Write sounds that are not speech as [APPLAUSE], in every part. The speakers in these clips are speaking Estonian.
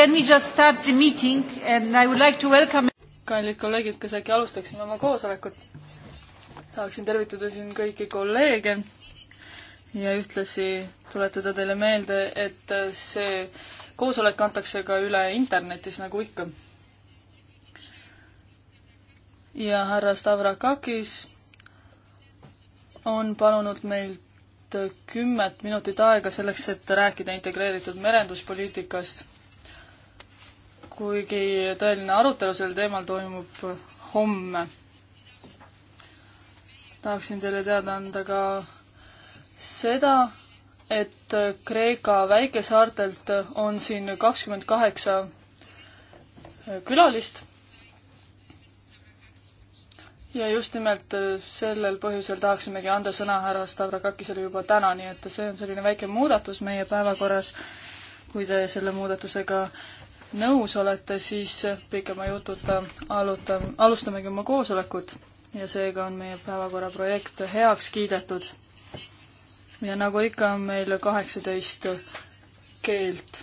Can we just start the meeting and I would like to welcome kallid kolleegid, kas äkki alustaksime oma koosolekut? tahaksin tervitada siin kõiki kolleege ja ühtlasi tuletada teile meelde, et see koosolek antakse ka üle internetis, nagu ikka. ja härra Stavrakakis on palunud meilt kümmet minutit aega selleks, et rääkida integreeritud merenduspoliitikast kuigi tõeline arutelu sel teemal toimub homme. tahaksin teile teada anda ka seda, et Kreeka väikesaartelt on siin kakskümmend kaheksa külalist. ja just nimelt sellel põhjusel tahaksimegi anda sõna härra Stavrakakisele juba täna, nii et see on selline väike muudatus meie päevakorras. kui te selle muudatusega nõus olete, siis pikema jututa alutam-, alustamegi oma koosolekut ja seega on meie päevakorra projekt heaks kiidetud. ja nagu ikka, on meil kaheksateist keelt.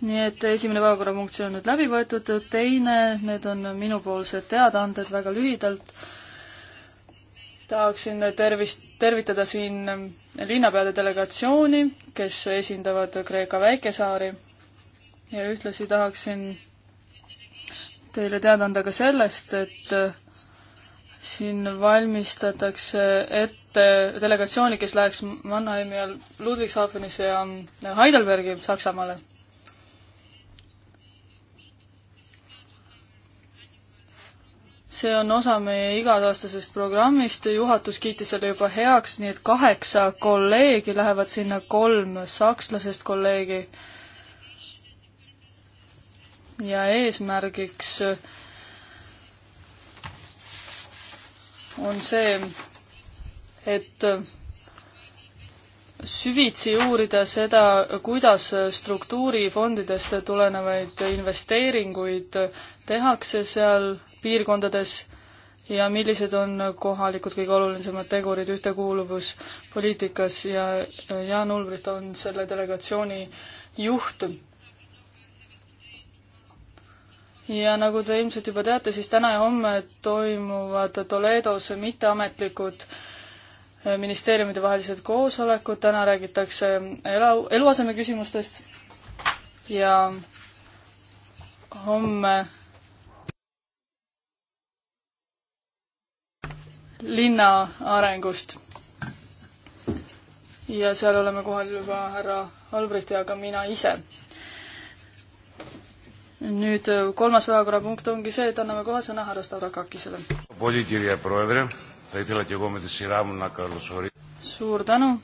nii et esimene päevakorrapunkt, see on nüüd läbi võetud, teine, need on minupoolsed teadaanded väga lühidalt tahaksin tervist, tervitada siin linnapeade delegatsiooni, kes esindavad Kreeka väikesaari ja ühtlasi tahaksin teile teada anda ka sellest, et siin valmistatakse ette delegatsiooni, kes läheks Mannheimi ja Ludwigshafenisse ja Heidelbergi Saksamaale see on osa meie iga-aastasest programmist, juhatus kiitis selle juba heaks, nii et kaheksa kolleegi lähevad sinna, kolm sakslasest kolleegi. ja eesmärgiks on see, et süvitsi uurida seda, kuidas struktuurifondidest tulenevaid investeeringuid tehakse seal piirkondades ja millised on kohalikud kõige olulisemad tegurid ühtekuuluvuspoliitikas ja Jaan Ulbricht on selle delegatsiooni juht. ja nagu te ilmselt juba teate, siis täna ja homme toimuvad Toledos mitteametlikud ministeeriumide vahelised koosolekud, täna räägitakse elu, eluaseme küsimustest ja homme linna arengust. ja seal oleme kohal juba härra Albrecht ja ka mina ise. nüüd äh, kolmas päevakorrapunkt ongi see, et anname kohe sõna härra Stavrakakisele. suur tänu.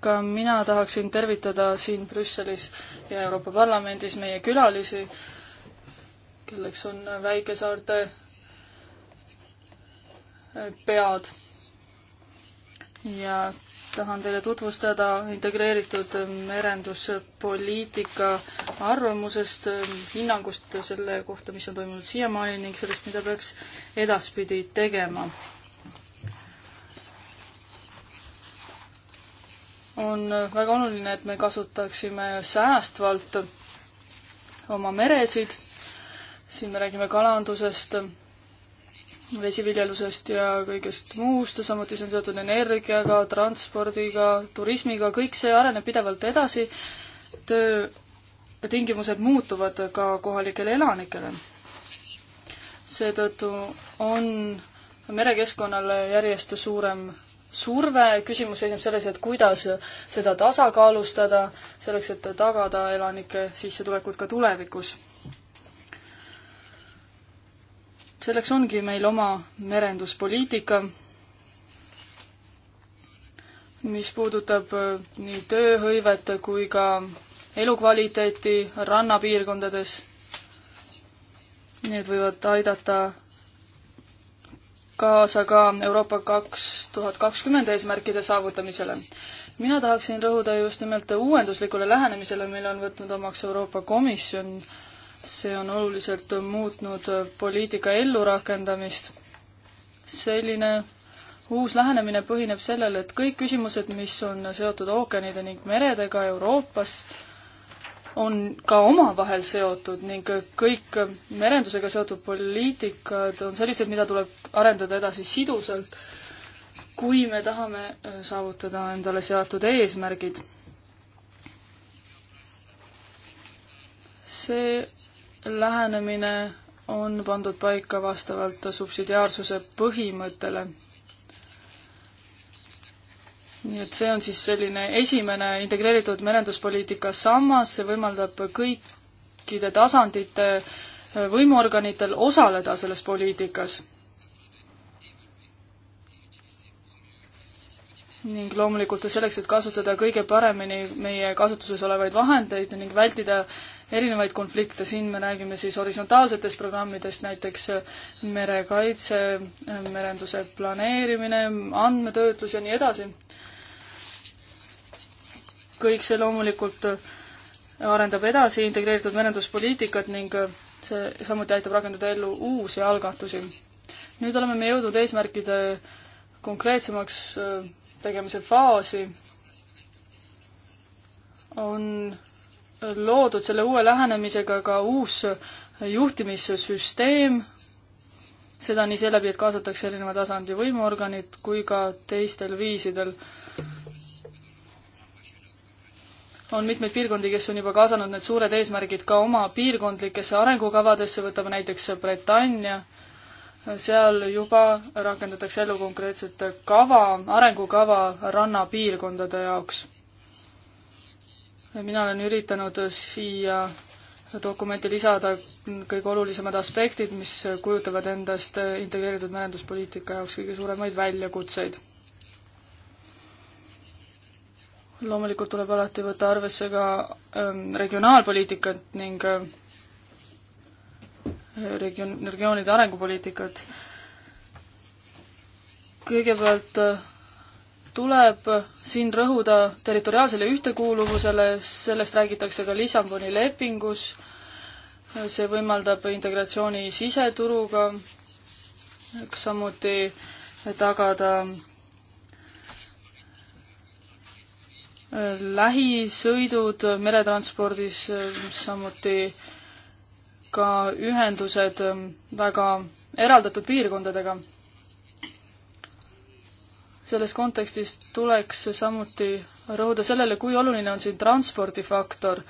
ka mina tahaksin tervitada siin Brüsselis ja Euroopa Parlamendis meie külalisi, kelleks on väikesaarte pead. ja tahan teile tutvustada integreeritud merenduspoliitika arvamusest, hinnangust selle kohta, mis on toimunud siiamaani ning sellest, mida peaks edaspidi tegema. on väga oluline, et me kasutaksime säästvalt oma meresid, siin me räägime kalandusest vesiviljelusest ja kõigest muust, samuti see on seotud energiaga, transpordiga, turismiga, kõik see areneb pidevalt edasi, töötingimused muutuvad ka kohalikele elanikele. seetõttu on merekeskkonnale järjest suurem surve, küsimus seisneb selles, et kuidas seda tasakaalustada, selleks et tagada elanike sissetulekud ka tulevikus selleks ongi meil oma merenduspoliitika, mis puudutab äh, nii tööhõivet kui ka elukvaliteeti rannapiirkondades. Need võivad aidata kaasa ka Euroopa kaks tuhat kakskümmend eesmärkide saavutamisele. mina tahaksin rõhuda just nimelt uuenduslikule lähenemisele, mille on võtnud omaks Euroopa Komisjon see on oluliselt muutnud poliitika ellurakendamist. selline uus lähenemine põhineb sellel, et kõik küsimused, mis on seotud ookeanide ning meredega Euroopas, on ka omavahel seotud ning kõik merendusega seotud poliitikad on sellised, mida tuleb arendada edasi sidusalt, kui me tahame saavutada endale seatud eesmärgid. see lähenemine on pandud paika vastavalt subsidiaarsuse põhimõttele. nii et see on siis selline esimene integreeritud merenduspoliitika sammas, see võimaldab kõikide tasandite võimuorganitel osaleda selles poliitikas. ning loomulikult selleks, et kasutada kõige paremini meie kasutuses olevaid vahendeid ning vältida erinevaid konflikte, siin me räägime siis horisontaalsetest programmidest, näiteks äh, merekaitse, äh, merenduse planeerimine, andmetöötlus ja nii edasi. kõik see loomulikult äh, arendab edasi integreeritud merenduspoliitikat ning see samuti aitab rakendada ellu uusi algatusi. nüüd oleme me jõudnud eesmärkide konkreetsemaks tegemise faasi. on loodud selle uue lähenemisega ka uus juhtimissüsteem, seda nii seeläbi, et kaasatakse erineva tasandi võimuorganid kui ka teistel viisidel. on mitmeid piirkondi, kes on juba kaasanud need suured eesmärgid ka oma piirkondlikesse arengukavadesse, võtame näiteks Bretagne, seal juba rakendatakse ellu konkreetset kava, arengukava rannapiirkondade jaoks mina olen üritanud siia dokumenti lisada kõige olulisemad aspektid, mis kujutavad endast integreeritud merenduspoliitika jaoks kõige suuremaid väljakutseid. loomulikult tuleb alati võtta arvesse ka ähm, regionaalpoliitikat ning äh, region, regioonide arengupoliitikat. kõigepealt äh, tuleb siin rõhuda territoriaalsele ühtekuuluvusele, sellest räägitakse ka Lissaboni lepingus, see võimaldab integratsiooni siseturuga, samuti tagada lähisõidud meretranspordis, samuti ka ühendused väga eraldatud piirkondadega selles kontekstis tuleks samuti rõhuda sellele, kui oluline on siin transpordifaktor.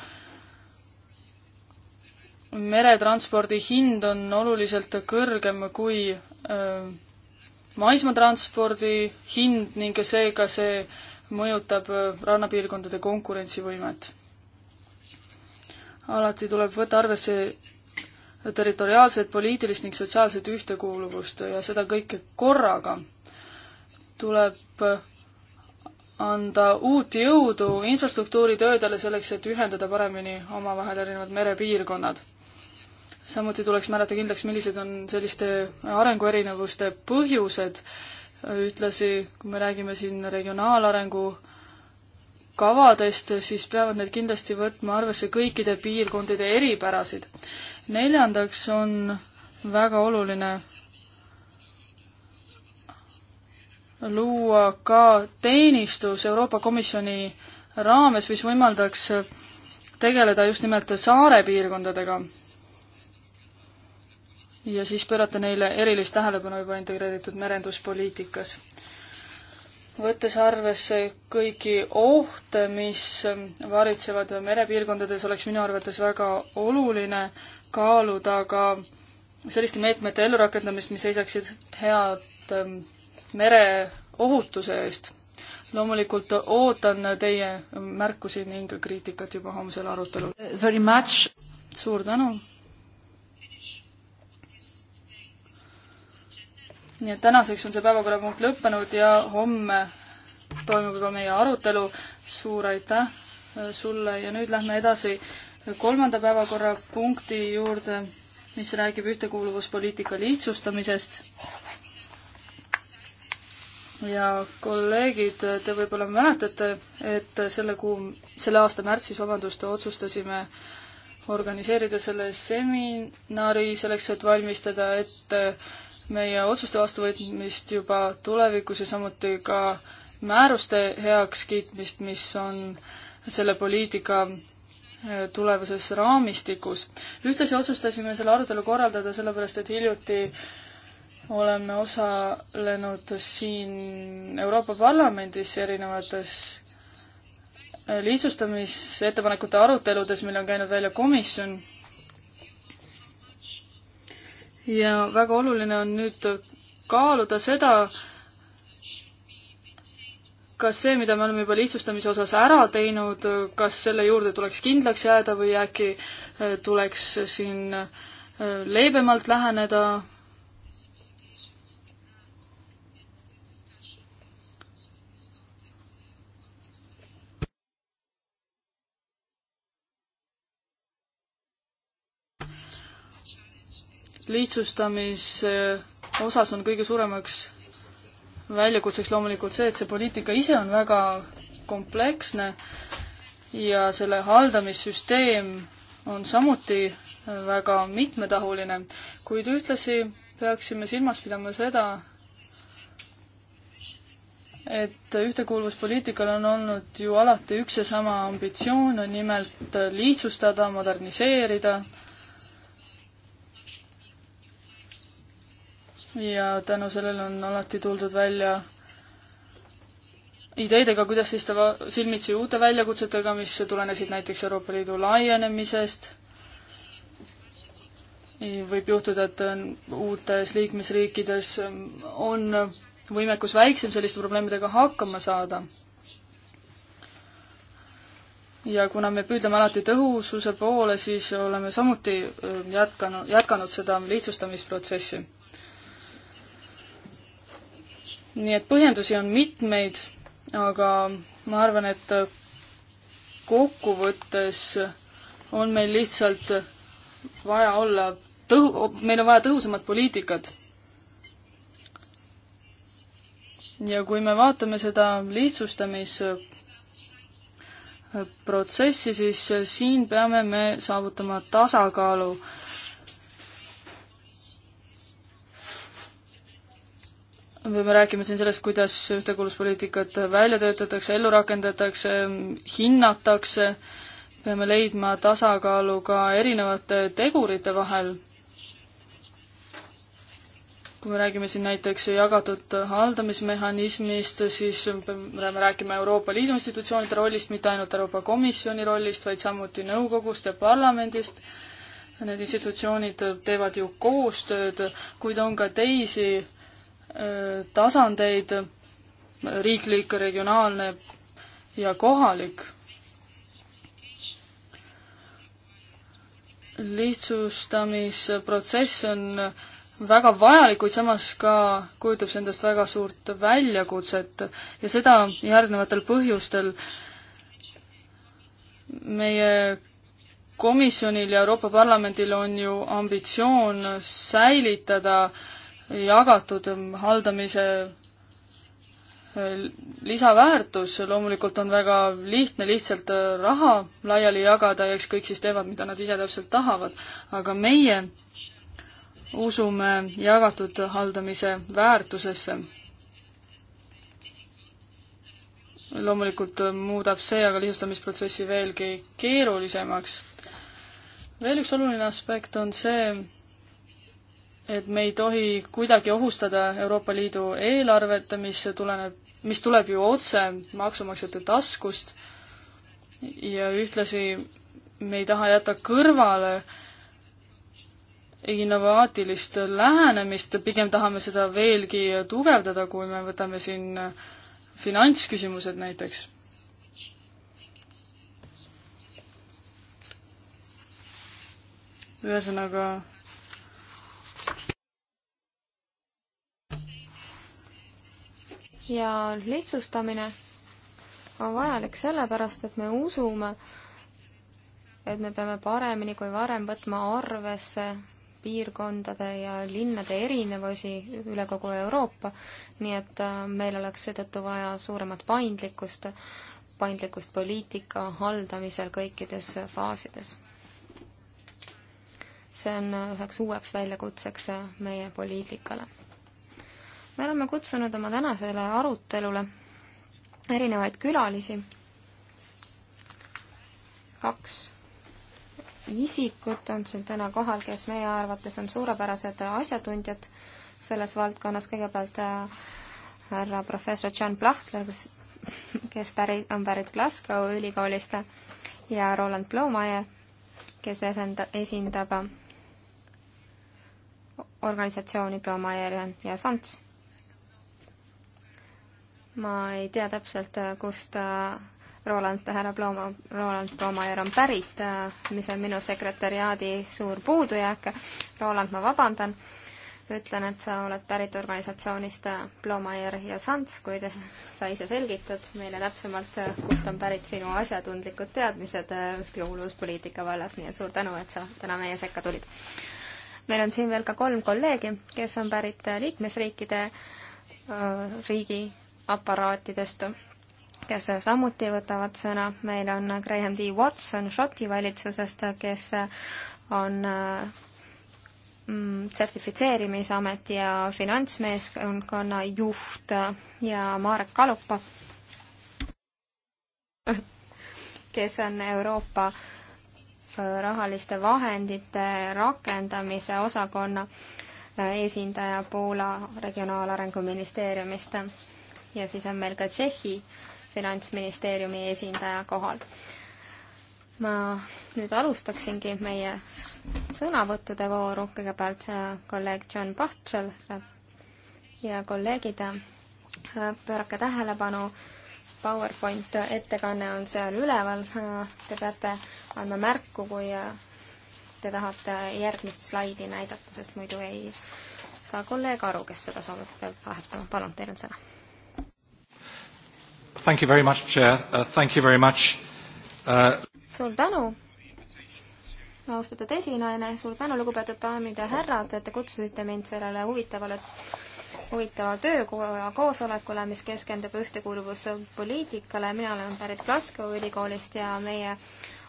meretranspordi hind on oluliselt kõrgem kui äh, maismaatranspordi hind ning seega see mõjutab äh, rannapiirkondade konkurentsivõimet. alati tuleb võtta arvesse territoriaalset, poliitilist ning sotsiaalset ühtekuuluvust ja seda kõike korraga tuleb anda uut jõudu infrastruktuuritöödele selleks, et ühendada paremini omavahel erinevad merepiirkonnad. samuti tuleks määrata kindlaks, millised on selliste arenguerinevuste põhjused, ühtlasi kui me räägime siin regionaalarengu kavadest, siis peavad need kindlasti võtma arvesse kõikide piirkondade eripärasid. neljandaks on väga oluline luua ka teenistus Euroopa Komisjoni raames, mis võimaldaks tegeleda just nimelt saare piirkondadega. ja siis pöörata neile erilist tähelepanu juba integreeritud merenduspoliitikas. võttes arvesse kõiki ohte, mis varitsevad merepiirkondades, oleks minu arvates väga oluline kaaluda ka selliste meetmete ellurakendamist, mis seisaksid head ähm, mereohutuse eest. loomulikult ootan teie märkusi ning kriitikat juba homsel arutelul. Very much! suur tänu! nii et tänaseks on see päevakorrapunkt lõppenud ja homme toimub juba meie arutelu. suur aitäh sulle ja nüüd lähme edasi kolmanda päevakorrapunkti juurde, mis räägib ühtekuuluvuspoliitika lihtsustamisest ja kolleegid, te võib-olla mäletate, et selle kuu, selle aasta märtsis, vabandust, otsustasime organiseerida selle seminari selleks, et valmistada ette meie otsuste vastuvõtmist juba tulevikus ja samuti ka määruste heakskiitmist, mis on selle poliitika äh, tulevases raamistikus. ühtlasi otsustasime selle arutelu korraldada sellepärast, et hiljuti oleme osalenud siin Euroopa Parlamendis erinevates äh, lihtsustamisettepanekute aruteludes, mille on käinud välja komisjon. ja väga oluline on nüüd kaaluda seda, kas see, mida me oleme juba lihtsustamise osas ära teinud, kas selle juurde tuleks kindlaks jääda või äkki äh, tuleks siin äh, leebemalt läheneda lihtsustamise eh, osas on kõige suuremaks väljakutseks loomulikult see, et see poliitika ise on väga kompleksne ja selle haldamissüsteem on samuti eh, väga mitmetahuline, kuid ühtlasi peaksime silmas pidama seda, et ühtekuuluvuspoliitikal on olnud ju alati üks ja sama ambitsioon, nimelt lihtsustada, moderniseerida ja tänu sellele on alati tuldud välja ideedega, kuidas seista silmitsi uute väljakutsetega, mis tulenesid näiteks Euroopa Liidu laienemisest. võib juhtuda, et äh, uutes liikmesriikides ähm, on võimekus väiksem selliste probleemidega hakkama saada. ja kuna me püüdleme alati tõhususe poole, siis oleme samuti äh, jätkanud, jätkanud seda lihtsustamisprotsessi nii et põhjendusi on mitmeid, aga ma arvan, et kokkuvõttes on meil lihtsalt vaja olla tõhu-, meil on vaja tõhusamat poliitikat. ja kui me vaatame seda lihtsustamisprotsessi, siis siin peame me saavutama tasakaalu äh, me räägime siin sellest, kuidas ühtekuuluvuspoliitikat välja töötatakse, ellu rakendatakse, hinnatakse, peame leidma tasakaalu ka erinevate tegurite vahel. kui me räägime siin näiteks jagatud haldamismehhanismist, siis peame rääkima Euroopa Liidu institutsioonide rollist, mitte ainult Euroopa Komisjoni rollist, vaid samuti nõukogust ja parlamendist. Need institutsioonid teevad ju koostööd, kuid on ka teisi tasandeid, riiklik, regionaalne ja kohalik. lihtsustamisprotsess on väga vajalik, kuid samas ka kujutab see endast väga suurt väljakutset ja seda järgnevatel põhjustel meie komisjonil ja Euroopa Parlamendil on ju ambitsioon säilitada äh, jagatud haldamise äh, lisaväärtus, loomulikult on väga lihtne lihtsalt äh, raha laiali jagada ja eks kõik siis teevad, mida nad ise täpselt tahavad, aga meie usume jagatud haldamise väärtusesse. loomulikult äh, muudab see aga lihtsustamisprotsessi veelgi keerulisemaks. veel üks oluline aspekt on see, et me ei tohi kuidagi ohustada Euroopa Liidu eelarvet, mis tuleneb, mis tuleb ju otse maksumaksjate taskust ja ühtlasi me ei taha jätta kõrvale innovaatilist lähenemist, pigem tahame seda veelgi tugevdada, kui me võtame siin finantsküsimused näiteks ühesõnaga ja lihtsustamine on vajalik sellepärast, et me usume, et me peame paremini kui varem võtma arvesse piirkondade ja linnade erinevusi üle kogu Euroopa, nii et äh, meil oleks seetõttu vaja suuremat paindlikkust, paindlikkust poliitika haldamisel kõikides faasides. see on üheks uueks väljakutseks äh, meie poliitikale me oleme kutsunud oma tänasele arutelule erinevaid külalisi, kaks isikut on siin täna kohal, kes meie arvates on suurepärased asjatundjad selles valdkonnas, kõigepealt äh, härra professor John Plahtler, kes, kes päri, on pärit Glasgow ülikoolist ja Roland Bloomeier, kes esenda-, esindab organisatsiooni Bloomeier ja Sants ma ei tea täpselt, äh, kust äh, Roland, härra Plooma, Roland Ploomajär on pärit, äh, mis on minu sekretäriaadi suur puudujääk. Roland, ma vabandan, ütlen, et sa oled pärit organisatsioonist Ploomajär ja Sants, kuid [LAUGHS] sa ise selgitad meile täpsemalt, kust on pärit sinu asjatundlikud teadmised ühtekuuluvuspoliitika vallas, nii et suur tänu, et sa täna meie sekka tulid. meil on siin veel ka kolm kolleegi, kes on pärit liikmesriikide riigi aparaatidest, kes samuti võtavad sõna. meil on Graham D. Watson Šoti valitsusest, kes on mm, sertifitseerimisameti ja finantsmeeskonna juht ja Marek Kalupa, kes on Euroopa rahaliste vahendite rakendamise osakonna esindaja Poola Regionaalarengu ministeeriumist ja siis on meil ka Tšehhi finantsministeeriumi esindaja kohal. ma nüüd alustaksingi meie sõnavõttude vooru, kõigepealt äh, kolleeg John Pachtšel ja kolleegid, äh, pöörake tähelepanu, PowerPoint ettekanne on seal üleval, äh, te peate andma märku, kui te tahate järgmist slaidi näidata, sest muidu ei saa kolleeg aru, kes seda soovib, peab vahetama, palun, teil on sõna Thank you very much, Chair uh,. Thank you very much uh.... suur tänu, austatud esinaine, suur tänu, lugupeetud daamid ja härrad, et te kutsusite mind sellele huvitavale, huvitava töökoja koosolekule, mis keskendub ühtekuuluvuspoliitikale. mina olen pärit Glasgow ülikoolist ja meie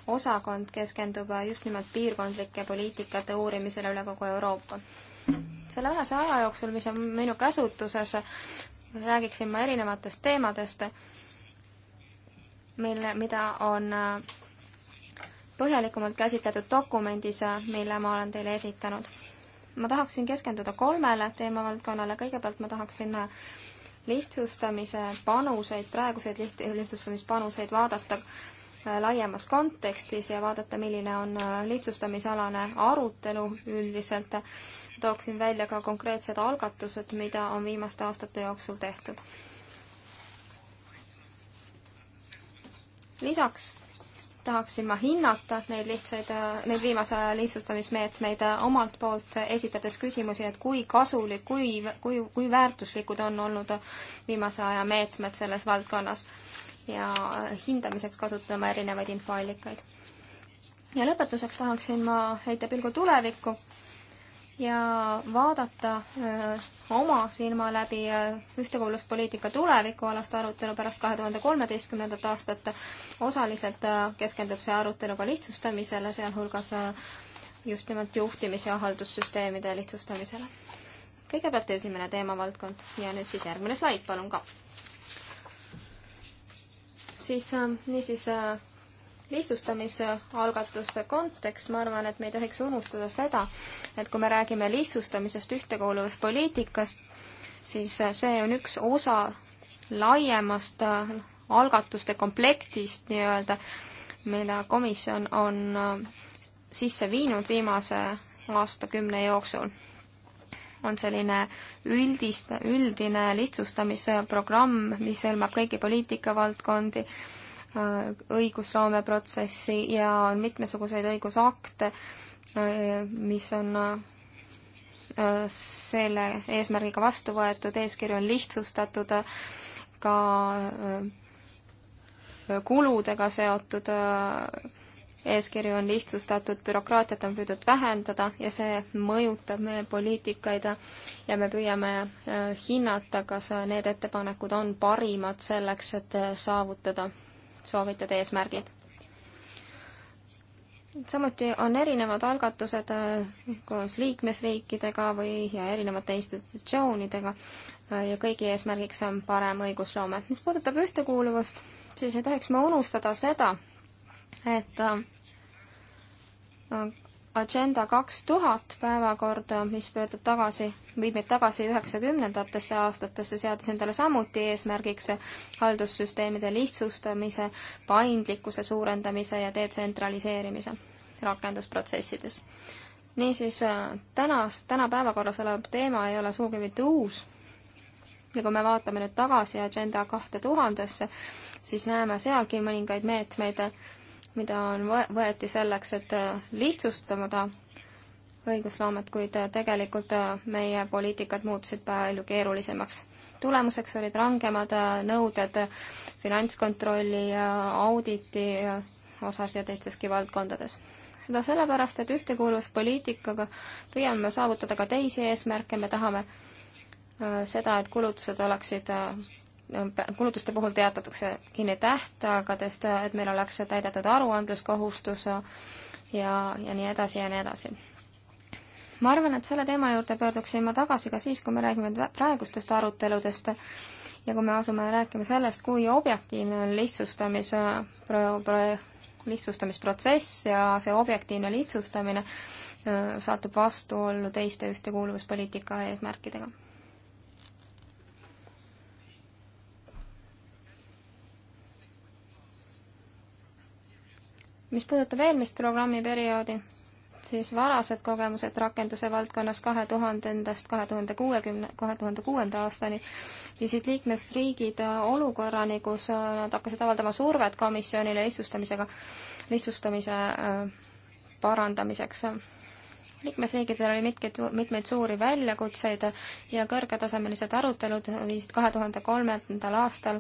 osakond keskendub just nimelt piirkondlike poliitikate uurimisele üle kogu Euroopa. selle vähese aja jooksul, mis on minu käsutuses, räägiksin ma erinevatest teemadest mille, mida on äh, põhjalikumalt käsitletud dokumendis, äh, mille ma olen teile esitanud. ma tahaksin keskenduda kolmele teemavaldkonnale, kõigepealt ma tahaksin äh, lihtsustamise panuseid, praeguseid liht-, lihtsustamispanuseid vaadata laiemas kontekstis ja vaadata, milline on lihtsustamisalane arutelu üldiselt. tooksin välja ka konkreetsed algatused, mida on viimaste aastate jooksul tehtud lisaks tahaksin ma hinnata neid lihtsaid, neid viimase aja lihtsustamismeetmeid omalt poolt, esitades küsimusi, et kui kasulik, kui, kui, kui väärtuslikud on olnud viimase aja meetmed selles valdkonnas. ja hindamiseks kasutama erinevaid infoallikaid. ja lõpetuseks tahaksin ma heita pilgu tulevikku ja vaadata oma silma läbi äh, ühtekuuluvuspoliitika tulevikualast arutelu pärast kahe tuhande kolmeteistkümnendat aastat. osaliselt äh, keskendub see arutelu ka lihtsustamisele, sealhulgas äh, just nimelt juhtimis- ja haldussüsteemide lihtsustamisele. kõigepealt esimene teemavaldkond ja nüüd siis järgmine slaid, palun ka. siis niisiis lihtsustamisalgatuse kontekst, ma arvan, et me ei tohiks unustada seda, et kui me räägime lihtsustamisest ühtekuuluvuspoliitikast, siis see on üks osa laiemast äh, algatuste komplektist nii-öelda, mida komisjon on äh, sisse viinud viimase aastakümne jooksul. on selline üldist, üldine lihtsustamisprogramm, mis hõlmab kõiki poliitikavaldkondi Äh, õigusloomeprotsessi ja on mitmesuguseid õigusakte, äh, mis on äh, selle eesmärgiga vastu võetud, eeskiri on lihtsustatud ka kuludega seotud eeskirju on lihtsustatud, bürokraatiat on püüdnud vähendada ja see mõjutab meie poliitikaid ja me püüame hinnata, kas need ettepanekud on parimad selleks, et saavutada soovitud eesmärgid. samuti on erinevad algatused äh, koos liikmesriikidega või, ja erinevate institutsioonidega äh, ja kõigi eesmärgiks on parem õigusloome. mis puudutab ühtekuuluvust, siis ei tohiks me unustada seda, et äh, Agenda kaks tuhat päevakorda, mis pöördub tagasi, viib meid tagasi üheksakümnendatesse aastatesse, seadis endale samuti eesmärgiks haldussüsteemide lihtsustamise, paindlikkuse suurendamise ja detsentraliseerimise rakendusprotsessides. niisiis, tänas, täna päevakorras olev teema ei ole sugugi mitte uus ja kui me vaatame nüüd tagasi Agenda kahte tuhandesse, siis näeme sealgi mõningaid meetmeid, mida on, võeti selleks, et äh, lihtsustada õigusloomet, kuid äh, tegelikult äh, meie poliitikad muutusid palju keerulisemaks. tulemuseks olid rangemad nõuded finantskontrolli ja auditi osas ja teisteski valdkondades seda sellepärast, et ühtekuuluvuspoliitikaga püüame saavutada ka teisi eesmärke, me tahame seda, et kulutused oleksid kulutuste puhul teatatakse kinni tähtaegadest, et meil oleks täidetud aruandluskohustus ja, ja nii edasi ja nii edasi. ma arvan, et selle teema juurde pöörduksin ma tagasi ka siis, kui me räägime praegustest aruteludest ja kui me asume rääkima sellest, kui objektiivne on lihtsustamise pro-, pro-, lihtsustamisprotsess ja see objektiivne lihtsustamine äh, satub vastuollu teiste ühtekuuluvuspoliitika eesmärkidega mis puudutab eelmist programmiperioodi, siis varased kogemused rakenduse valdkonnas kahe tuhandendast kahe tuhande kuuekümne, kahe tuhande kuuenda aastani viisid liikmesriigid olukorrani, kus nad hakkasid avaldama survet komisjonile lihtsustamisega, lihtsustamise äh, parandamiseks liikmesriikidel oli mitmeid, mitmeid suuri väljakutseid ja kõrgetasemelised arutelud viisid kahe tuhande kolmandal aastal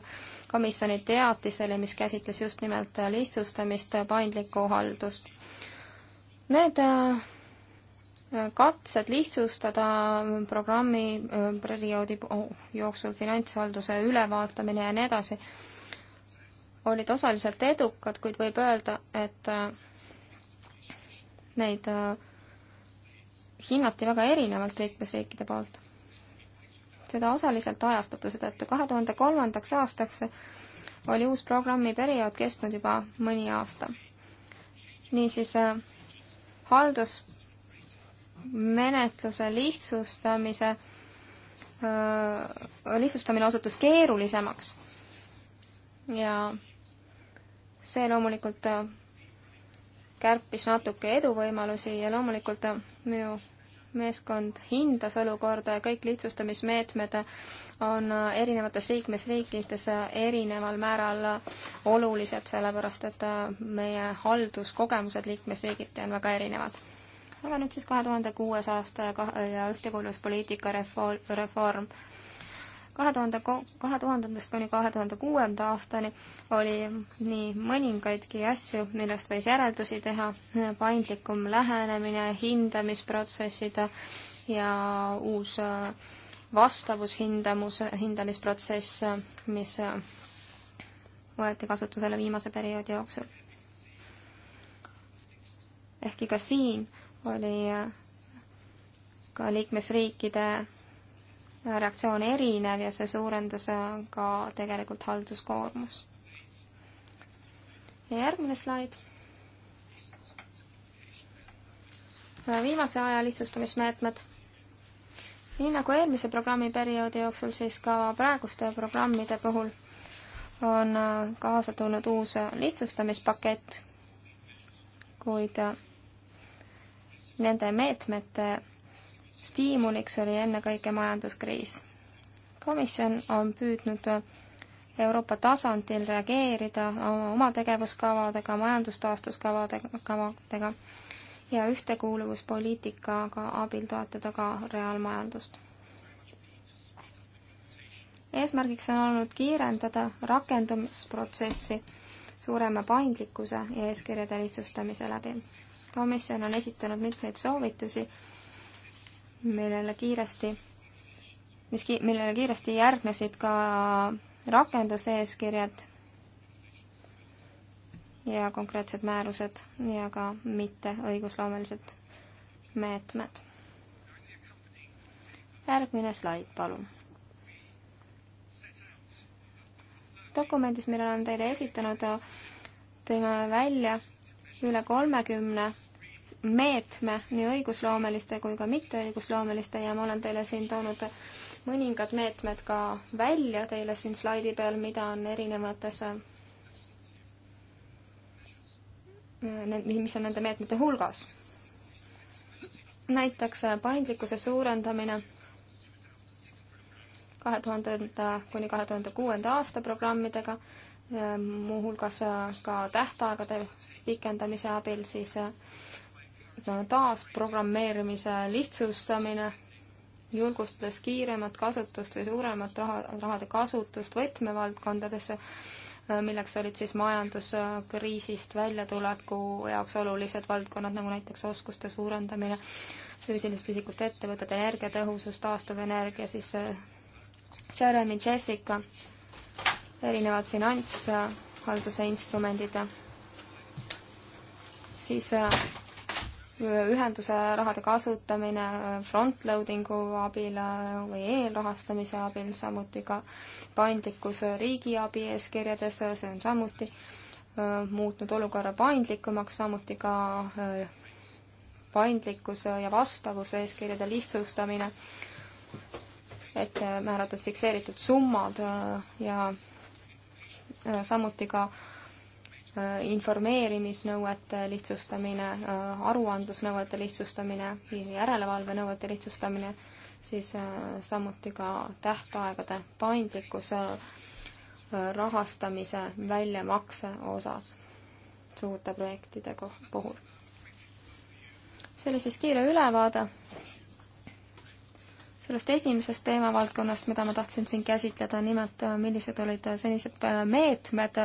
komisjoni teatisele, mis käsitles just nimelt lihtsustamist, paindlikku haldust. Need äh, katsed lihtsustada programmi äh, perioodi jooksul finantshalduse ülevaatamine ja nii edasi olid osaliselt edukad, kuid võib öelda, et äh, neid hinnati väga erinevalt liikmesriikide poolt. seda osaliselt ajastatu seetõttu kahe tuhande kolmandaks aastaks oli uus programmi periood kestnud juba mõni aasta. niisiis äh, haldusmenetluse lihtsustamise, äh, lihtsustamine osutus keerulisemaks ja see loomulikult äh, kärpis natuke eduvõimalusi ja loomulikult minu meeskond hindas olukorda ja kõik lihtsustamismeetmed on erinevates liikmesriikides erineval määral olulised, sellepärast et meie halduskogemused liikmesriigiti on väga erinevad. aga nüüd siis kahe tuhande kuues aasta ja, ja ühtekuuluvuspoliitika reform, reform kahe tuhande, kahe tuhandendast kuni kahe tuhande kuuenda aastani oli nii mõningaidki asju, millest võis järeldusi teha, paindlikum lähenemine, hindamisprotsessid ja uus äh, vastavushindamus, hindamisprotsess, äh, mis äh, võeti kasutusele viimase perioodi jooksul. ehkki ka siin oli ka liikmesriikide reaktsioon erinev ja see suurendas äh, ka tegelikult halduskoormus. ja järgmine slaid. Äh, viimase aja lihtsustamismeetmed. nii nagu eelmise programmiperioodi jooksul, siis ka praeguste programmide puhul on äh, kaasa tulnud uus lihtsustamispakett, kuid nende meetmete stiimuliks oli ennekõike majanduskriis. komisjon on püüdnud Euroopa tasandil reageerida oma tegevuskavadega, majandustaastuskavadega, kavadega ja ühtekuuluvuspoliitikaga abil toetada ka reaalmajandust. eesmärgiks on olnud kiirendada rakendumisprotsessi suurema paindlikkuse ja eeskirjade lihtsustamise läbi. komisjon on esitanud mitmeid soovitusi millele kiiresti, mis ki-, millele kiiresti järgnesid ka rakenduseeskirjad ja konkreetsed määrused ja ka mitte õigusloomelised meetmed. järgmine slaid, palun. dokumendis, mille olen teile esitanud, tõime välja üle kolmekümne 30 meetme, nii õigusloomeliste kui ka mitteõigusloomeliste ja ma olen teile siin toonud mõningad meetmed ka välja teile siin slaidi peal, mida on erinevates, mis on nende meetmete hulgas. näiteks paindlikkuse suurendamine kahe tuhandenda kuni kahe tuhande kuuenda aasta programmidega, muuhulgas ka tähtaegade pikendamise abil siis taasprogrammeerimise lihtsustamine, julgustades kiiremat kasutust või suuremat raha, rahade kasutust võtmevaldkondadesse, äh, milleks olid siis majanduskriisist väljatuleku jaoks olulised valdkonnad, nagu näiteks oskuste suurendamine, füüsilisest isikust ettevõtted, energiatõhusus, taastuvenergia, siis äh, Jeremy Jessica, erinevad finantshalduse instrumendid, äh, siis ühenduse rahade kasutamine frontloadingu abil äh, või eelrahastamise abil, samuti ka paindlikkus riigiabi eeskirjades, see on samuti äh, muutnud olukorra paindlikumaks, samuti ka äh, paindlikkus ja vastavus eeskirjade lihtsustamine, et määratud fikseeritud summad ja samuti ka äh, Äh, informeerimisnõuete lihtsustamine, äh, aruandlusnõuete lihtsustamine, järelevalvenõuete lihtsustamine, siis äh, samuti ka tähtaegade paindlikkus rahastamise väljamakse osas suurte projektide puhul. see oli siis kiire ülevaade sellest esimesest teemavaldkonnast, mida ma tahtsin siin käsitleda, nimelt millised olid senised meetmed,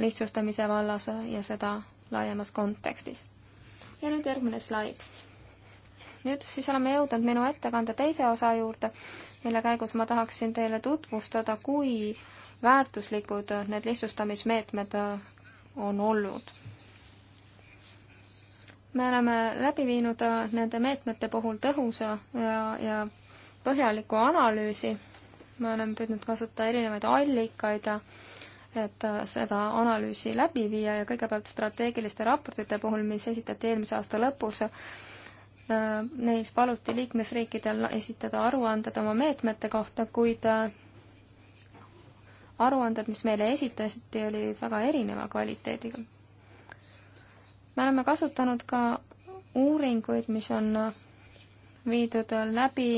lihtsustamise vallas ja seda laiemas kontekstis. ja nüüd järgmine slaid. nüüd siis oleme jõudnud minu ettekande teise osa juurde, mille käigus ma tahaksin teile tutvustada, kui väärtuslikud need lihtsustamismeetmed on olnud. me oleme läbi viinud nende meetmete puhul tõhusa ja, ja põhjaliku analüüsi, me oleme püüdnud kasutada erinevaid allikaid ja et äh, seda analüüsi läbi viia ja kõigepealt strateegiliste raportite puhul, mis esitati eelmise aasta lõpus, äh, neis paluti liikmesriikidel esitada aruanded oma meetmete kohta, kuid äh, aruanded, mis meile esitati, olid väga erineva kvaliteediga. me oleme kasutanud ka uuringuid, mis on viidud läbi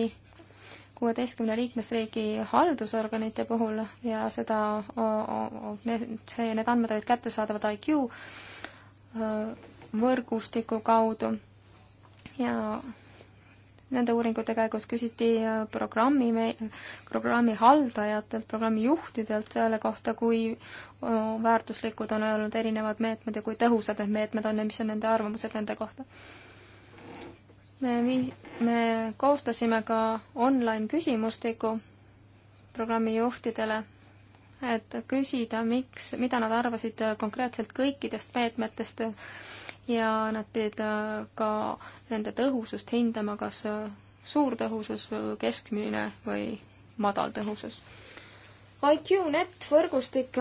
kuueteistkümne liikmesriigi haldusorganite puhul ja seda, see, need andmed olid kättesaadavad IQ võrgustiku kaudu ja nende uuringute käigus küsiti programmi, programmi haldajatelt, programmi juhtidelt selle kohta, kui väärtuslikud on olnud erinevad meetmed ja kui tõhusad need meetmed on ja mis on nende arvamused nende kohta me vii-, me koostasime ka online küsimustiku programmi juhtidele, et küsida, miks, mida nad arvasid konkreetselt kõikidest meetmetest ja nad pidid ka nende tõhusust hindama, kas suur tõhusus, keskmine või madal tõhusus. IQ-net võrgustik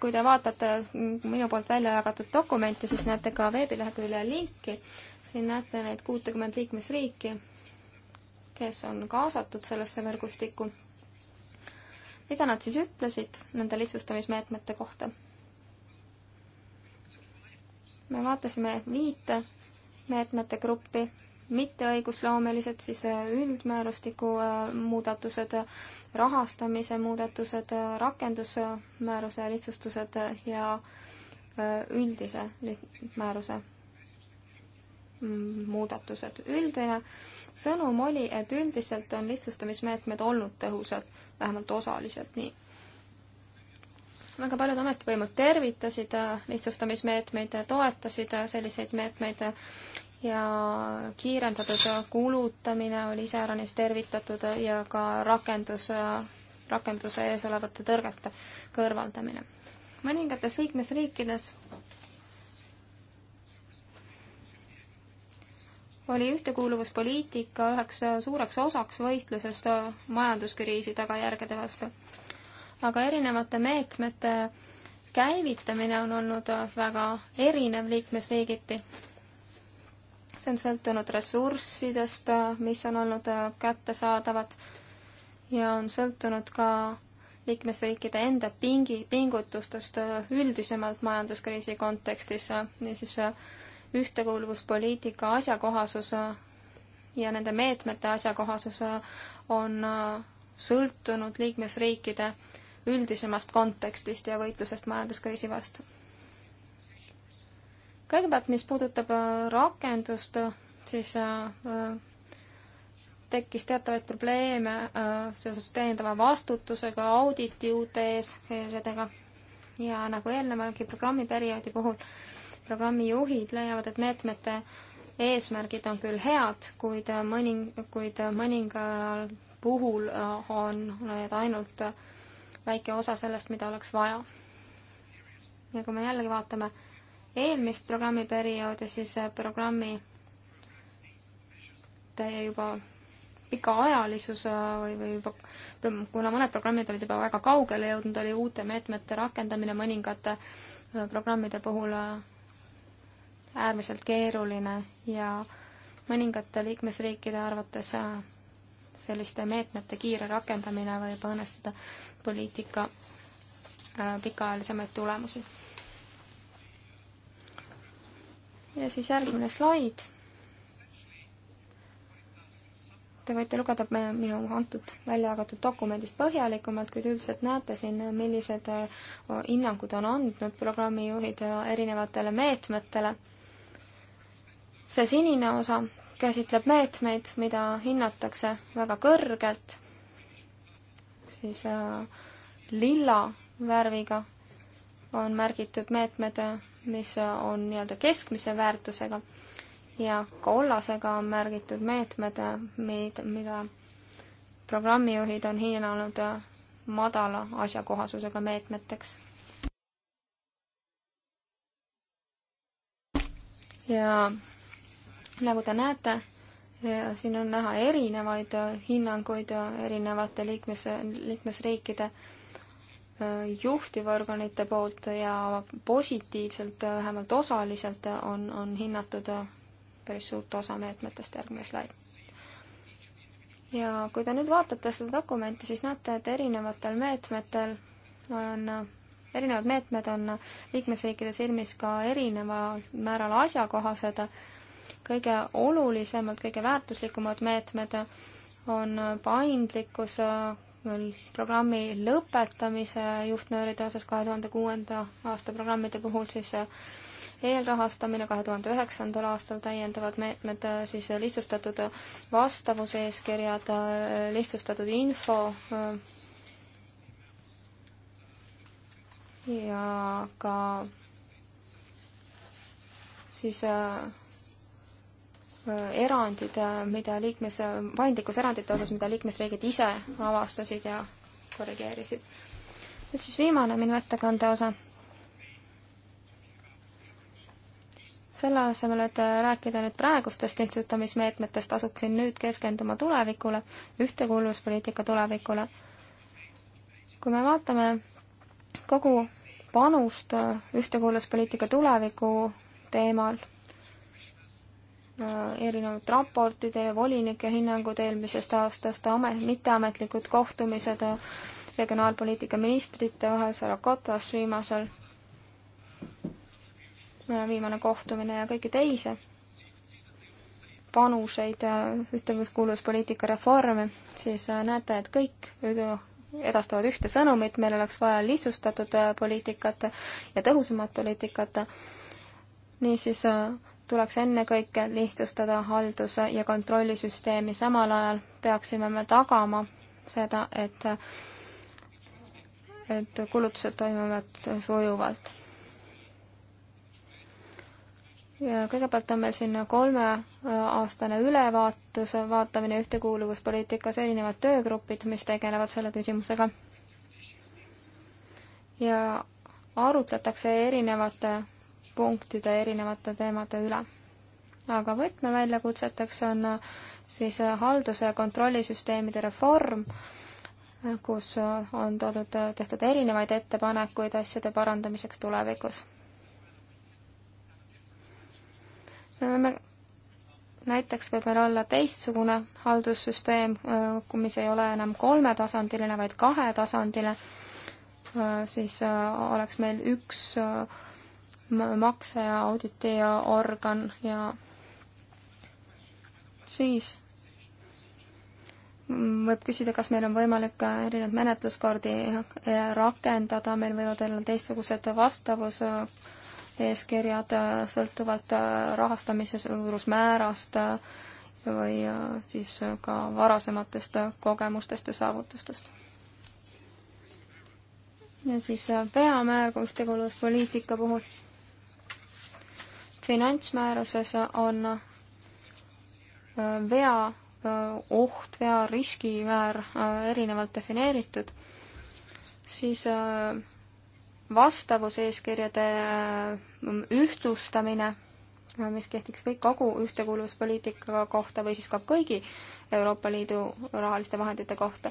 kui te vaatate minu poolt välja jagatud dokumente, siis näete ka veebilehekülje linki. siin näete neid kuutekümmet liikmesriiki, kes on kaasatud sellesse võrgustikku. mida nad siis ütlesid nende lihtsustamismeetmete kohta? me vaatasime viite meetmete gruppi, mitteõigusloomelised, siis üldmäärustiku äh, muudatused rahastamise muudatused, rakendusmääruse lihtsustused ja äh, üldise määruse muudatused. üldine sõnum oli, et üldiselt on lihtsustamismeetmed olnud tõhusad, vähemalt osaliselt nii. väga paljud ametivõimud tervitasid äh, lihtsustamismeetmeid, toetasid äh, selliseid meetmeid ja kiirendatud kuulutamine oli iseäranis tervitatud ja ka rakendus, rakenduse ees olevate tõrgete kõrvaldamine. mõningates liikmesriikides oli ühtekuuluvuspoliitika üheks suureks osaks võitlusest majanduskriisi tagajärgede vastu. aga erinevate meetmete käivitamine on olnud väga erinev liikmesriigiti see on sõltunud ressurssidest, mis on olnud äh, kättesaadavad ja on sõltunud ka liikmesriikide enda pingi, pingutustest äh, üldisemalt majanduskriisi kontekstis, niisiis äh, ühtekuuluvuspoliitika asjakohasus ja nende meetmete asjakohasus on sõltunud liikmesriikide üldisemast kontekstist ja võitlusest majanduskriisi vastu kõigepealt, mis puudutab äh, rakendust, siis äh, tekkis teatavaid probleeme äh, seoses täiendava vastutusega, auditi uute eeskirjadega ja nagu eelnevagi programmiperioodi puhul, programmijuhid leiavad, et meetmete eesmärgid on küll head, kuid mõning-, kuid mõningal puhul on need ainult väike osa sellest, mida oleks vaja. ja kui me jällegi vaatame äh, eelmist programmiperioodi, siis äh, programmi teie juba pikaajalisus äh, või, või juba, kuna mõned programmid olid juba väga kaugele jõudnud, oli uute meetmete rakendamine mõningate äh, programmide puhul äärmiselt keeruline ja mõningate liikmesriikide arvates selliste meetmete kiire rakendamine võib õõnestada poliitika pikaajalisemaid tulemusi ja siis järgmine slaid. Te võite lugeda minu antud välja jagatud dokumendist põhjalikumalt, kuid üldiselt näete siin, millised äh, hinnangud on andnud programmijuhid äh, erinevatele meetmetele. see sinine osa käsitleb meetmeid, mida hinnatakse väga kõrgelt, siis äh, lilla värviga on märgitud meetmed mis on nii-öelda keskmise väärtusega ja kollasega on märgitud meetmed, mida programmijuhid on hinnanud madala asjakohasusega meetmeteks. ja nagu te näete, siin on näha erinevaid hinnanguid erinevate liikmes, liikmesriikide äh, juhtivorganite poolt ja positiivselt, vähemalt osaliselt on, on hinnatud päris suurt osa meetmetest, järgmine slaid. ja kui te nüüd vaatate seda dokumenti, siis näete, et erinevatel meetmetel on, erinevad meetmed on liikmesriikide silmis ka erineval määral asjakohased. kõige olulisemad, kõige väärtuslikumad meetmed on paindlikkus programmi lõpetamise juhtnööride osas kahe tuhande kuuenda aasta programmide puhul siis äh, eelrahastamine kahe tuhande üheksandal aastal, täiendavad meetmed, äh, siis äh, lihtsustatud vastavuseeskirjad, lihtsustatud info ja ka siis erandid, mida liikmes, paindlikkuserandite osas, mida liikmesriigid ise avastasid ja korrigeerisid. nüüd siis viimane minu ettekande osa. selle asemel, et rääkida nüüd praegustest lihtsustamismeetmetest, asuksin nüüd keskenduma tulevikule, ühtekuuluvuspoliitika tulevikule. kui me vaatame kogu panust ühtekuuluvuspoliitika tuleviku teemal Äh, erinevad raportid, volinike hinnangud eelmisest aastast, amet, mitteametlikud kohtumised äh, regionaalpoliitika ministrite vahel Sarakotas viimasel, äh, viimane kohtumine ja kõiki teisi panuseid ühtekuuluvuspoliitika reformi, siis näete, et kõik edastavad ühte sõnumit, meil oleks vaja lihtsustatud poliitikat ja tõhusamat poliitikat. niisiis tuleks ennekõike lihtsustada haldus- ja kontrollisüsteemi, samal ajal peaksime me tagama seda, et et kulutused toimuvad sujuvalt. ja kõigepealt on meil siin kolmeaastane ülevaatus, vaatamine ühtekuuluvuspoliitikas, erinevad töögrupid, mis tegelevad selle küsimusega. ja arutletakse erinevate punktide erinevate teemade üle. aga võtmeväljakutseteks on äh, siis äh, halduse ja kontrollisüsteemide reform, äh, kus on toodud, tehtud erinevaid ettepanekuid asjade parandamiseks tulevikus. me võime näiteks võib meil olla teistsugune haldussüsteem, mis ei ole enam kolmetasandiline, vaid kahetasandiline, siis oleks meil üks makse ja auditeerorgan ja siis võib küsida, kas meil on võimalik erinevaid menetluskordi rakendada, meil võivad olla teistsugused vastavuseeskirjad sõltuvalt rahastamise suurusmäärast või siis ka varasematest kogemustest ja saavutustest. ja siis veamäär ühtekuuluvuspoliitika puhul finantsmääruses on äh, vea äh, oht, vea riskimäär äh, erinevalt defineeritud, siis vastavuseeskirjade ühtlustamine, mis kehtiks kõik kogu ühtekuuluvuspoliitika kohta või siis ka kõigi Euroopa Liidu rahaliste vahendite kohta,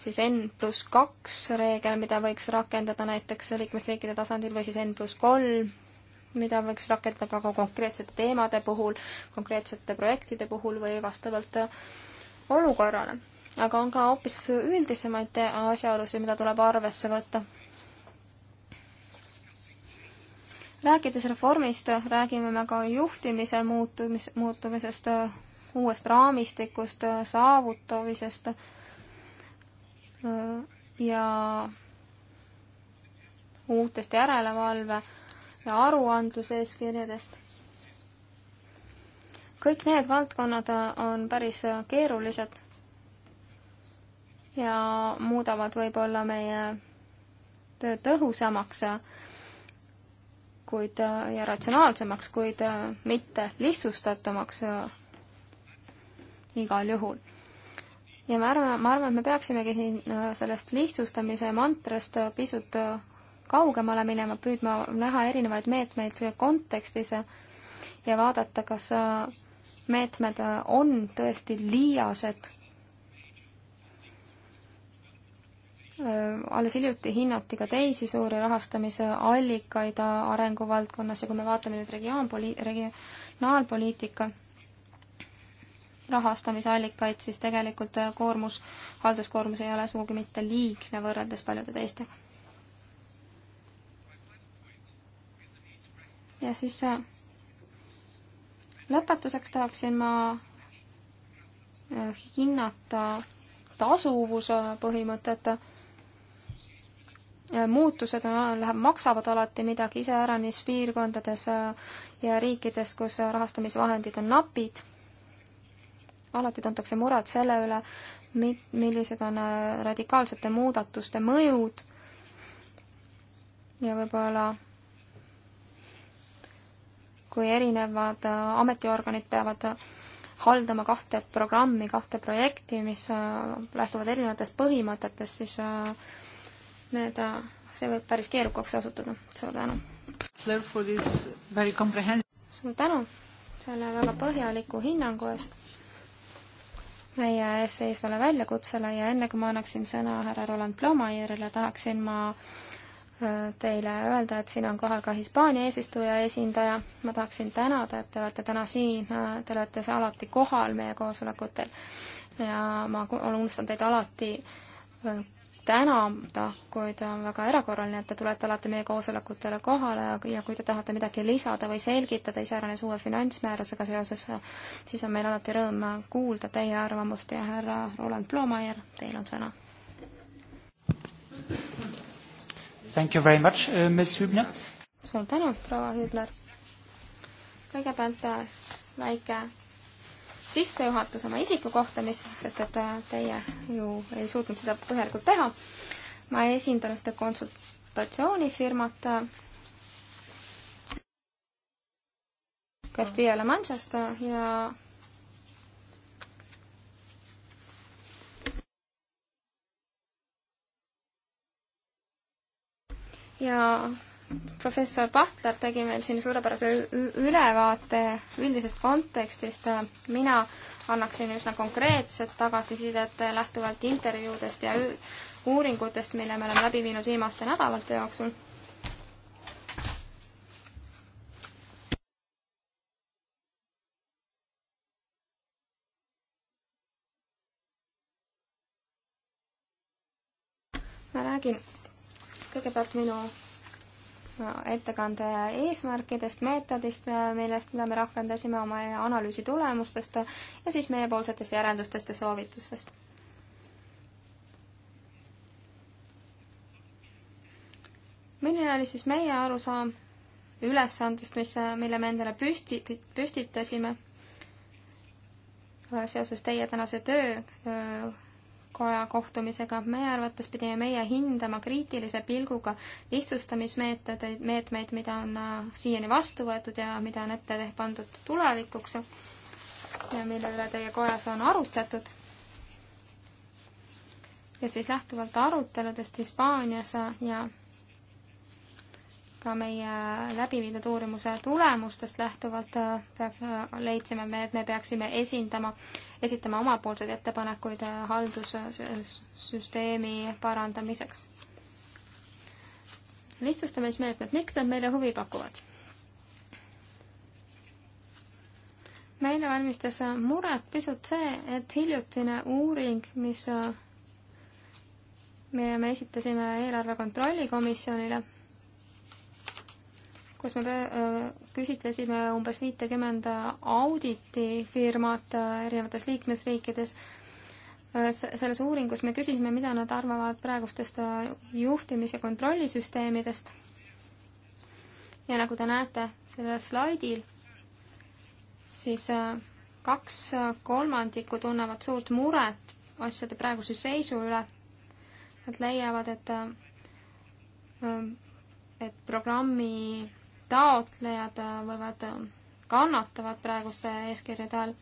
siis N pluss kaks reegel, mida võiks rakendada näiteks liikmesriikide tasandil või siis N pluss kolm mida võiks rakendada ka konkreetsete teemade puhul, konkreetsete projektide puhul või vastavalt olukorrale. aga on ka hoopis üldisemaid asjaolusid, mida tuleb arvesse võtta. rääkides reformist, räägime me ka juhtimise muutumis, muutumisest, uuest raamistikust, saavutamisest ja uutest järelevalve ja aruandluseeskirjadest. kõik need valdkonnad on päris keerulised ja muudavad võib-olla meie töö tõhusamaks, kuid ja ratsionaalsemaks, kuid mitte lihtsustatumaks igal juhul. ja ma arvan, ma arvan, et me peaksimegi siin sellest lihtsustamise mantrast pisut kaugemale minema, püüdma näha erinevaid meetmeid kontekstis ja vaadata, kas äh, meetmed äh, on tõesti liiased. Äh, alles hiljuti hinnati ka teisi suuri rahastamise allikaid arenguvaldkonnas ja kui me vaatame nüüd regionaalpoli-, regionaalpoliitika rahastamisallikaid, siis tegelikult koormus, halduskoormus ei ole sugugi mitte liigne võrreldes paljude teistega. ja siis äh, lõpetuseks tahaksin ma äh, hinnata tasuvuse põhimõtet. Äh, muutused on, läheb, maksavad alati midagi iseäranis piirkondades ja riikides, kus rahastamisvahendid on napid. alati tuntakse muret selle üle, millised on radikaalsete muudatuste mõjud ja võib-olla kui erinevad äh, ametiorganid peavad haldama kahte programmi, kahte projekti, mis äh, lähtuvad erinevatest põhimõtetest, siis äh, need, see võib päris keerukaks osutuda. suur tänu! suur tänu selle väga põhjaliku hinnangu eest meie ees seisvale väljakutsele ja enne kui ma annaksin sõna härra Roland Blomaierile, tahaksin ma teile öelda, et siin on kohal ka Hispaania eesistuja esindaja. ma tahaksin tänada, et te olete täna siin, te olete alati kohal meie koosolekutel ja ma unustan teid alati äh, tänada, kui ta on väga erakorraline, et te tulete alati meie koosolekutele kohale ja, ja kui te tahate midagi lisada või selgitada iseäranis uue finantsmäärusega seoses, siis on meil alati rõõm kuulda teie arvamust ja härra Roland Bloomeier, teil on sõna Thank you very much, uh, Miss Hübner. suur tänu, proua Hübner. kõigepealt äh, väike sissejuhatus oma isiku kohta, mis, sest et äh, teie ju ei suutnud seda põhjalikult teha. ma esindan ühte konsultatsioonifirmat äh, Castilla-La Manchast ja ja professor Pahtler tegi meil siin suurepärase ülevaate üldisest kontekstist. mina annaksin üsna konkreetset tagasisidet lähtuvalt intervjuudest ja uuringutest, mille me oleme läbi viinud viimaste nädalate jooksul. ma räägin kõigepealt minu ettekande eesmärkidest, meetodist, millest, mida me rakendasime oma analüüsi tulemustest ja siis meiepoolsetest järeldustest ja soovitustest. milline oli siis meie arusaam ülesandest, mis, mille me endale püsti, püstitasime seoses teie tänase töö koja kohtumisega. meie arvates pidime meie hindama kriitilise pilguga lihtsustamismeetodeid, meetmeid, mida on äh, siiani vastu võetud ja mida on ette pandud tulevikuks ja mille üle teie kojas on arutletud. ja siis lähtuvalt aruteludest Hispaanias ja ka meie läbiviidud uurimuse tulemustest lähtuvalt äh, peaks, äh, leidsime me, et me peaksime esindama, esitama omapoolseid ettepanekuid äh, haldussüsteemi parandamiseks. lihtsustamismeetmed, miks need meile huvi pakuvad? meile valmistas muret pisut see, et hiljutine uuring, mis me, me esitasime eelarve kontrolli komisjonile kus me äh, küsitlesime umbes viitekümmend auditifirmat äh, erinevates liikmesriikides. Äh, selles uuringus me küsisime, mida nad arvavad praegustest juhtimis- ja kontrollisüsteemidest. ja nagu te näete sellel slaidil, siis kaks kolmandikku tunnevad suurt muret asjade praeguse seisu üle. Nad leiavad, et, et programmi taotlejad äh, võivad, äh, kannatavad praeguste eeskirjade all.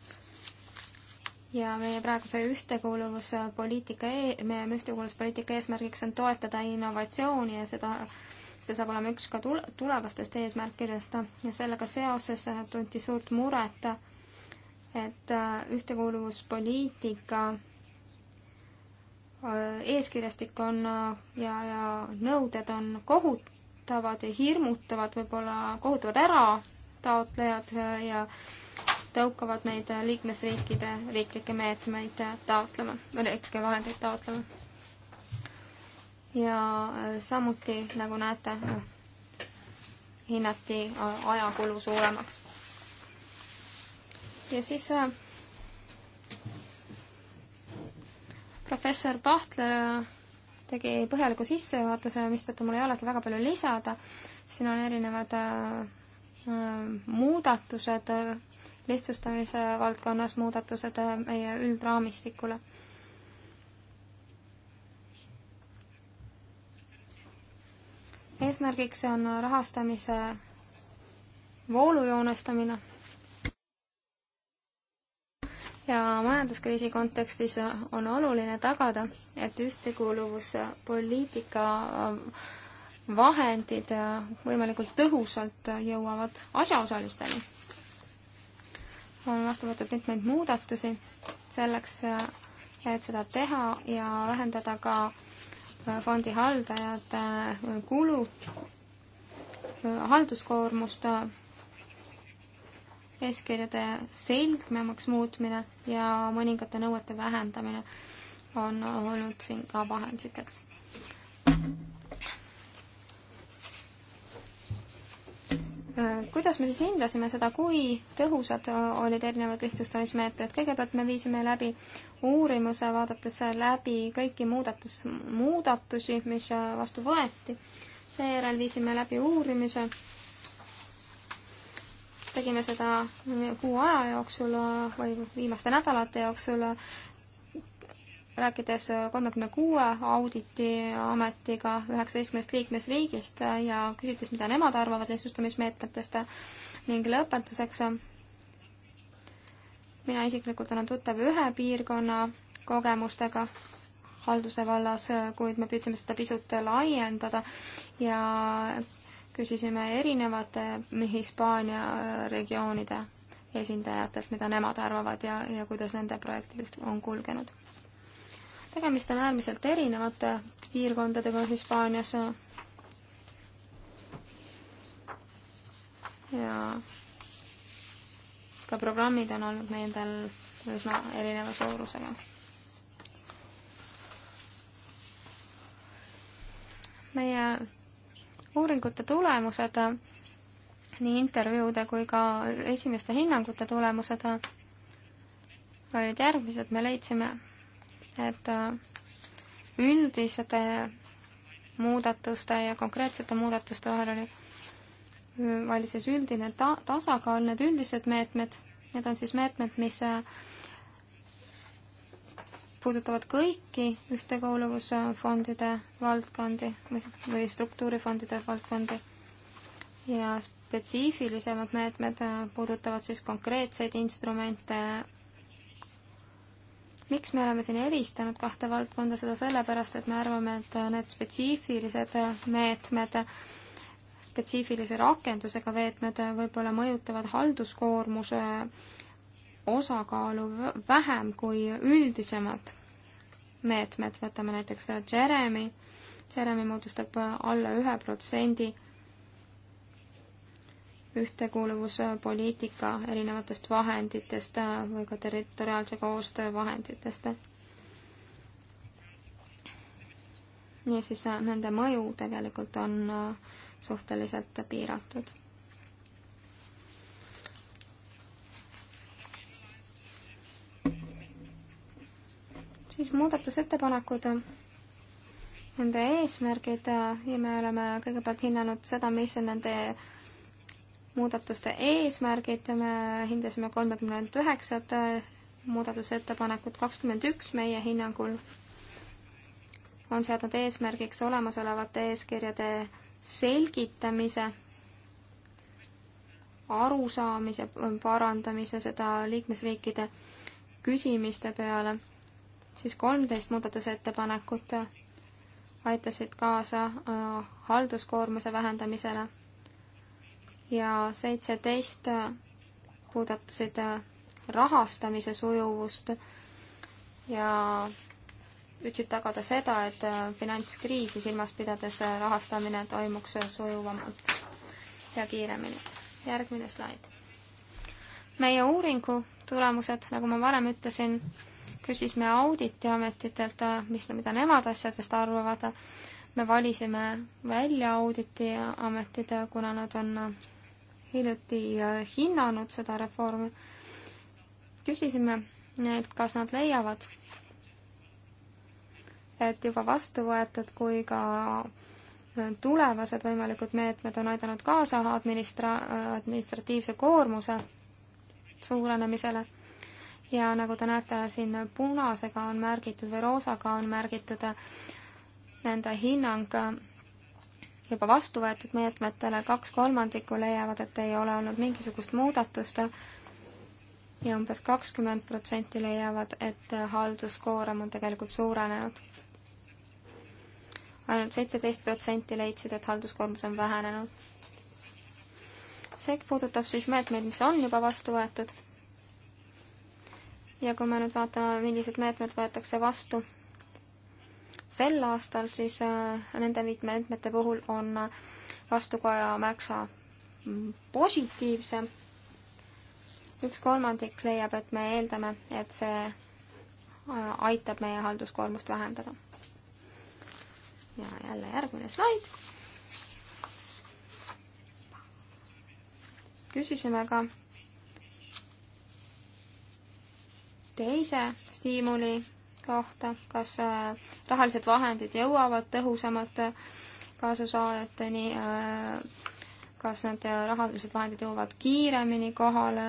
ja meie praeguse ühtekuuluvuspoliitika, e-, meie ühtekuuluvuspoliitika eesmärgiks on toetada innovatsiooni ja seda, see saab olema üks ka tule, tulevastest eesmärkidest ja sellega seoses äh, tunti suurt muret, et ühtekuuluvuspoliitika eeskirjastik on ja, ja nõuded on kohut-, kohutavad ja hirmutavad, võib-olla kohutavad ära taotlejad ja tõukavad neid liikmesriikide riiklikke meetmeid taotlema, riiklikke vahendeid taotlema. ja äh, samuti, nagu näete, hinnati ajakulu suuremaks. ja siis äh, professor Pahtler äh, tegi põhjaliku sissejuhatuse, mistõttu mul ei olegi väga palju lisada. siin on erinevad äh, äh muudatused, äh, lihtsustamise valdkonnas muudatused äh, meie üldraamistikule. eesmärgiks on rahastamise voolujoonestamine ja majanduskriisi kontekstis on oluline tagada, et ühtekuuluvuspoliitika ähm, vahendid äh, võimalikult tõhusalt jõuavad asjaosalisteni. on vastu võetud mitmeid muudatusi selleks, äh, et seda teha ja vähendada ka äh, fondi haldajate kulu, halduskoormust eeskirjade selgemaks muutmine ja mõningate nõuete vähendamine on olnud siin ka vahenditeks. kuidas me siis hindasime seda, kui tõhusad olid erinevad lihtsustamismeetodid, kõigepealt me viisime läbi uurimuse, vaadates läbi kõiki muudatus, muudatusi, mis vastu võeti, seejärel viisime läbi uurimise tegime seda kuu aja jooksul või viimaste nädalate jooksul, rääkides kolmekümne kuue auditiametiga üheksateistkümnest liikmesriigist ja küsides, mida nemad arvavad lihtsustamismeetmetest ning lõpetuseks mina isiklikult olen tuttav ühe piirkonna kogemustega halduse vallas, kuid me püüdsime seda pisut laiendada ja küsisime erinevate Hispaania regioonide esindajatelt, mida nemad arvavad ja, ja kuidas nende projektid on kulgenud. tegemist on äärmiselt erinevate piirkondadega Hispaanias. ja ka programmid on olnud nendel üsna erineva suurusega. meie uuringute tulemused, nii intervjuude kui ka esimeste hinnangute tulemused olid järgmised, me leidsime, et üldiste muudatuste ja konkreetsete muudatuste vahel oli, oli siis üldine ta-, tasakaal, need üldised meetmed, need on siis meetmed, mis puudutavad kõiki ühtekuuluvusfondide valdkondi või struktuurifondide valdkondi ja spetsiifilisemad meetmed puudutavad siis konkreetseid instrumente. miks me oleme siin eristanud kahte valdkonda, seda sellepärast, et me arvame, et need spetsiifilised meetmed, spetsiifilise rakendusega meetmed võib-olla mõjutavad halduskoormuse osakaalu vähem kui üldisemad meetmed, võtame näiteks Jeremy, Jeremy moodustab alla ühe protsendi ühtekuuluvuspoliitika erinevatest vahenditest või ka territoriaalse koostöö vahenditest. niisiis, nende mõju tegelikult on suhteliselt piiratud siis muudatusettepanekud, nende eesmärgid äh, ja me oleme kõigepealt hinnanud seda, mis on nende muudatuste eesmärgid ja me hindasime kolmekümnendat üheksat äh, muudatusettepanekut, kakskümmend üks meie hinnangul on seadnud eesmärgiks olemasolevate eeskirjade selgitamise, arusaamise parandamise, seda liikmesriikide küsimiste peale siis kolmteist muudatusettepanekut aitasid kaasa äh, halduskoormuse vähendamisele ja seitseteist äh, puudutasid äh, rahastamise sujuvust ja püüdsid tagada seda, et finantskriisi silmas pidades rahastamine toimuks sujuvamalt ja kiiremini. järgmine slaid. meie uuringu tulemused, nagu ma varem ütlesin, küsisime auditiametitelt, mis, mida nemad asjadest arvavad. me valisime välja auditiametid, kuna nad on hiljuti äh, hinnanud seda reformi. küsisime neilt, kas nad leiavad, et juba vastu võetud kui ka äh, tulevased võimalikud meetmed on aidanud kaasa administra-, äh, administratiivse koormuse suurenemisele ja nagu te näete, siin punasega on märgitud või roosaga on märgitud nende hinnang juba vastu võetud meetmetele, kaks kolmandikku leiavad, et ei ole olnud mingisugust muudatust ja umbes kakskümmend protsenti leiavad, et halduskoorem on tegelikult suurenenud ainult seitseteist protsenti leidsid, et halduskoormus on vähenenud. see puudutab siis meetmeid, mis on juba vastu võetud ja kui me nüüd vaatame, millised meetmed võetakse vastu sel aastal, siis äh, nende meetmete puhul on äh, vastukaja märksa positiivsem. üks kolmandik leiab, et me eeldame, et see äh, aitab meie halduskoormust vähendada. ja jälle järgmine slaid. küsisime ka teise stiimuli kohta, kas äh, rahalised vahendid jõuavad tõhusamalt kasusaajateni, äh, kas need äh, rahalised vahendid jõuavad kiiremini kohale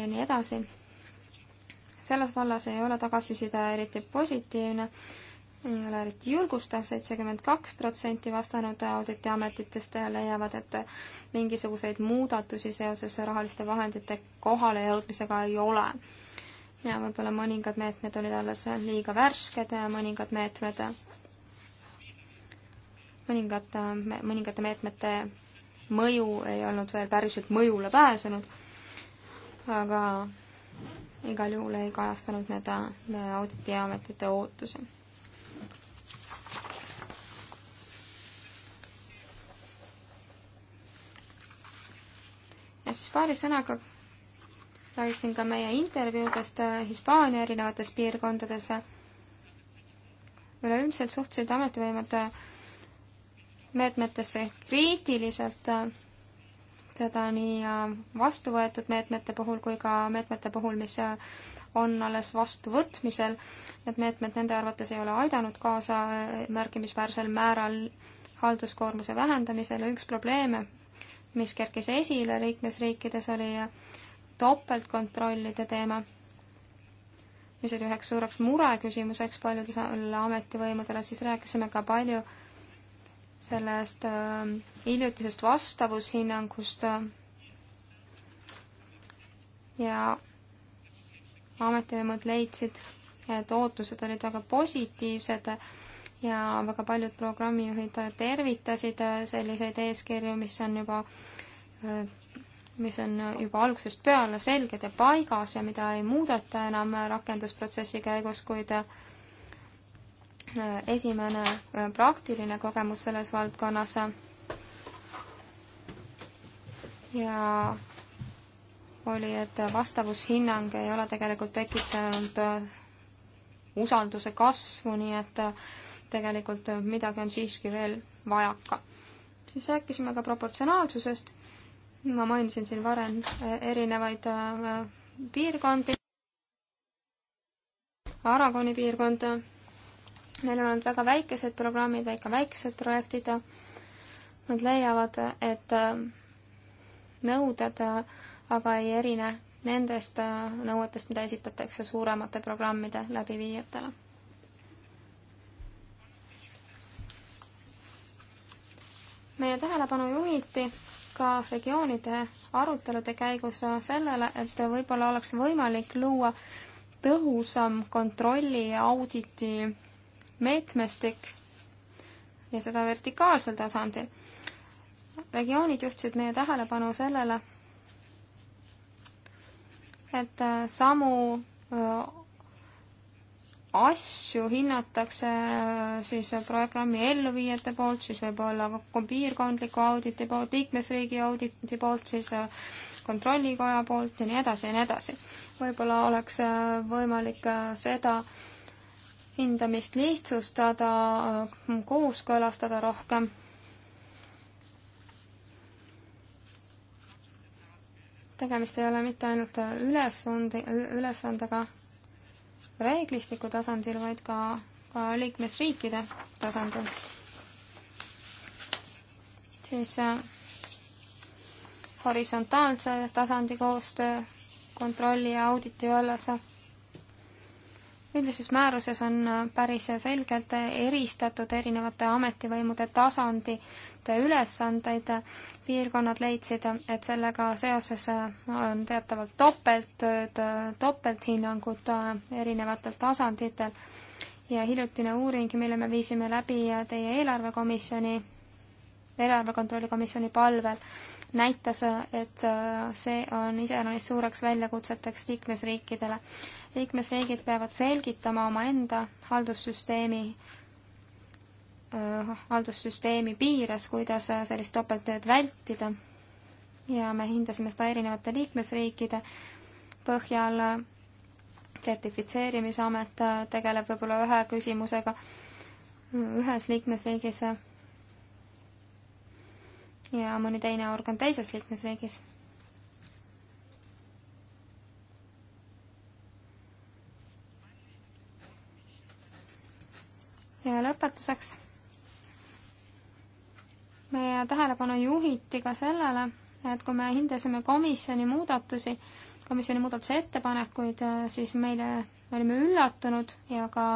ja nii edasi. selles vallas ei ole tagasiside eriti positiivne, ei ole eriti julgustav, seitsekümmend kaks protsenti vastanud auditiametitest leiavad, et mingisuguseid muudatusi seoses rahaliste vahendite kohalejõudmisega ei ole ja võib-olla mõningad meetmed olid alles liiga värsked, mõningad meetmed, mõningad, mõningate meetmete mõju ei olnud veel päriselt mõjule pääsenud, aga igal juhul ei kajastanud need äh, auditiametite ootusi. ja siis paari sõnaga rääkisin ka meie intervjuudest äh, Hispaania erinevates piirkondades. üleüldiselt suhtusid ametivõimud äh, meetmetesse kriitiliselt, äh, seda nii vastu võetud meetmete puhul kui ka meetmete puhul, mis on alles vastuvõtmisel. Need meetmed nende arvates ei ole aidanud kaasa märkimisväärsel määral halduskoormuse vähendamisele. üks probleeme, mis kerkis esile liikmesriikides, oli topeltkontrollide teema, mis oli üheks suureks mureküsimuseks paljudele ametivõimudele, siis rääkisime ka palju sellest äh, hiljutisest vastavushinnangust äh, ja ametivõimud leidsid, et ootused olid väga positiivsed ja väga paljud programmijuhid tervitasid äh, selliseid eeskirju, mis on juba äh, mis on juba algusest peale selged ja paigas ja mida ei muudeta enam rakendusprotsessi käigus, kuid äh, esimene äh, praktiline kogemus selles valdkonnas. ja oli, et vastavushinnang ei ole tegelikult tekitanud äh, usalduse kasvu, nii et tegelikult midagi on siiski veel vajaka. siis rääkisime ka proportsionaalsusest ma mainisin siin varem eh, erinevaid eh, piirkondi, Aragoni piirkonda, neil on olnud väga väikesed programmid, väga väikesed projektid ja nad leiavad, et eh, nõuded aga ei erine nendest nõuetest, mida esitatakse suuremate programmide läbiviijatele. meie tähelepanu juhiti ka regioonide arutelude käigus sellele, et võib-olla oleks võimalik luua tõhusam kontrolli ja auditi meetmestik ja seda vertikaalsel tasandil. regioonid juhtisid meie tähelepanu sellele, et samu asju hinnatakse siis programmi elluviijate poolt, siis võib-olla ka piirkondliku auditi poolt, liikmesriigi auditi poolt, siis äh, kontrollikoja poolt ja nii edasi ja nii edasi. võib-olla oleks äh, võimalik äh, seda hindamist lihtsustada, kooskõlastada rohkem. tegemist ei ole mitte ainult ülesande, ülesandega reeglistiku tasandil, vaid ka, ka liikmesriikide tasandil. siis äh, horisontaalse tasandi koostöö kontrolli ja auditi vallas üldises määruses on äh, päris selgelt äh, eristatud erinevate ametivõimude tasandite ülesandeid. piirkonnad leidsid, et sellega seoses äh, on teatavalt topelttööd, topelthinnangud erinevatel tasanditel ja hiljutine uuring, mille me viisime läbi teie eelarvekomisjoni, eelarvekontrolli komisjoni palvel, näitas, et see on iseenesest suureks väljakutseteks liikmesriikidele liikmesriigid peavad selgitama omaenda haldussüsteemi haldussüsteemi piires, kuidas sellist topelttööd vältida. ja me hindasime seda erinevate liikmesriikide põhjal. sertifitseerimisamet äh, tegeleb võib-olla ühe küsimusega ühes liikmesriigis ja mõni teine organ teises liikmesriigis ja lõpetuseks meie tähelepanu juhiti ka sellele, et kui me hindasime komisjoni muudatusi, komisjoni muudatuse ettepanekuid, siis meile, me olime üllatunud ja ka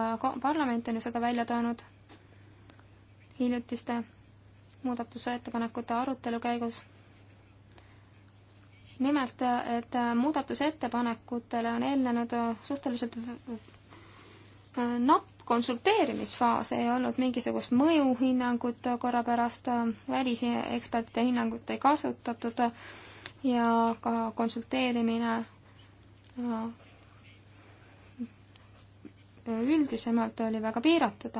parlament on ju seda välja toonud hiljutiste muudatuse ettepanekute arutelu käigus. nimelt, et muudatusettepanekutele on eelnenud suhteliselt napp konsulteerimisfaas, ei olnud mingisugust mõjuhinnangut korra pärast, välisekspertide hinnangut ei kasutatud ja ka konsulteerimine äh, üldisemalt oli väga piiratud.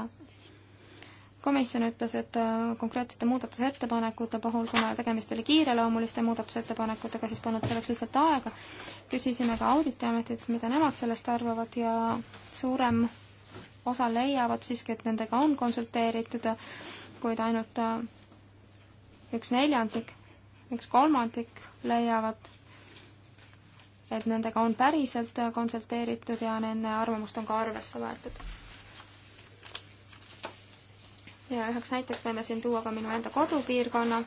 komisjon ütles, et äh, konkreetsete muudatusettepanekute puhul, kuna tegemist oli kiireloomuliste muudatusettepanekutega, siis polnud selleks lihtsalt aega. küsisime ka auditiametilt, mida nemad sellest arvavad ja suurem osa leiavad siiski, et nendega on konsulteeritud, kuid ainult äh, üks neljandik, üks kolmandik leiavad, et nendega on päriselt äh, konsulteeritud ja nende arvamust on ka arvesse võetud. ja üheks näiteks võime siin tuua ka minu enda kodupiirkonna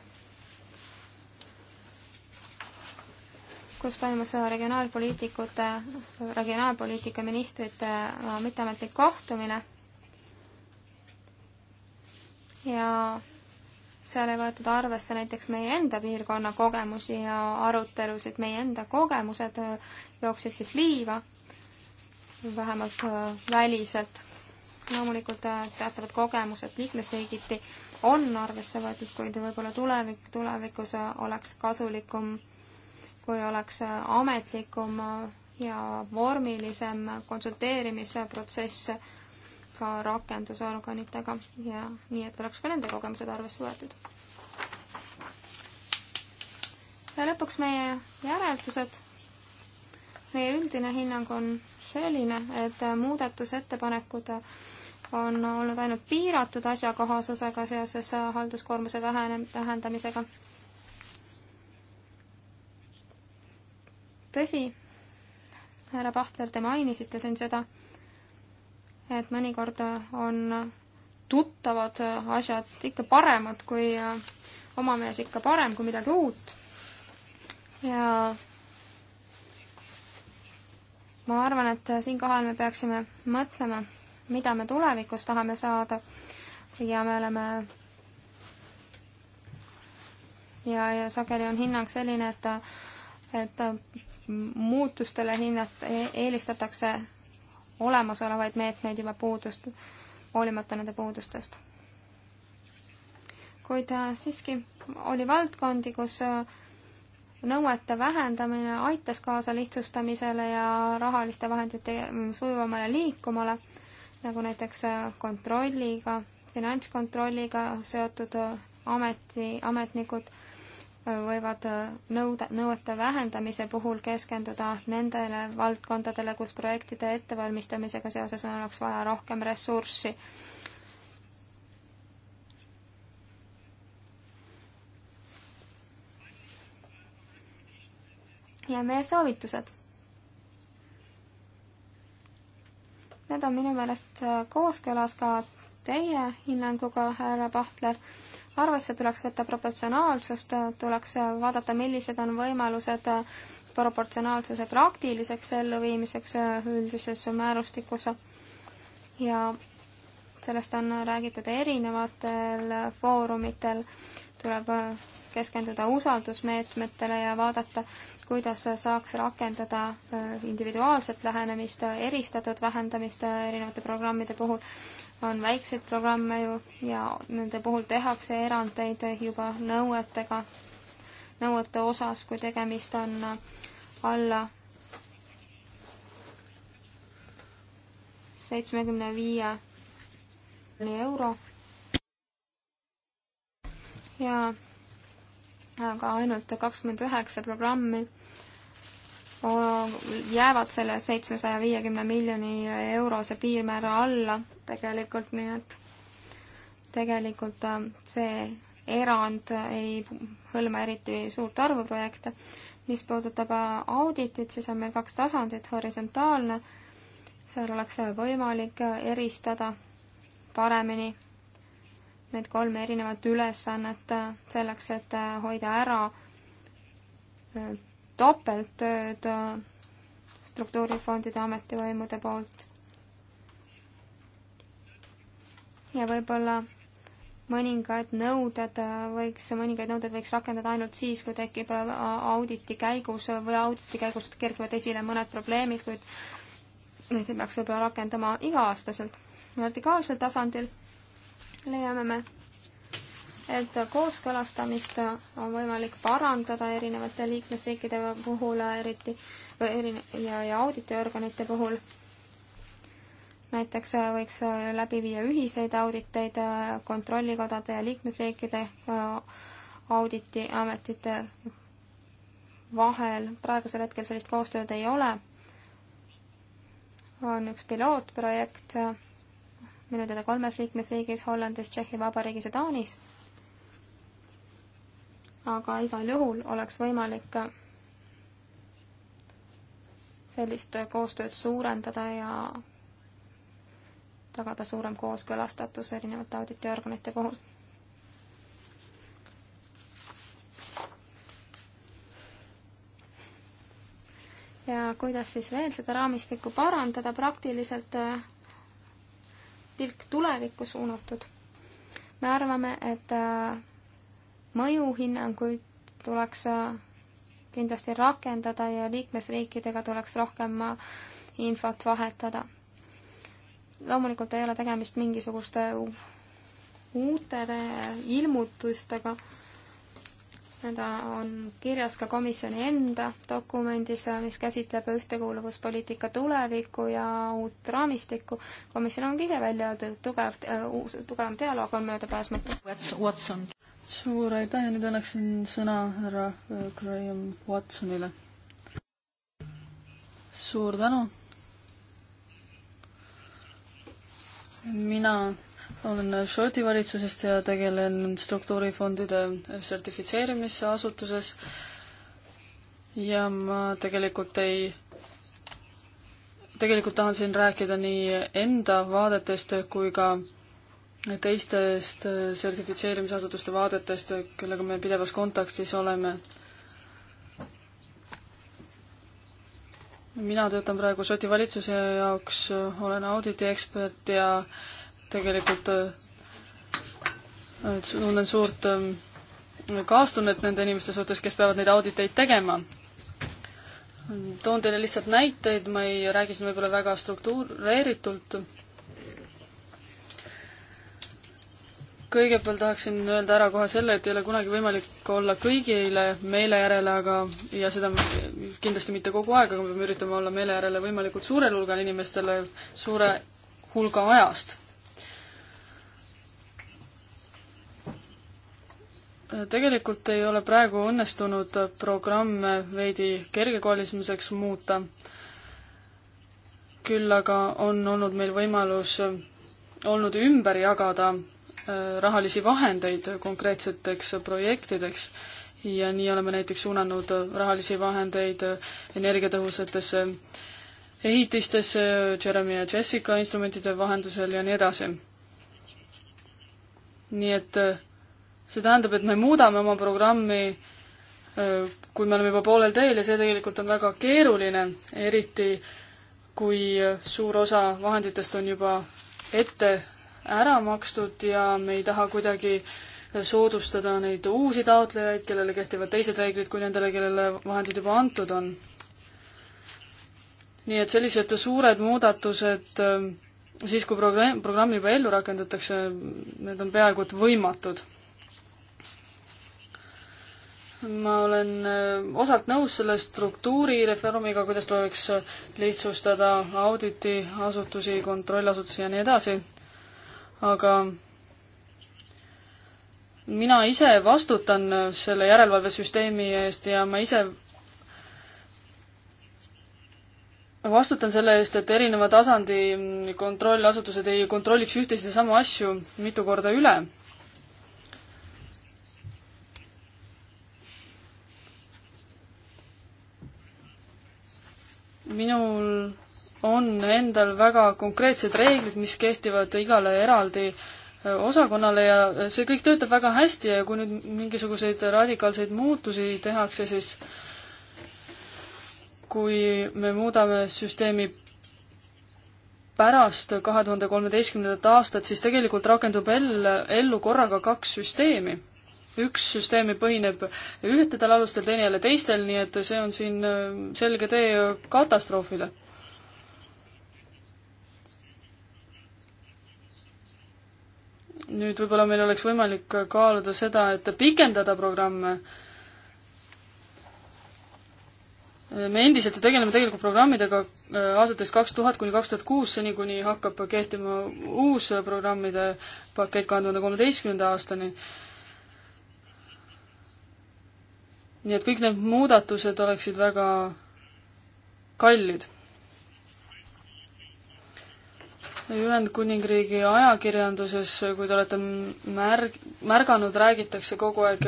kus toimus äh, regionaalpoliitikute, regionaalpoliitika ministrite äh, mitteametlik kohtumine. ja seal ei võetud arvesse näiteks meie enda piirkonna kogemusi ja arutelusid, meie enda kogemused äh, jooksid siis liiva, vähemalt väliselt. loomulikult teatavad kogemused liikmesriigiti on arvesse võetud, kuid võib-olla tulevik, tulevikus oleks kasulikum kui oleks ametlikum ja vormilisem konsulteerimisprotsess ka rakendusorganitega ja nii, et oleks ka nende kogemused arvesse võetud. ja lõpuks meie järeldused. meie üldine hinnang on selline, et muudatusettepanekud on olnud ainult piiratud asjakohasusega seoses halduskoormuse vähene, vähendamisega tõsi, härra Pahtler, te mainisite siin seda, et mõnikord on tuttavad asjad ikka paremad kui oma mees ikka parem kui midagi uut. ja ma arvan, et siinkohal me peaksime mõtlema, mida me tulevikus tahame saada ja me oleme ja, ja sageli on hinnang selline, et et muutustele hinnata, e-, eelistatakse olemasolevaid meetmeid juba puudust, hoolimata nende puudustest. kuid äh, siiski oli valdkondi, kus äh, nõuete vähendamine aitas kaasa lihtsustamisele ja rahaliste vahendite mm, sujuvamale liikumale, nagu näiteks äh, kontrolliga, finantskontrolliga seotud ameti, ametnikud võivad nõude, nõuete vähendamise puhul keskenduda nendele valdkondadele, kus projektide ettevalmistamisega seoses oleks vaja rohkem ressurssi. ja meie soovitused. Need on minu meelest kooskõlas ka teie hinnanguga, härra Pahtler arvesse tuleks võtta proportsionaalsust, tuleks vaadata, millised on võimalused proportsionaalsuse praktiliseks elluviimiseks üldises määrustikus ja sellest on räägitud erinevatel foorumitel, tuleb keskenduda usaldusmeetmetele ja vaadata, kuidas saaks rakendada individuaalset lähenemist, eristatud vähendamist erinevate programmide puhul on väikseid programme ju ja nende puhul tehakse erandeid juba nõuetega, nõuete osas, kui tegemist on alla seitsmekümne viie euro. ja aga ainult kakskümmend üheksa programmi jäävad selle seitsmesaja viiekümne miljoni eurose piirmäära alla tegelikult, nii et tegelikult äh, see erand ei hõlma eriti suurt arvu projekte. mis puudutab äh, auditit, siis on meil kaks tasandit, horisontaalne, seal oleks võimalik äh, eristada paremini need kolm erinevat ülesannet selleks, et hoida ära topelttööd äh, struktuurifondide ametivõimude poolt. ja võib-olla mõningad nõuded äh, võiks, mõningaid nõudeid võiks rakendada ainult siis, kui tekib äh, auditi käigus või auditi käigus kerkivad esile mõned probleemid, kuid neid ei peaks võib-olla rakendama iga-aastaselt. vertikaalsel tasandil leiame me et kooskõlastamist on võimalik parandada erinevate liikmesriikide puhul eriti erine, ja, ja auditiorganite puhul. näiteks võiks läbi viia ühiseid auditeid kontrollikodade ja liikmesriikide auditiametite vahel. praegusel hetkel sellist koostööd ei ole. on üks pilootprojekt minu teada kolmes liikmesriigis, Hollandis, Tšehhi Vabariigis ja Taanis aga igal juhul oleks võimalik sellist koostööd suurendada ja tagada suurem kooskõlastatus erinevate auditiorganite puhul. ja kuidas siis veel seda raamistikku parandada, praktiliselt äh, pilk tulevikku suunatud. me arvame, et äh, mõjuhinnanguid tuleks äh, kindlasti rakendada ja liikmesriikidega tuleks rohkem äh, infot vahetada. loomulikult ei ole tegemist mingisuguste uute äh, ilmutustega, need on kirjas ka komisjoni enda dokumendis, mis käsitleb ühtekuuluvuspoliitika tulevikku ja uut raamistikku. komisjon ongi ise välja öeldud, tugev, tugevam dialoog on möödapääsmatu suur aitäh ja nüüd annaksin sõna härra äh, Graham Watsonile. suur tänu. mina olen Šoti valitsusest ja tegelen struktuurifondide sertifitseerimise asutuses. ja ma tegelikult ei, tegelikult tahan siin rääkida nii enda vaadetest kui ka teistest äh, sertifitseerimisasutuste vaadetest, kellega me pidevas kontaktis oleme. mina töötan praegu Šoti valitsuse jaoks, äh, olen auditiekspert ja tegelikult äh, tunnen suurt ähm, kaastunnet nende inimeste suhtes, kes peavad neid auditeid tegema. toon teile lihtsalt näiteid, ma ei räägi siin võib-olla väga struktureeritult kõigepealt tahaksin öelda ära kohe selle, et ei ole kunagi võimalik olla kõigile meele järele, aga, ja seda kindlasti mitte kogu aeg, aga me peame üritama olla meele järele võimalikult suurel hulgal inimestele suure hulga ajast. tegelikult ei ole praegu õnnestunud programme veidi kergekoolisemiseks muuta, küll aga on olnud meil võimalus olnud ümber jagada Äh, rahalisi vahendeid konkreetseteks projektideks ja nii oleme näiteks suunanud rahalisi vahendeid energiatõhusatesse ehitistesse Jeremy ja Jessica instrumentide vahendusel ja nii edasi. nii et äh, see tähendab, et me muudame oma programmi, äh, kui me oleme juba poolel teel ja see tegelikult on väga keeruline, eriti kui suur osa vahenditest on juba ette ära makstud ja me ei taha kuidagi soodustada neid uusi taotlejaid, kellele kehtivad teised reeglid kui nendele, kellele vahendid juba antud on. nii et sellised suured muudatused ähm, siis, kui programm, programm juba ellu rakendatakse, need on peaaegu et võimatud ma olen äh, osalt nõus selle struktuurireformiga, kuidas tuleks lihtsustada auditiasutusi, kontrollasutusi ja nii edasi aga mina ise vastutan selle järelevalvesüsteemi eest ja ma ise vastutan selle eest, et erineva tasandi kontrollasutused ei kontrolliks ühtesid ja samu asju mitu korda üle. minul on endal väga konkreetsed reeglid, mis kehtivad igale eraldi osakonnale ja see kõik töötab väga hästi ja kui nüüd mingisuguseid radikaalseid muutusi tehakse, siis kui me muudame süsteemi pärast kahe tuhande kolmeteistkümnendat aastat, siis tegelikult rakendub ellu, ellu korraga kaks süsteemi. üks süsteemi põhineb ühtedel alustel, teine jälle teistel, nii et see on siin selge tee katastroofile nüüd võib-olla meil oleks võimalik kaaluda seda, et pikendada programme. me endiselt ju tegeleme tegelikult programmidega äh, aastatest kaks tuhat kuni kaks tuhat kuus, seni kuni hakkab kehtima uus programmide pakett kahe tuhande kolmeteistkümnenda aastani. nii et kõik need muudatused oleksid väga kallid Ühendkuningriigi ajakirjanduses, kui te olete märg-, märganud, räägitakse kogu aeg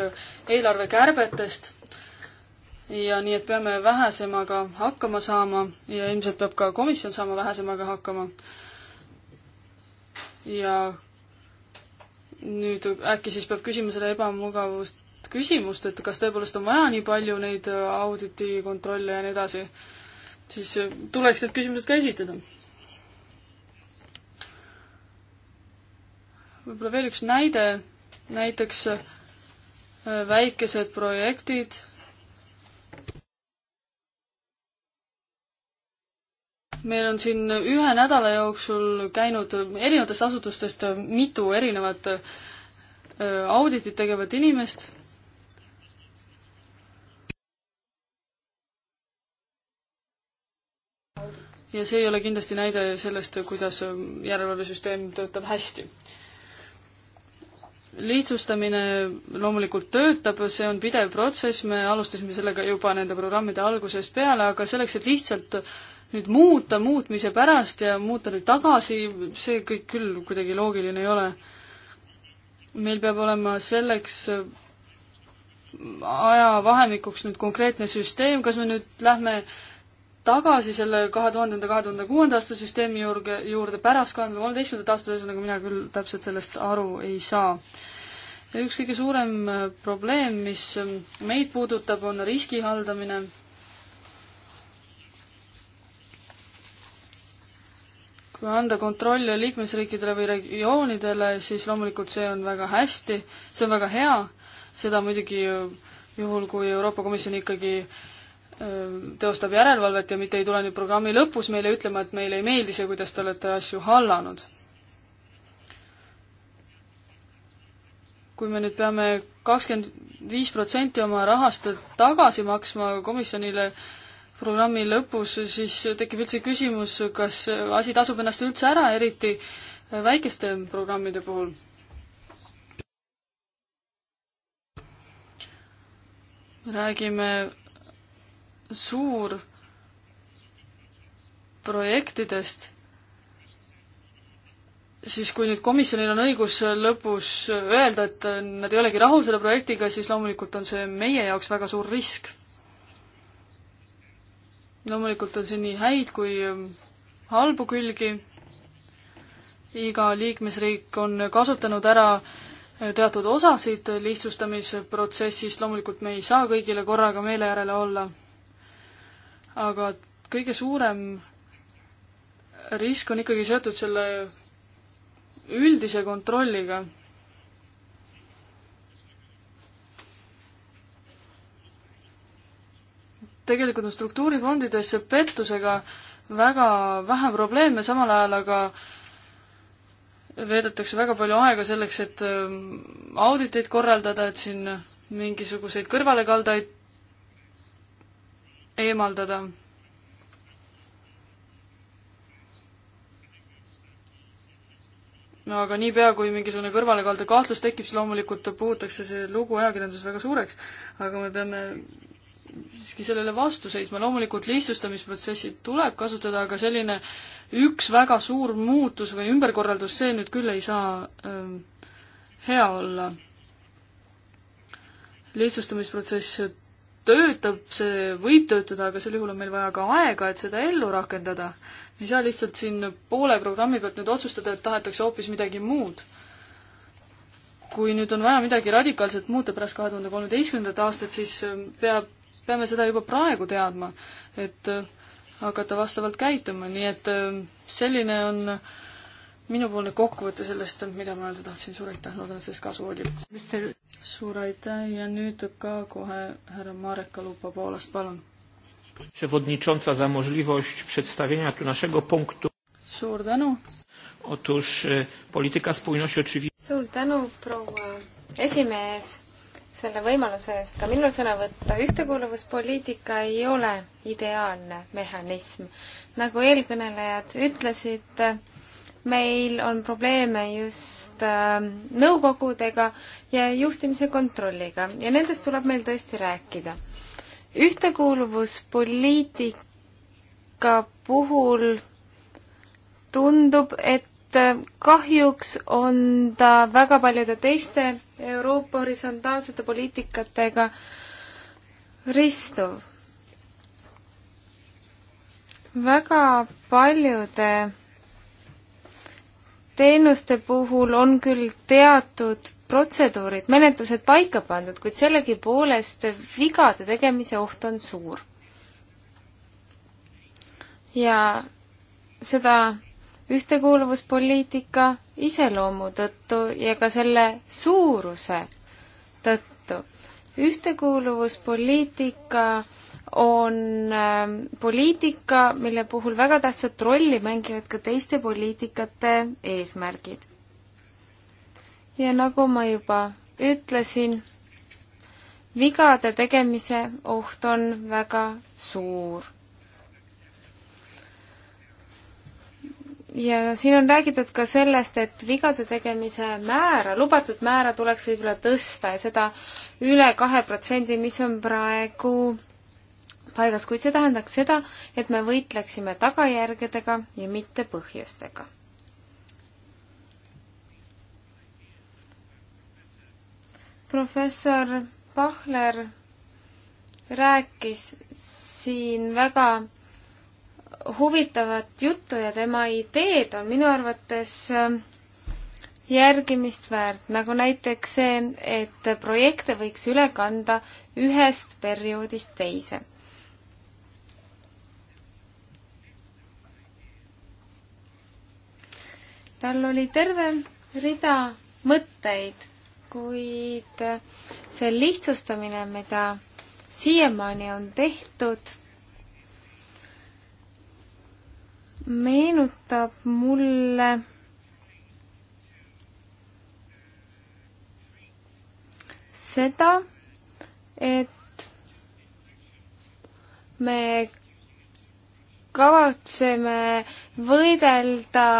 eelarvekärbetest ja nii, et peame vähesemaga hakkama saama ja ilmselt peab ka komisjon saama vähesemaga hakkama. ja nüüd äkki siis peab küsima selle ebamugavust küsimust, et kas tõepoolest on vaja nii palju neid auditi kontrolle ja nii edasi, siis tuleks need küsimused ka esitada võib-olla veel üks näide, näiteks äh, väikesed projektid, meil on siin ühe nädala jooksul käinud erinevatest asutustest mitu erinevat äh, auditit tegevat inimest. ja see ei ole kindlasti näide sellest, kuidas äh, järelevalvesüsteem töötab hästi lihtsustamine loomulikult töötab, see on pidev protsess, me alustasime sellega juba nende programmide algusest peale, aga selleks, et lihtsalt nüüd muuta muutmise pärast ja muuta nüüd tagasi, see kõik küll kuidagi loogiline ei ole. meil peab olema selleks ajavahemikuks nüüd konkreetne süsteem, kas me nüüd lähme tagasi selle kahe tuhande, kahe tuhande kuuenda aasta süsteemi juurde, juurde pärast kahe tuhande kolmeteistkümnendat aastat, ühesõnaga mina küll täpselt sellest aru ei saa. ja üks kõige suurem äh, probleem, mis ähm, meid puudutab, on riski haldamine. kui anda kontroll liikmesriikidele või regioonidele, siis loomulikult see on väga hästi, see on väga hea, seda muidugi äh, juhul, kui Euroopa Komisjon ikkagi äh, teostab järelevalvet ja mitte ei tule nüüd programmi lõpus meile ütlema, et meile ei meeldi see, kuidas te olete asju hallanud. kui me nüüd peame kakskümmend viis protsenti oma rahast tagasi maksma komisjonile programmi lõpus, siis tekib üldse küsimus, kas asi tasub ennast üldse ära, eriti väikeste programmide puhul räägime suur projektidest, siis kui nüüd komisjonil on õigus lõpus öelda, et nad ei olegi rahul selle projektiga, siis loomulikult on see meie jaoks väga suur risk. loomulikult on siin nii häid kui halbu külgi, iga liikmesriik on kasutanud ära teatud osasid lihtsustamisprotsessist, loomulikult me ei saa kõigile korraga meele järele olla aga kõige suurem risk on ikkagi seotud selle üldise kontrolliga. tegelikult on struktuurifondides pettusega väga vähe probleeme, samal ajal aga veedetakse väga palju aega selleks, et ähm, auditeid korraldada, et siin mingisuguseid kõrvalekaldaid eemaldada. no aga niipea, kui mingisugune kõrvalekaldu kahtlus tekib, siis loomulikult puhutakse see lugu ajakirjanduses väga suureks, aga me peame siiski sellele vastu seisma, loomulikult lihtsustamisprotsessi tuleb kasutada, aga selline üks väga suur muutus või ümberkorraldus, see nüüd küll ei saa ähm, hea olla. lihtsustamisprotsess töötab, see võib töötada, aga sel juhul on meil vaja ka aega, et seda ellu rakendada. me ei saa lihtsalt siin poole programmi pealt nüüd otsustada, et tahetakse hoopis midagi muud. kui nüüd on vaja midagi radikaalselt muuta pärast kahe tuhande kolmeteistkümnendat aastat, siis ähm, peab, peame seda juba praegu teadma, et äh, hakata vastavalt käituma, nii et ähm, selline on äh, minupoolne kokkuvõte sellest, mida ma öelda tahtsin, suur aitäh, loodan, et sellest kasu oli. suur aitäh ja nüüd ka kohe härra Marek Kalupa Poolast, palun. Przewodnicząca za możliwość przedstawienia tu naszego punktu. Suur tänu. Otóż e, polityka spójności oczywiście. Suur tänu, proua esimees, selle võimaluse eest ka minul sõna võtta. ühtekuuluvuspoliitika ei ole ideaalne mehhanism. nagu eelkõnelejad ütlesid, meil on probleeme just äh, nõukogudega ja juhtimise kontrolliga ja nendest tuleb meil tõesti rääkida. ühtekuuluvuspoliitika puhul tundub, et äh, kahjuks on ta väga paljude teiste Euroopa horisontaalsete poliitikatega ristuv. väga paljude teenuste puhul on küll teatud protseduurid, menetlused paika pandud, kuid sellegipoolest vigade tegemise oht on suur. ja seda ühtekuuluvuspoliitika iseloomu tõttu ja ka selle suuruse tõttu. ühtekuuluvuspoliitika on ähm, poliitika, mille puhul väga tähtsat rolli mängivad ka teiste poliitikate eesmärgid. ja nagu ma juba ütlesin, vigade tegemise oht on väga suur. ja siin on räägitud ka sellest, et vigade tegemise määra, lubatud määra tuleks võib-olla tõsta ja seda üle kahe protsendi, mis on praegu paigas, kuid see tähendaks seda, et me võitleksime tagajärgedega ja mitte põhjustega. professor Pahler rääkis siin väga huvitavat juttu ja tema ideed on minu arvates äh, järgimist väärt, nagu näiteks see, et projekte võiks üle kanda ühest perioodist teise. tal oli terve rida mõtteid, kuid see lihtsustamine, mida siiamaani on tehtud, meenutab mulle seda, et me kavatseme võidelda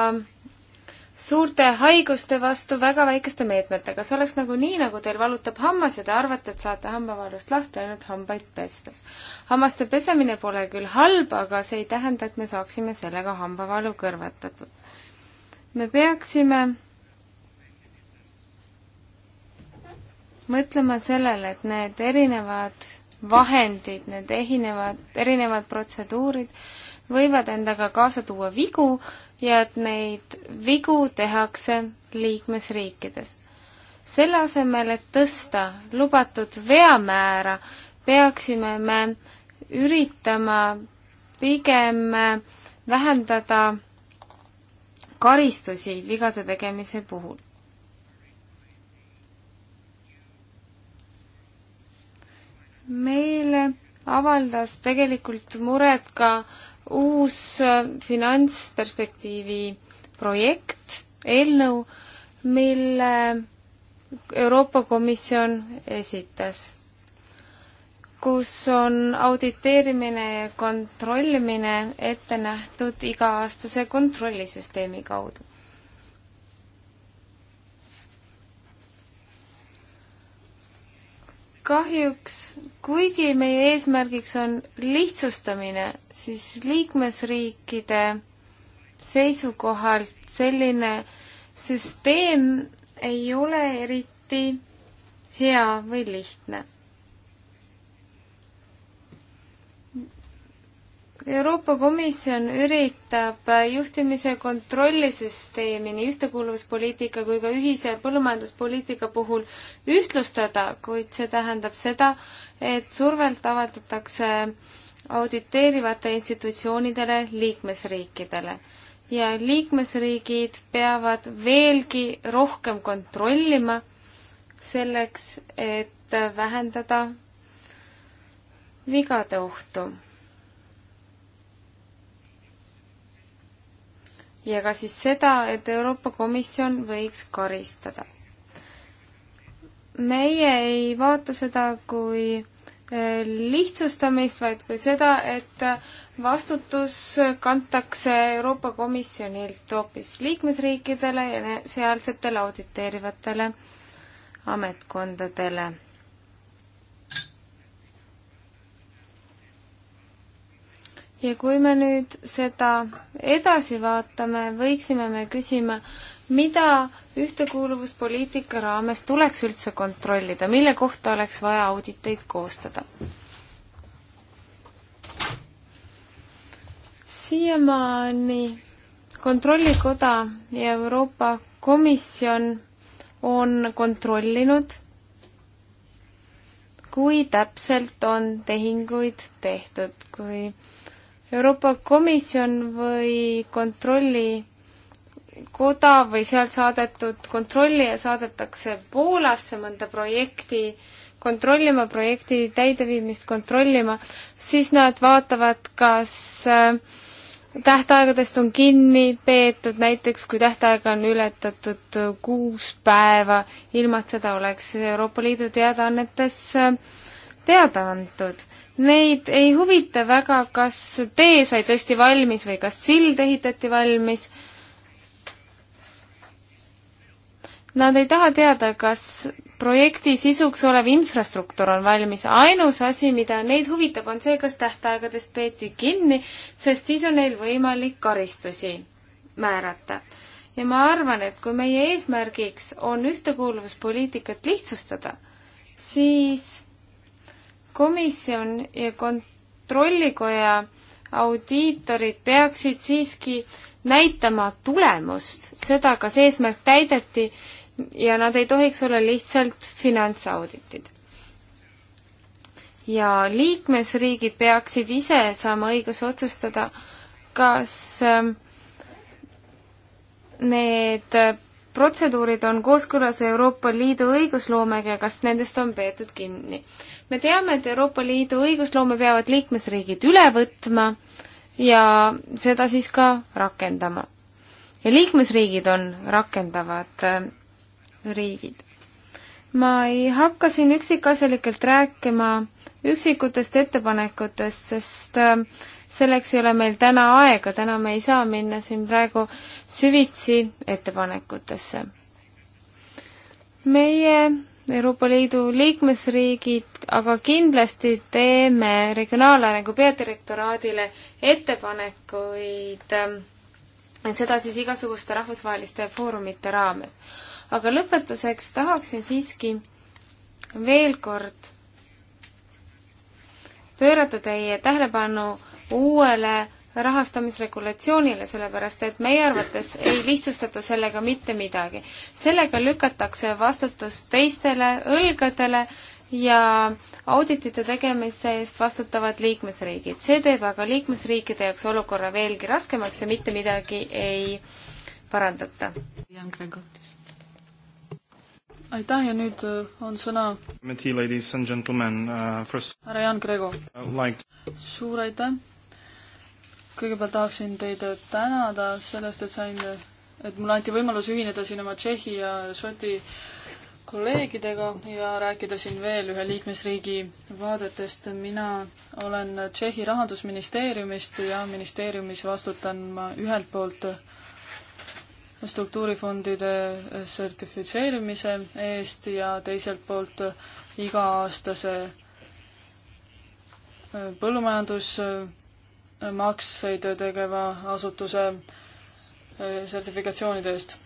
suurte haiguste vastu väga väikeste meetmetega. see oleks nagu nii, nagu teil valutab hammas ja te arvate, et saate hambavarust lahti ainult hambaid pestes. hammaste pesemine pole küll halb, aga see ei tähenda, et me saaksime sellega hambavalu kõrvetatud. me peaksime mõtlema sellele, et need erinevad vahendid, need erinevad, erinevad protseduurid võivad endaga kaasa tuua vigu ja et neid vigu tehakse liikmesriikides. selle asemel, et tõsta lubatud veamäära, peaksime me üritama pigem vähendada karistusi vigade tegemise puhul. meile avaldas tegelikult muret ka äh, uus äh, finantsperspektiivi projekt, eelnõu, mille Euroopa Komisjon esitas, kus on auditeerimine ja kontrollimine ette nähtud iga-aastase kontrollisüsteemi kaudu kahjuks, kuigi meie eesmärgiks on lihtsustamine, siis liikmesriikide seisukohalt selline süsteem ei ole eriti hea või lihtne Euroopa Komisjon üritab juhtimise kontrollisüsteemi nii ühtekuuluvuspoliitika kui ka ühise põllumajanduspoliitika puhul ühtlustada, kuid see tähendab seda, et survelt avaldatakse auditeerivate institutsioonidele liikmesriikidele ja liikmesriigid peavad veelgi rohkem kontrollima selleks, et vähendada vigade ohtu ja ka siis seda, et Euroopa Komisjon võiks karistada. meie ei vaata seda kui eh, lihtsustamist, vaid kui seda, et vastutus kantakse Euroopa Komisjonilt hoopis liikmesriikidele ja sealsetele auditeerivatele ametkondadele ja kui me nüüd seda edasi vaatame, võiksime me küsima, mida ühtekuuluvuspoliitika raames tuleks üldse kontrollida, mille kohta oleks vaja auditeid koostada? siiamaani Kontrollikoda ja Euroopa Komisjon on kontrollinud, kui täpselt on tehinguid tehtud, kui Euroopa Komisjon või kontrollikoda või sealt saadetud kontrollija saadetakse Poolasse mõnda projekti kontrollima, projekti täideviimist kontrollima, siis nad vaatavad, kas äh, tähtaegadest on kinni peetud, näiteks kui tähtaega on ületatud äh, kuus päeva, ilma et seda oleks Euroopa Liidu teadaannetes äh, teada antud neid ei huvita väga, kas tee sai tõesti valmis või kas sild ehitati valmis. Nad ei taha teada, kas projekti sisuks olev infrastruktuur on valmis, ainus asi, mida neid huvitab, on see, kas tähtaegadest peeti kinni, sest siis on neil võimalik karistusi määrata. ja ma arvan, et kui meie eesmärgiks on ühtekuuluvuspoliitikat lihtsustada, siis komisjon ja kontrollikoja audiitorid peaksid siiski näitama tulemust, seda, kas eesmärk täideti ja nad ei tohiks olla lihtsalt finantsauditid. ja liikmesriigid peaksid ise saama õiguse otsustada, kas ähm, need äh, protseduurid on kooskõlas Euroopa Liidu õigusloomega ja kas nendest on peetud kinni me teame, et Euroopa Liidu õigusloome peavad liikmesriigid üle võtma ja seda siis ka rakendama. ja liikmesriigid on rakendavad äh, riigid. ma ei hakka siin üksikasjalikelt rääkima üksikutest ettepanekutest, sest äh, selleks ei ole meil täna aega, täna me ei saa minna siin praegu süvitsi ettepanekutesse. meie Euroopa Liidu liikmesriigid, aga kindlasti teeme Regionaalarengu peadirektoraadile ettepanekuid, ähm, seda siis igasuguste rahvusvaheliste foorumite raames. aga lõpetuseks tahaksin siiski veel kord pöörata teie tähelepanu uuele rahastamisregulatsioonile, sellepärast et meie arvates ei lihtsustata sellega mitte midagi. sellega lükatakse vastutus teistele õlgadele ja auditite tegemise eest vastutavad liikmesriigid. see teeb aga liikmesriikide jaoks olukorra veelgi raskemaks ja mitte midagi ei parandata. aitäh ja nüüd äh, on sõna uh, härra Jan Grego. suur aitäh! kõigepealt tahaksin teid tänada sellest, et sain, et mulle anti võimalus ühineda siin oma Tšehhi ja Šoti kolleegidega ja rääkida siin veel ühe liikmesriigi vaadetest. mina olen Tšehhi rahandusministeeriumist ja ministeeriumis vastutan ma ühelt poolt struktuurifondide sertifitseerimise eest ja teiselt poolt iga-aastase põllumajandus- makseid tegeva asutuse eh, sertifikatsioonide eest.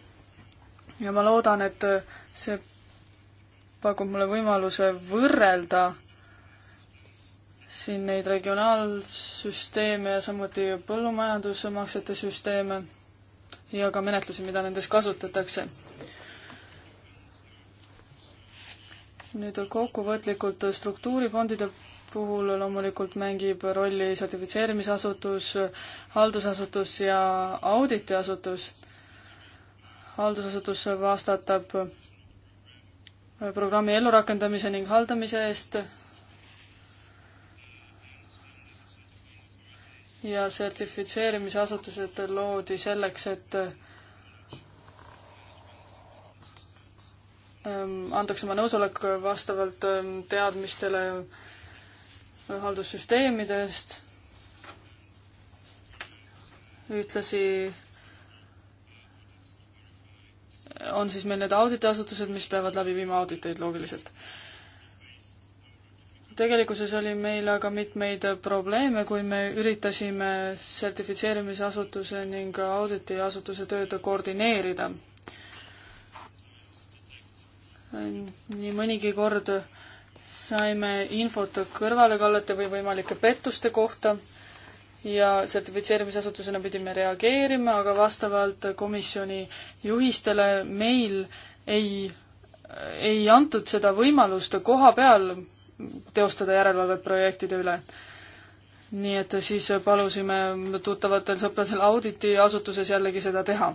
ja ma loodan, et eh, see pakub mulle võimaluse võrrelda siin neid regionaalsüsteeme ja samuti põllumajandusmaksete süsteeme ja ka menetlusi, mida nendes kasutatakse. nüüd kokkuvõtlikult struktuurifondide puhul loomulikult mängib rolli sertifitseerimisasutus, haldusasutus ja auditiasutus. haldusasutus vastatab programmi ellurakendamise ning haldamise eest ja sertifitseerimisasutused loodi selleks, et ähm, antakse oma nõusolek vastavalt ähm, teadmistele haldussüsteemidest. ühtlasi on siis meil need auditiasutused, mis peavad läbi viima auditeid loogiliselt. tegelikkuses oli meil aga mitmeid probleeme, kui me üritasime sertifitseerimisasutuse ning auditiasutuse tööd koordineerida. nii mõnigi kord saime infot kõrvalekallete või võimalike pettuste kohta ja sertifitseerimisasutusena pidime reageerima, aga vastavalt komisjoni juhistele meil ei, ei antud seda võimalust koha peal teostada järelevalvet projektide üle. nii et siis palusime tuttavatel sõpradel auditiasutuses jällegi seda teha.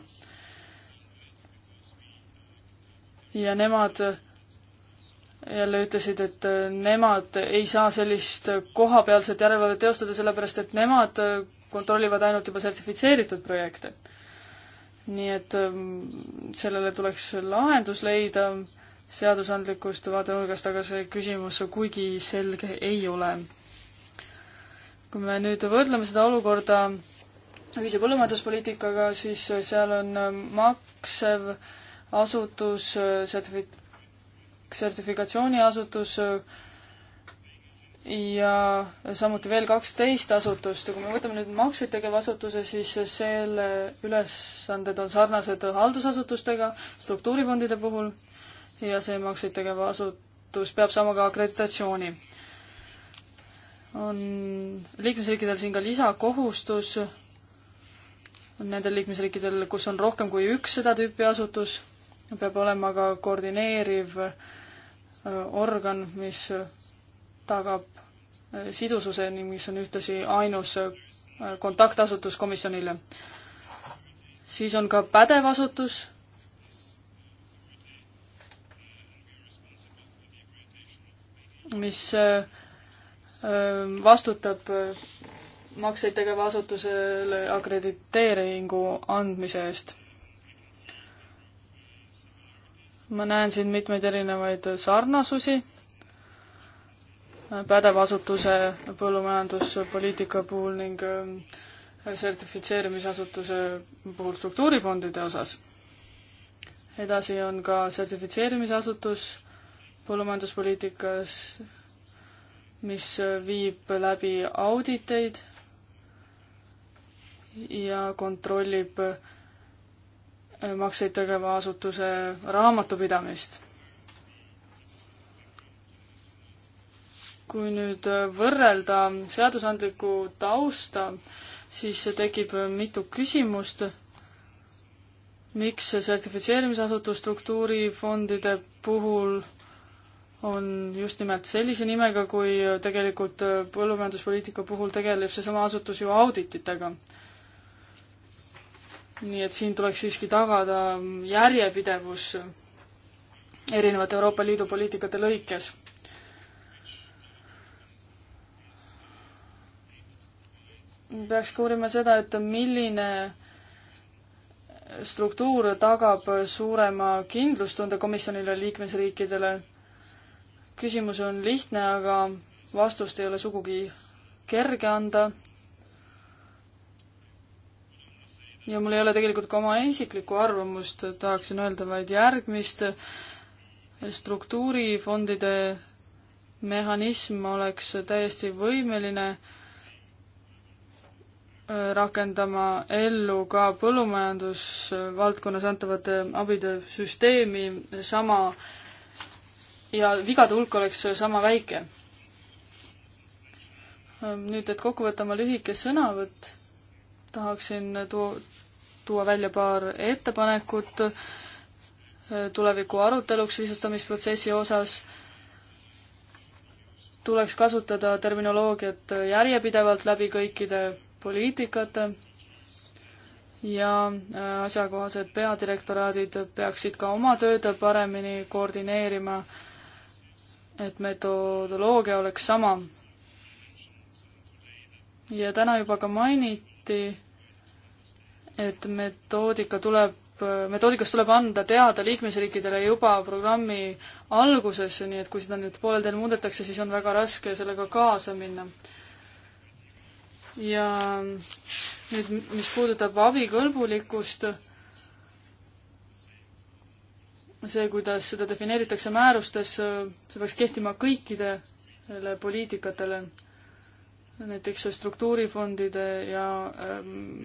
ja nemad jälle ütlesid, et äh, nemad ei saa sellist kohapealset järelevalvet teostada, sellepärast et nemad äh, kontrollivad ainult juba sertifitseeritud projekte. nii et ähm, sellele tuleks lahendus leida seadusandlikust vaatenurgast, aga see küsimus kuigi selge ei ole. kui me nüüd võrdleme seda olukorda ühise põllumajanduspoliitikaga, siis seal on äh, maksev asutus sertifi-, sertifikatsiooniasutus äh, ja samuti veel kaksteist asutust ja kui me võtame nüüd makseid tegeva asutuse, siis selle ülesanded on sarnased haldusasutustega struktuurifondide puhul ja see makseid tegev asutus peab saama ka akreditatsiooni. on liikmesriikidel siin ka lisakohustus, nendel liikmesriikidel, kus on rohkem kui üks seda tüüpi asutus, peab olema ka koordineeriv äh, Äh, organ, mis äh, tagab äh, sidususe ning mis on ühtlasi ainus kontaktasutus komisjonile. siis on ka pädev asutus, mis vastutab makseid tegeva asutusele akrediteeringu andmise eest ma näen siin mitmeid erinevaid sarnasusi pädeva asutuse põllumajanduspoliitika puhul ning äh, sertifitseerimisasutuse puhul struktuurifondide osas. edasi on ka sertifitseerimisasutus põllumajanduspoliitikas, mis viib läbi auditeid ja kontrollib äh, Äh, makseid tegeva asutuse raamatupidamist. kui nüüd äh, võrrelda seadusandlikku tausta, siis tekib äh, mitu küsimust. miks sertifitseerimisasutus struktuurifondide puhul on just nimelt sellise nimega, kui tegelikult põllumajanduspoliitika puhul tegeleb seesama asutus ju audititega nii et siin tuleks siiski tagada järjepidevus erinevate Euroopa Liidu poliitikate lõikes. peaks ka uurima seda, et milline struktuur tagab suurema kindlustunde komisjonile liikmesriikidele. küsimus on lihtne, aga vastust ei ole sugugi kerge anda, ja mul ei ole tegelikult ka oma isiklikku arvamust, tahaksin öelda vaid järgmist. struktuurifondide mehhanism oleks täiesti võimeline äh, rakendama ellu ka põllumajandusvaldkonnas antavate abide süsteemi sama ja vigade hulk oleks sama väike. Äh, nüüd, et kokku võtta oma lühike sõnavõtt, tahaksin tuua tuua välja paar ettepanekut äh, tuleviku aruteluks sisustamisprotsessi osas. tuleks kasutada terminoloogiat järjepidevalt läbi kõikide poliitikate ja äh, asjakohased peadirektoraadid peaksid ka oma tööd paremini koordineerima, et metodoloogia oleks sama. ja täna juba ka mainiti et metoodika tuleb, metoodikast tuleb anda teada liikmesriikidele juba programmi alguses, nii et kui seda nüüd poolel teel muudetakse, siis on väga raske sellega kaasa minna. ja nüüd, mis puudutab abikõlbulikkust, see, kuidas seda defineeritakse määrustes, see peaks kehtima kõikidele poliitikatele näiteks struktuurifondide ja ähm,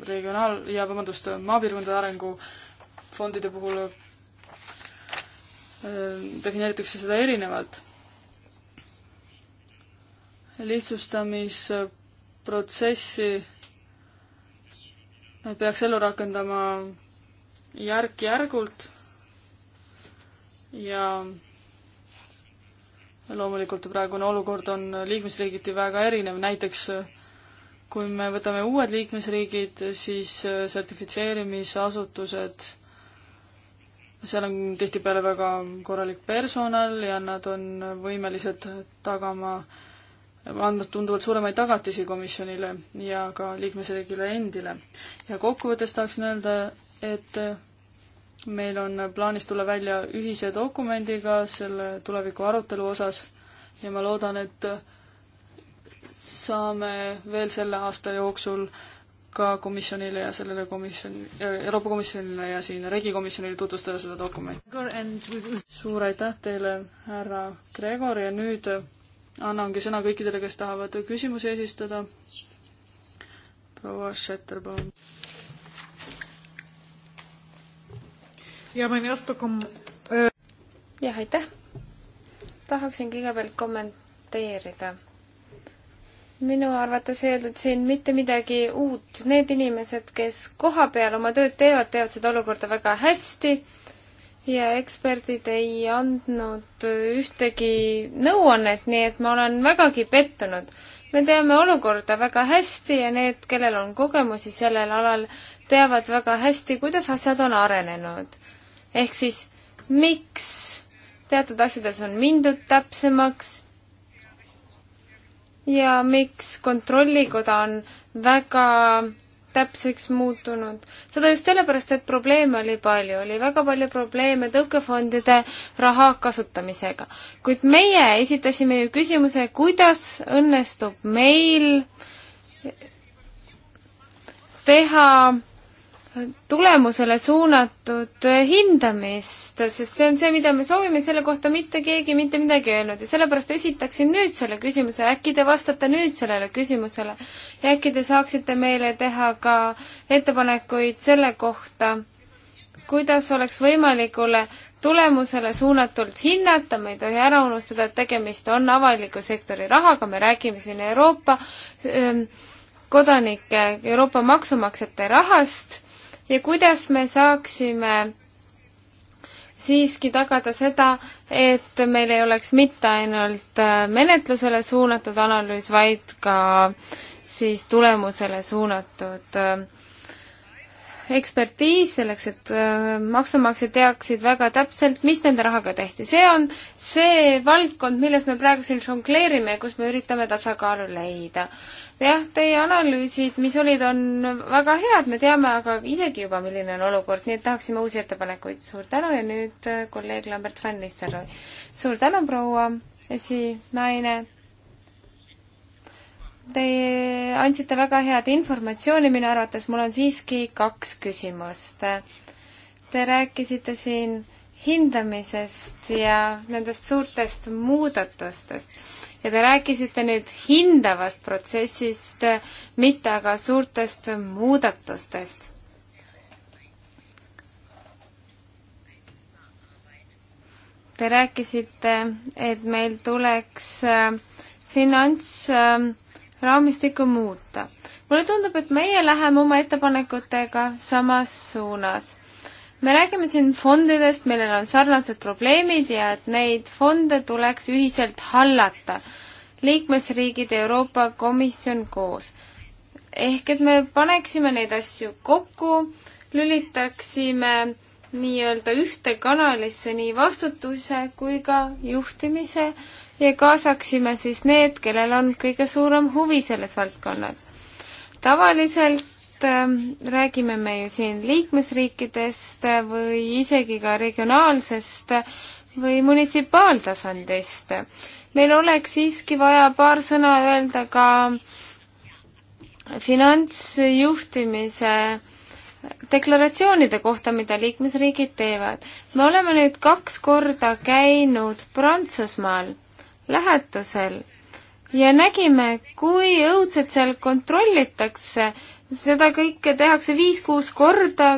regionaal- ja vabandust, maapiirkondade arengufondide puhul äh, defineeritakse seda erinevalt. lihtsustamisprotsessi peaks ellu rakendama järk-järgult ja loomulikult praegune olukord on liikmesriigiti väga erinev, näiteks äh, kui me võtame uued liikmesriigid, siis äh, sertifitseerimisasutused, seal on tihtipeale väga korralik personal ja nad on võimelised tagama, andma tunduvalt suuremaid tagatisi komisjonile ja ka liikmesriigile endile. ja kokkuvõttes tahaksin öelda, et äh, meil on plaanis tulla välja ühise dokumendiga selle tuleviku arutelu osas ja ma loodan, et saame veel selle aasta jooksul ka komisjonile ja sellele komisjon, Euroopa Komisjonile ja siin regikomisjonile tutvustada seda dokumenti. suur aitäh teile, härra Gregor ja nüüd annangi sõna kõikidele, kes tahavad küsimusi esitada. proua Schetter, palun. jah, aitäh. tahaksin kõigepealt kommenteerida. minu arvates ei öeldud siin mitte midagi uut. Need inimesed, kes kohapeal oma tööd teevad, teevad seda olukorda väga hästi ja eksperdid ei andnud ühtegi nõuannet, nii et ma olen vägagi pettunud. me teame olukorda väga hästi ja need, kellel on kogemusi sellel alal, teavad väga hästi, kuidas asjad on arenenud ehk siis miks teatud asjades on mindud täpsemaks ja miks Kontrollikoda on väga täpseks muutunud. seda just sellepärast, et probleeme oli palju, oli väga palju probleeme tõukefondide raha kasutamisega. kuid meie esitasime ju küsimuse, kuidas õnnestub meil teha tulemusele suunatud hindamist, sest see on see, mida me soovime, selle kohta mitte keegi mitte midagi öelnud ja sellepärast esitaksin nüüd selle küsimuse, äkki te vastate nüüd sellele küsimusele ja äkki te saaksite meile teha ka ettepanekuid selle kohta, kuidas oleks võimalikule tulemusele suunatult hinnata, me ei tohi ära unustada, et tegemist on avaliku sektori rahaga, me räägime siin Euroopa öö, ähm, kodanike, Euroopa maksumaksjate rahast ja kuidas me saaksime siiski tagada seda, et meil ei oleks mitte ainult äh, menetlusele suunatud analüüs, vaid ka siis tulemusele suunatud äh, ekspertiis selleks, et äh, maksumaksjad teaksid väga täpselt, mis nende rahaga tehti. see on see valdkond, milles me praegu siin žongleerime ja kus me üritame tasakaalu leida. jah, teie analüüsid, mis olid, on väga head, me teame aga isegi juba, milline on olukord, nii et tahaksime uusi ettepanekuid. suur tänu ja nüüd äh, kolleeg Lambert van Nistelrooy. suur tänu, proua esinaine Te andsite väga head informatsiooni minu arvates, mul on siiski kaks küsimust. Te rääkisite siin hindamisest ja nendest suurtest muudatustest ja te rääkisite nüüd hindavast protsessist, mitte aga suurtest muudatustest. Te rääkisite, et meil tuleks äh, finants äh, raamistikku muuta. mulle tundub, et meie läheme oma ettepanekutega samas suunas. me räägime siin fondidest, millel on sarnased probleemid ja et neid fonde tuleks ühiselt hallata, liikmesriigid ja Euroopa Komisjon koos. ehk et me paneksime neid asju kokku, lülitaksime nii-öelda ühte kanalisse nii vastutuse kui ka juhtimise ja kaasaksime siis need, kellel on kõige suurem huvi selles valdkonnas. tavaliselt ähm, räägime me ju siin liikmesriikidest või isegi ka regionaalsest või munitsipaaltasandist. meil oleks siiski vaja paar sõna öelda ka finantsjuhtimise deklaratsioonide kohta, mida liikmesriigid teevad. me oleme nüüd kaks korda käinud Prantsusmaal lähetusel ja nägime, kui õudselt seal kontrollitakse. seda kõike tehakse viis-kuus korda,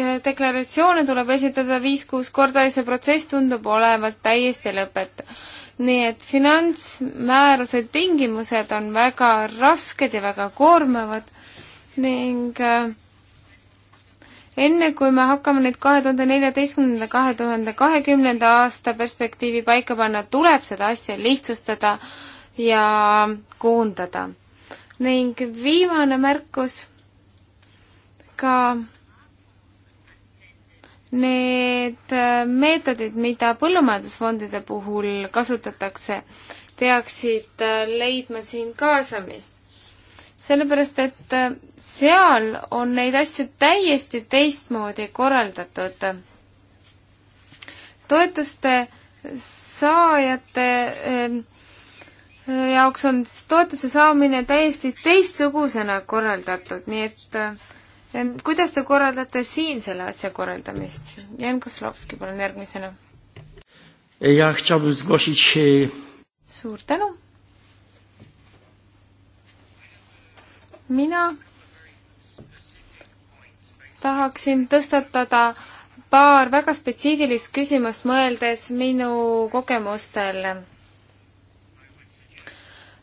äh, deklaratsioone tuleb esitada viis-kuus korda ja see protsess tundub olevat täiesti lõpetatud. nii et finantsmääruse tingimused on väga rasked ja väga koormavad ning äh, enne kui me hakkame nüüd kahe tuhande neljateistkümnenda, kahe tuhande kahekümnenda aasta perspektiivi paika panna, tuleb seda asja lihtsustada ja koondada. ning viimane märkus ka need äh, meetodid, mida põllumajandusfondide puhul kasutatakse, peaksid äh, leidma siin kaasamist sellepärast, et äh, seal on neid asju täiesti teistmoodi korraldatud. toetuste saajate ähm, äh, jaoks on toetuse saamine täiesti teistsugusena korraldatud, nii et äh, kuidas te korraldate siin selle asja korraldamist? Jan Kozlovski, palun järgmisena. suur tänu mina tahaksin tõstatada paar väga spetsiifilist küsimust, mõeldes minu kogemustele.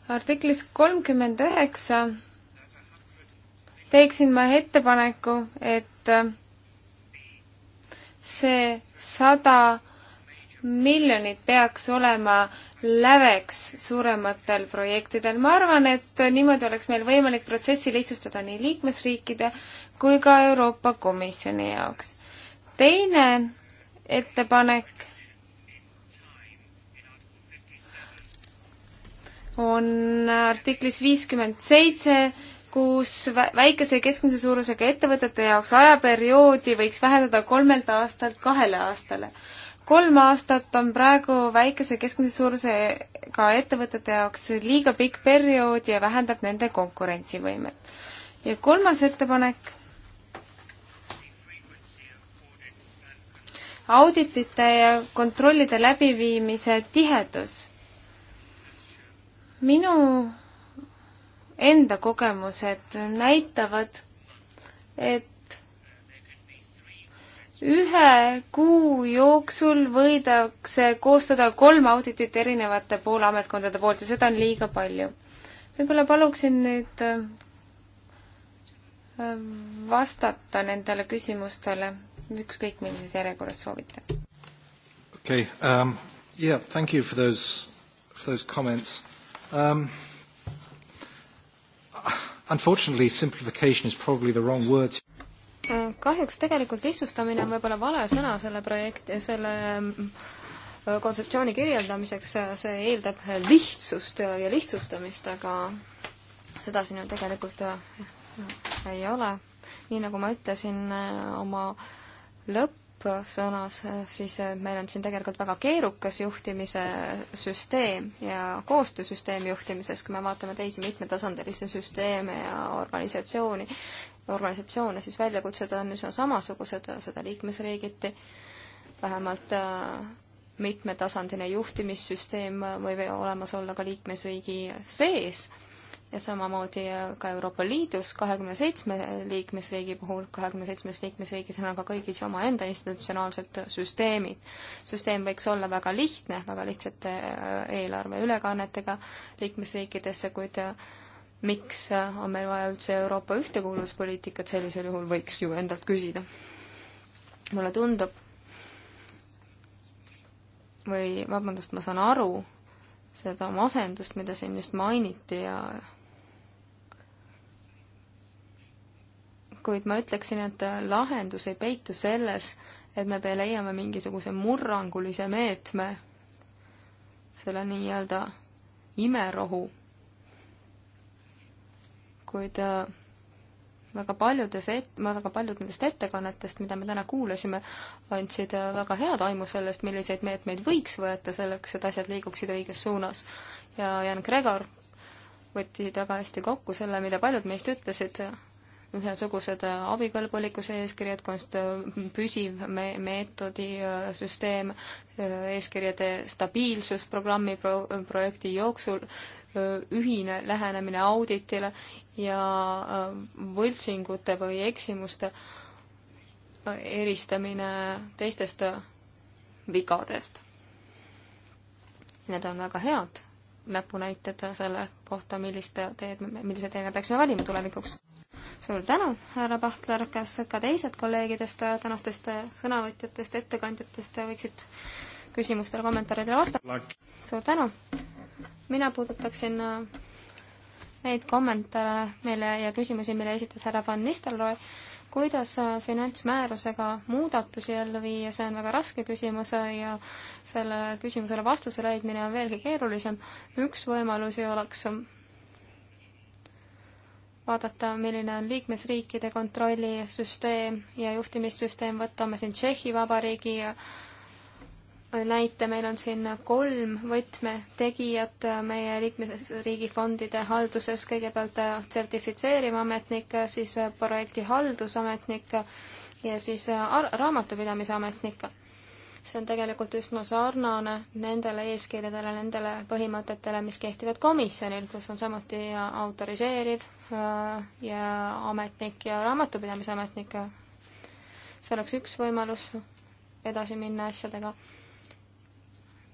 artiklis kolmkümmend üheksa teeksin ma ettepaneku, et see sada miljonit peaks olema läveks suurematel projektidel. ma arvan, et niimoodi oleks meil võimalik protsessi lihtsustada nii liikmesriikide kui ka Euroopa Komisjoni jaoks. teine ettepanek on artiklis viiskümmend seitse, kus väikese ja keskmise suurusega ettevõtete jaoks ajaperioodi võiks vähendada kolmelt aastalt kahele aastale kolm aastat on praegu väikese keskmise suurusega ettevõtete jaoks liiga pikk periood ja vähendab nende konkurentsivõimet. ja kolmas ettepanek. auditite ja kontrollide läbiviimise tihedus. minu enda kogemused näitavad, et ühe kuu jooksul võidakse koostada kolm auditit erinevate Poola ametkondade poolt ja seda on liiga palju. võib-olla paluksin nüüd äh, vastata nendele küsimustele, ükskõik millises järjekorras soovite. okei okay, um,, yeah, thank you for those, for those comments um,. Unfortunately, simplification is probably the wrong word Äh, kahjuks tegelikult lihtsustamine on võib-olla vale sõna selle projekti, selle mm, äh, kontseptsiooni kirjeldamiseks, äh, see eeldab lihtsust ja lihtsustamist, aga seda siin ju tegelikult ei ole. nii nagu ma ütlesin oma lõppsõnas, siis meil on siin tegelikult väga keerukas juhtimise süsteem ja koostöösüsteemi juhtimises, kui me vaatame teisi mitmetasandilisi süsteeme ja organisatsiooni, organisatsioone, siis väljakutsed on üsna samasugused, seda liikmesriigiti, vähemalt äh, mitmetasandine juhtimissüsteem võib olemas olla ka liikmesriigi sees ja samamoodi äh, ka Euroopa Liidus kahekümne seitsme liikmesriigi puhul, kahekümne seitsmes liikmesriigis on aga kõigis omaenda institutsionaalsed süsteemid. süsteem võiks olla väga lihtne, väga lihtsate äh, eelarveülekannetega liikmesriikidesse, kuid miks äh, on meil vaja üldse Euroopa ühtekuuluvuspoliitikat, sellisel juhul võiks ju endalt küsida. mulle tundub, või vabandust, ma saan aru seda masendust, mida siin just mainiti ja kuid ma ütleksin, et äh, lahendus ei peitu selles, et me leiame mingisuguse murrangulise meetme selle nii-öelda imerohu kuid äh, väga paljudes et-, väga paljud nendest ettekannetest, mida me täna kuulasime, andsid äh, väga head aimu sellest, milliseid meetmeid võiks võtta selleks, et asjad liiguksid õiges suunas. ja Jan Gregor võttis väga hästi kokku selle, mida paljud meist ütlesid, ühesugused äh, abikõlbulikkuse eeskirjad, konst-, püsiv me-, meetodi süsteem, eeskirjade stabiilsus programmi pro-, projekti jooksul, ühine lähenemine auditile ja võltsingute või eksimuste eristamine teistest vigadest. Need on väga head näpunäited selle kohta, millist teed, millise tee me peaksime valima tulevikuks. suur tänu, härra Pahtler, kas ka teised kolleegidest, tänastest sõnavõtjatest, ettekandjatest võiksid küsimustele, kommentaaridele vastata? suur tänu! mina puudutaksin äh, neid kommentaare, mille ja küsimusi, mille esitas härra Van Nistelrooy, kuidas äh, finantsmäärusega muudatusi ellu viia, see on väga raske küsimus äh, ja sellele küsimusele vastuse leidmine on veelgi keerulisem. üks võimalusi oleks vaadata, milline on liikmesriikide kontrollisüsteem ja juhtimissüsteem, võtame siin Tšehhi Vabariigi ja näite, meil on siin kolm võtmetegijat meie liikmesriigi fondide halduses, kõigepealt äh, sertifitseeriv ametnik, äh, siis äh, projekti haldusametnik ja siis raamatupidamise ametnik. see on tegelikult üsna sarnane nendele eeskirjadele, nendele põhimõtetele, mis kehtivad komisjonil, kus on samuti autoriseeriv ja ametnik ja raamatupidamise ametnik. see oleks üks võimalus edasi minna asjadega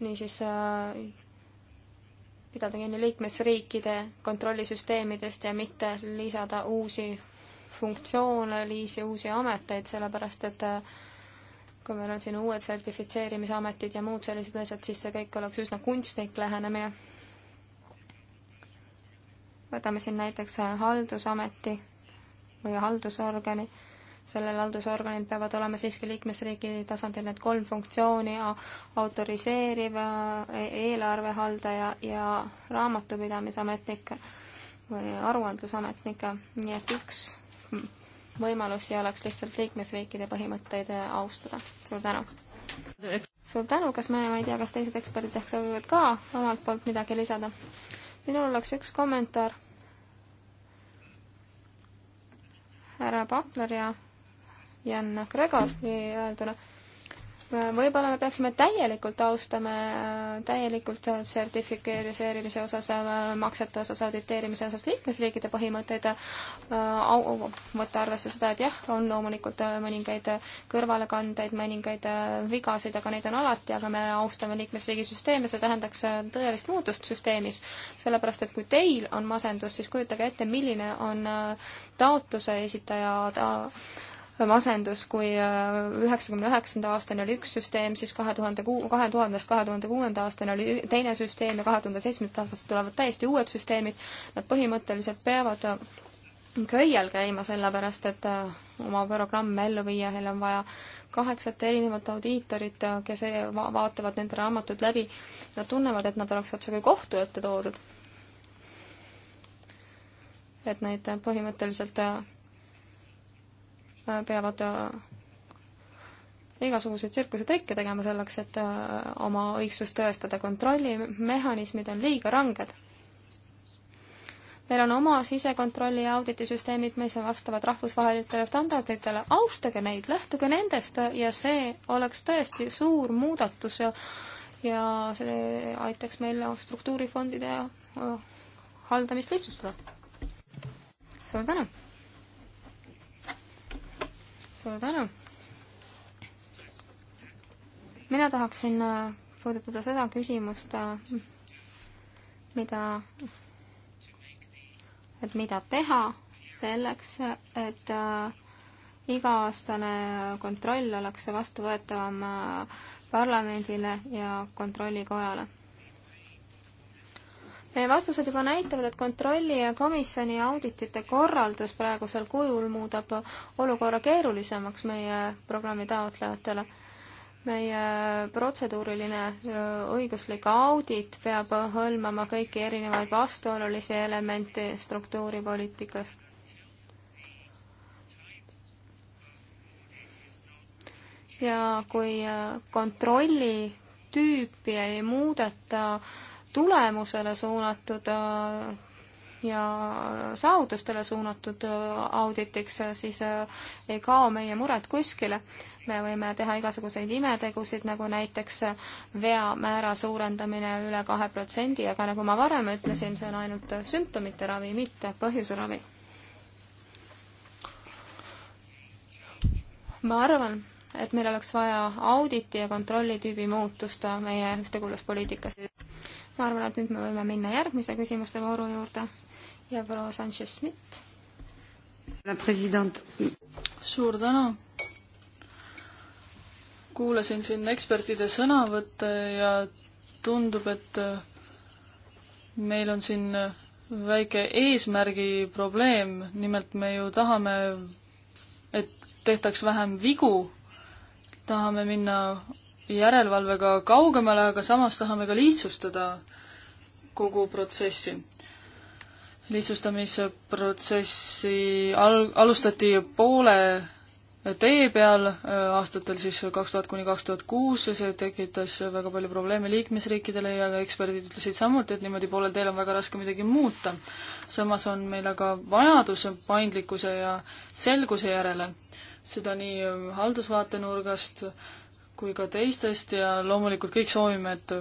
niisiis pidada äh, kinni liikmesriikide kontrollisüsteemidest ja mitte lisada uusi funktsioone, liisi uusi ameteid, sellepärast et äh, kui meil on siin uued sertifitseerimisametid ja muud sellised asjad, siis see kõik oleks üsna kunstlik lähenemine. võtame siin näiteks haldusameti või haldusorgani sellel haldusorganil peavad olema siiski liikmesriigi tasandil need kolm funktsiooni, autoriseeriv e-, eelarvehaldaja ja raamatupidamisametnik või aruandlusametnik, nii et üks võimalusi oleks lihtsalt liikmesriikide põhimõtteid e, austada. suur tänu! suur tänu, kas me, ma ei tea, kas teised eksperdid ehk soovivad ka omalt poolt midagi lisada? minul oleks üks kommentaar härra Pakler ja Jan Gregori öelduna, võib-olla me peaksime täielikult austama, täielikult sertifikeerimise osas, maksete osas, auditeerimise osas liikmesriikide põhimõtteid, võtta arvesse seda, et jah, on loomulikult mõningaid kõrvalekandeid, mõningaid vigasid, aga neid on alati, aga me austame liikmesriigi süsteeme, see tähendaks tõelist muutust süsteemis. sellepärast, et kui teil on masendus, siis kujutage ette, milline on taotluse esitaja ta masendus, kui äh, üheksakümne üheksanda aastani oli üks süsteem, siis kahe tuhande kuu, kahe tuhandest kahe tuhande kuuenda aastani oli teine süsteem ja kahe tuhande seitsmendast aastast tulevad täiesti uued süsteemid. Nad põhimõtteliselt peavad äh, köiel käima, sellepärast et äh, oma programme ellu viia, neil on vaja kaheksat erinevat audiitorit, kes va vaatavad nende raamatud läbi. Nad tunnevad, et nad oleks otsekui kohtu ette toodud. et neid põhimõtteliselt peavad äh, igasuguseid tsirkusetrikke tegema selleks, et äh, oma õigsust tõestada. kontrollimehhanismid on liiga ranged. meil on oma sisekontrolli ja auditisüsteemid, mis vastavad rahvusvahelistele standarditele, austage neid, lähtuge nendest ja see oleks tõesti suur muudatus ja ja see aitaks meil struktuurifondide äh, haldamist lihtsustada. suur tänu! suur tänu! mina tahaksin äh, puudutada seda küsimust, äh, mida, et mida teha selleks, et äh, iga-aastane kontroll oleks vastuvõetavam parlamendile ja kontrollikojale. Meie vastused juba näitavad, et kontrolli ja komisjoni auditite korraldus praegusel kujul muudab olukorra keerulisemaks meie programmi taotlejatele. meie protseduuriline õiguslik audit peab hõlmama kõiki erinevaid vastuolulisi elemente struktuuripoliitikas. ja kui kontrolli tüüpi ei muudeta, tulemusele suunatud äh, ja saavutustele suunatud äh, auditiks, äh, siis ei kao meie mured kuskile. me võime teha igasuguseid imetegusid, nagu näiteks veamäära suurendamine üle kahe protsendi, aga nagu ma varem ütlesin, see on ainult sümptomite ravi, mitte põhjusravi. ma arvan, et meil oleks vaja auditi ja kontrolli tüübi muutust meie ühtekuuluvuspoliitikas ma arvan, et nüüd me võime minna järgmise küsimuste vooru juurde ja proua Sanchez-Schmidt. president. suur tänu. kuulasin siin ekspertide sõnavõtte ja tundub, et meil on siin väike eesmärgi probleem, nimelt me ju tahame, et tehtaks vähem vigu, tahame minna järelevalvega kaugemale, aga samas tahame ka lihtsustada kogu protsessi. lihtsustamise protsessi al-, alustati poole tee peal äh, aastatel siis kaks tuhat kuni kaks tuhat kuus ja see tekitas väga palju probleeme liikmesriikidele ja ka eksperdid ütlesid samuti, et niimoodi poolel teel on väga raske midagi muuta. samas on meil aga vajadus paindlikkuse ja selguse järele, seda nii haldusvaatenurgast, kui ka teistest ja loomulikult kõik soovime, et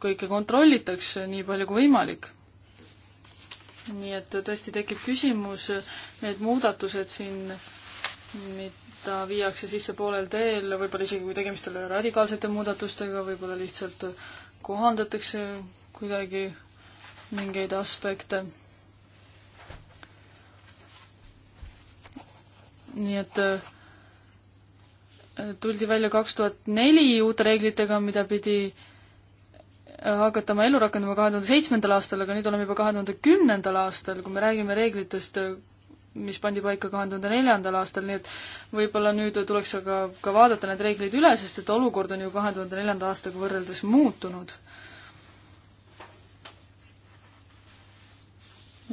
kõike kontrollitakse nii palju kui võimalik. nii et tõesti tekib küsimus, need muudatused siin, mida viiakse sisse poolel teel, võib-olla isegi kui tegemist ei ole radikaalsete muudatustega, võib-olla lihtsalt kohandatakse kuidagi mingeid aspekte. nii et äh, tuldi välja kaks tuhat neli uute reeglitega, mida pidi äh, hakatama ellu rakendama kahe tuhande seitsmendal aastal, aga nüüd oleme juba kahe tuhande kümnendal aastal, kui me räägime reeglitest, äh, mis pandi paika kahe tuhande neljandal aastal, nii et võib-olla nüüd tuleks aga ka vaadata need reeglid üle, sest et olukord on ju kahe tuhande neljanda aastaga võrreldes muutunud.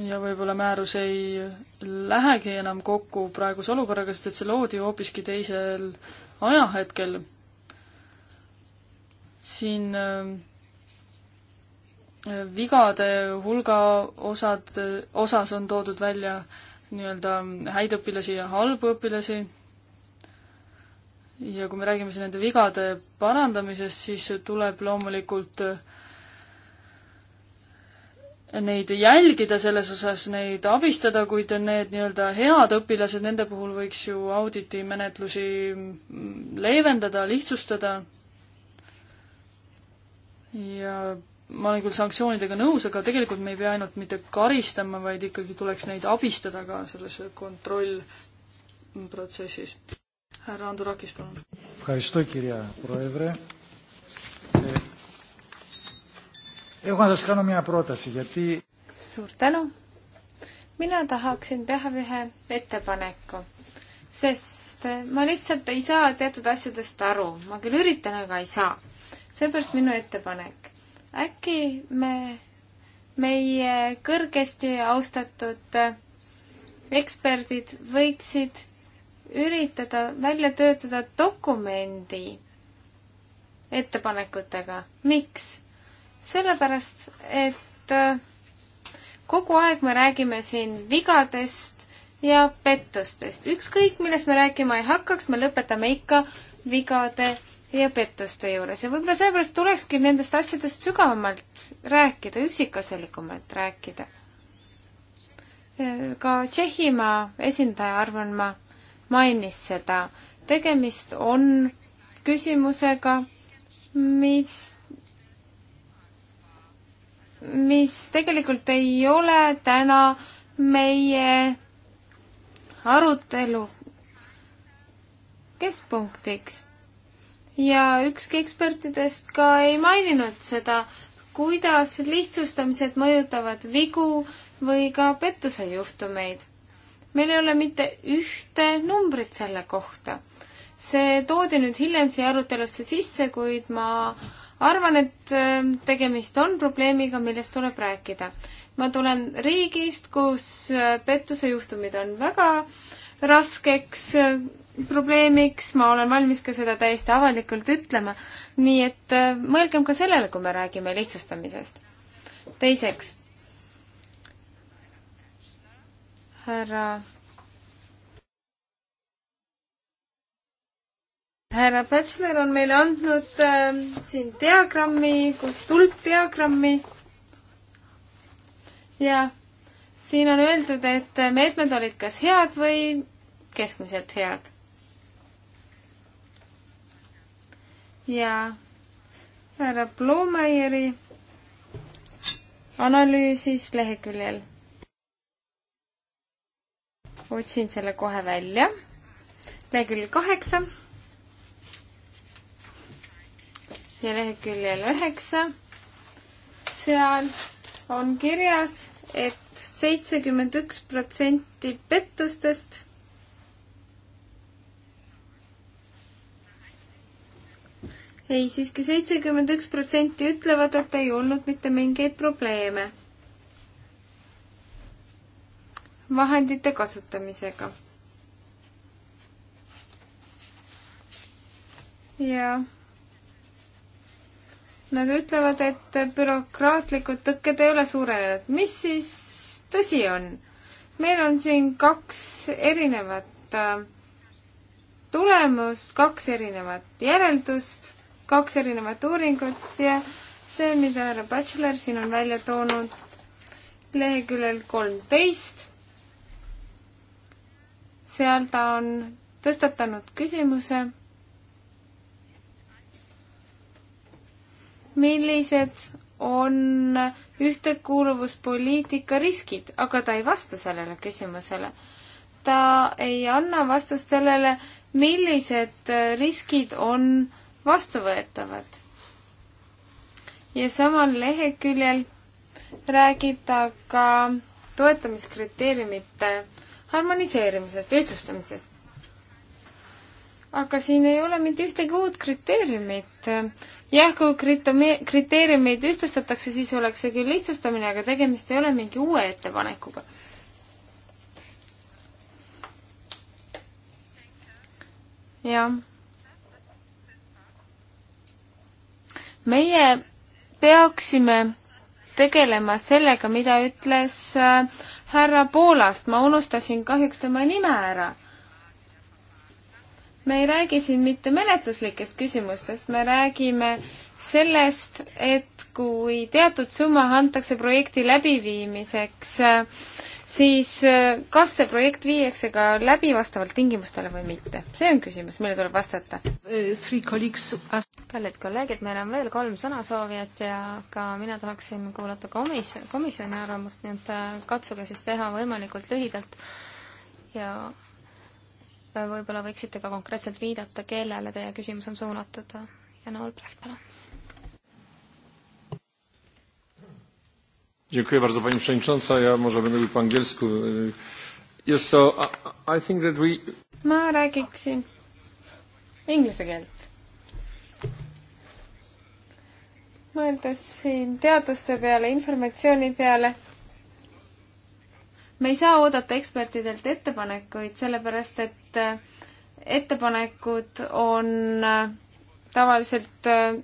ja võib-olla määrus ei lähegi enam kokku praeguse olukorraga, sest et see loodi hoopiski teisel ajahetkel. siin äh, vigade hulga osad, osas on toodud välja nii-öelda häid õpilasi ja halbu õpilasi. ja kui me räägime siis nende vigade parandamisest, siis tuleb loomulikult äh, neid jälgida selles osas, neid abistada, kuid need nii-öelda head õpilased, nende puhul võiks ju auditi menetlusi leevendada, lihtsustada. ja ma olen küll sanktsioonidega nõus, aga tegelikult me ei pea ainult mitte karistama, vaid ikkagi tuleks neid abistada ka selles kontrollprotsessis. härra Andurakis, palun εγώ να σας κάνω μια πρόταση, γιατί... Suur tänu! Mina tahaksin teha ühe ettepaneku, sest ma lihtsalt ei saa teatud asjadest aru. Ma küll üritan, aga ei saa. Seepärast minu ettepanek. Äkki me, meie kõrgesti austatud eksperdid võiksid üritada välja töötada dokumendi ettepanekutega. Miks? sellepärast, et äh, kogu aeg me räägime siin vigadest ja pettustest. ükskõik, millest me rääkima ei hakkaks, me lõpetame ikka vigade ja pettuste juures ja võib-olla sellepärast tulekski nendest asjadest sügavamalt rääkida, üksikasjalikumalt rääkida. ka Tšehhimaa esindaja, arvan ma, mainis seda. tegemist on küsimusega, mis mis tegelikult ei ole täna meie arutelu keskpunktiks. ja ükski ekspertidest ka ei maininud seda, kuidas lihtsustamised mõjutavad vigu või ka pettusejuhtumeid. meil ei ole mitte ühte numbrit selle kohta. see toodi nüüd hiljem siia arutelusse sisse, kuid ma arvan, et ähm, tegemist on probleemiga, millest tuleb rääkida. ma tulen riigist, kus äh, pettusejuhtumid on väga raskeks äh, probleemiks, ma olen valmis ka seda täiesti avalikult ütlema. nii et äh, mõelgem ka sellele, kui me räägime lihtsustamisest. teiseks, härra härra Bachelor on meile andnud äh, siin diagrammi, kus tulpdiagrammi. ja siin on öeldud, et meetmed olid kas head või keskmiselt head. ja härra Bloomeieri analüüsis leheküljel. otsin selle kohe välja. lehekülg kaheksa ja leheküljel üheksa. seal on kirjas, et seitsekümmend üks protsenti pettustest ei siiski, siiski seitsekümmend üks protsenti ütlevad, et ei olnud mitte mingeid probleeme vahendite kasutamisega ja Nad ütlevad, et bürokraatlikud tõkked ei ole suurenenud. mis siis tõsi on? meil on siin kaks erinevat äh, tulemust, kaks erinevat järeldust, kaks erinevat uuringut ja see, mida härra Bachelor siin on välja toonud leheküljel kolmteist, seal ta on tõstatanud küsimuse millised on ühtekuuluvuspoliitika riskid, aga ta ei vasta sellele küsimusele. ta ei anna vastust sellele, millised riskid on vastuvõetavad. ja samal leheküljel räägib ta ka toetamiskriteeriumite harmoniseerimisest, ühtsustamisest. aga siin ei ole mitte ühtegi uut kriteeriumit, jah, kui kriteeriumeid ühtlustatakse, siis oleks see küll lihtsustamine, aga tegemist ei ole mingi uue ettepanekuga. jah. meie peaksime tegelema sellega, mida ütles äh, härra Poolast, ma unustasin kahjuks tema nime ära me ei räägi siin mitte menetluslikest küsimustest, me räägime sellest, et kui teatud summa antakse projekti läbiviimiseks, siis eh, kas see projekt viiakse ka läbi vastavalt tingimustele või mitte? see on küsimus, millele tuleb vastata. Eh, kallid kolleegid, meil on veel kolm sõnasoovijat ja ka mina tahaksin kuulata komisjon, komisjoni arvamust, nii et eh, katsuge siis teha võimalikult lühidalt ja võib-olla võiksite ka konkreetselt viidata, kellele teie küsimus on suunatud. Jan Olbrecht, palun. Dziękuję bardzo Pani Przewodnicząca. Ja może będę mówił po angielsku. Yes, so I, I think that we... Ma räägiksin inglise keelt. mõeldes siin teaduste peale, informatsiooni peale me ei saa oodata ekspertidelt ettepanekuid, sellepärast et äh, ettepanekud on äh, tavaliselt äh,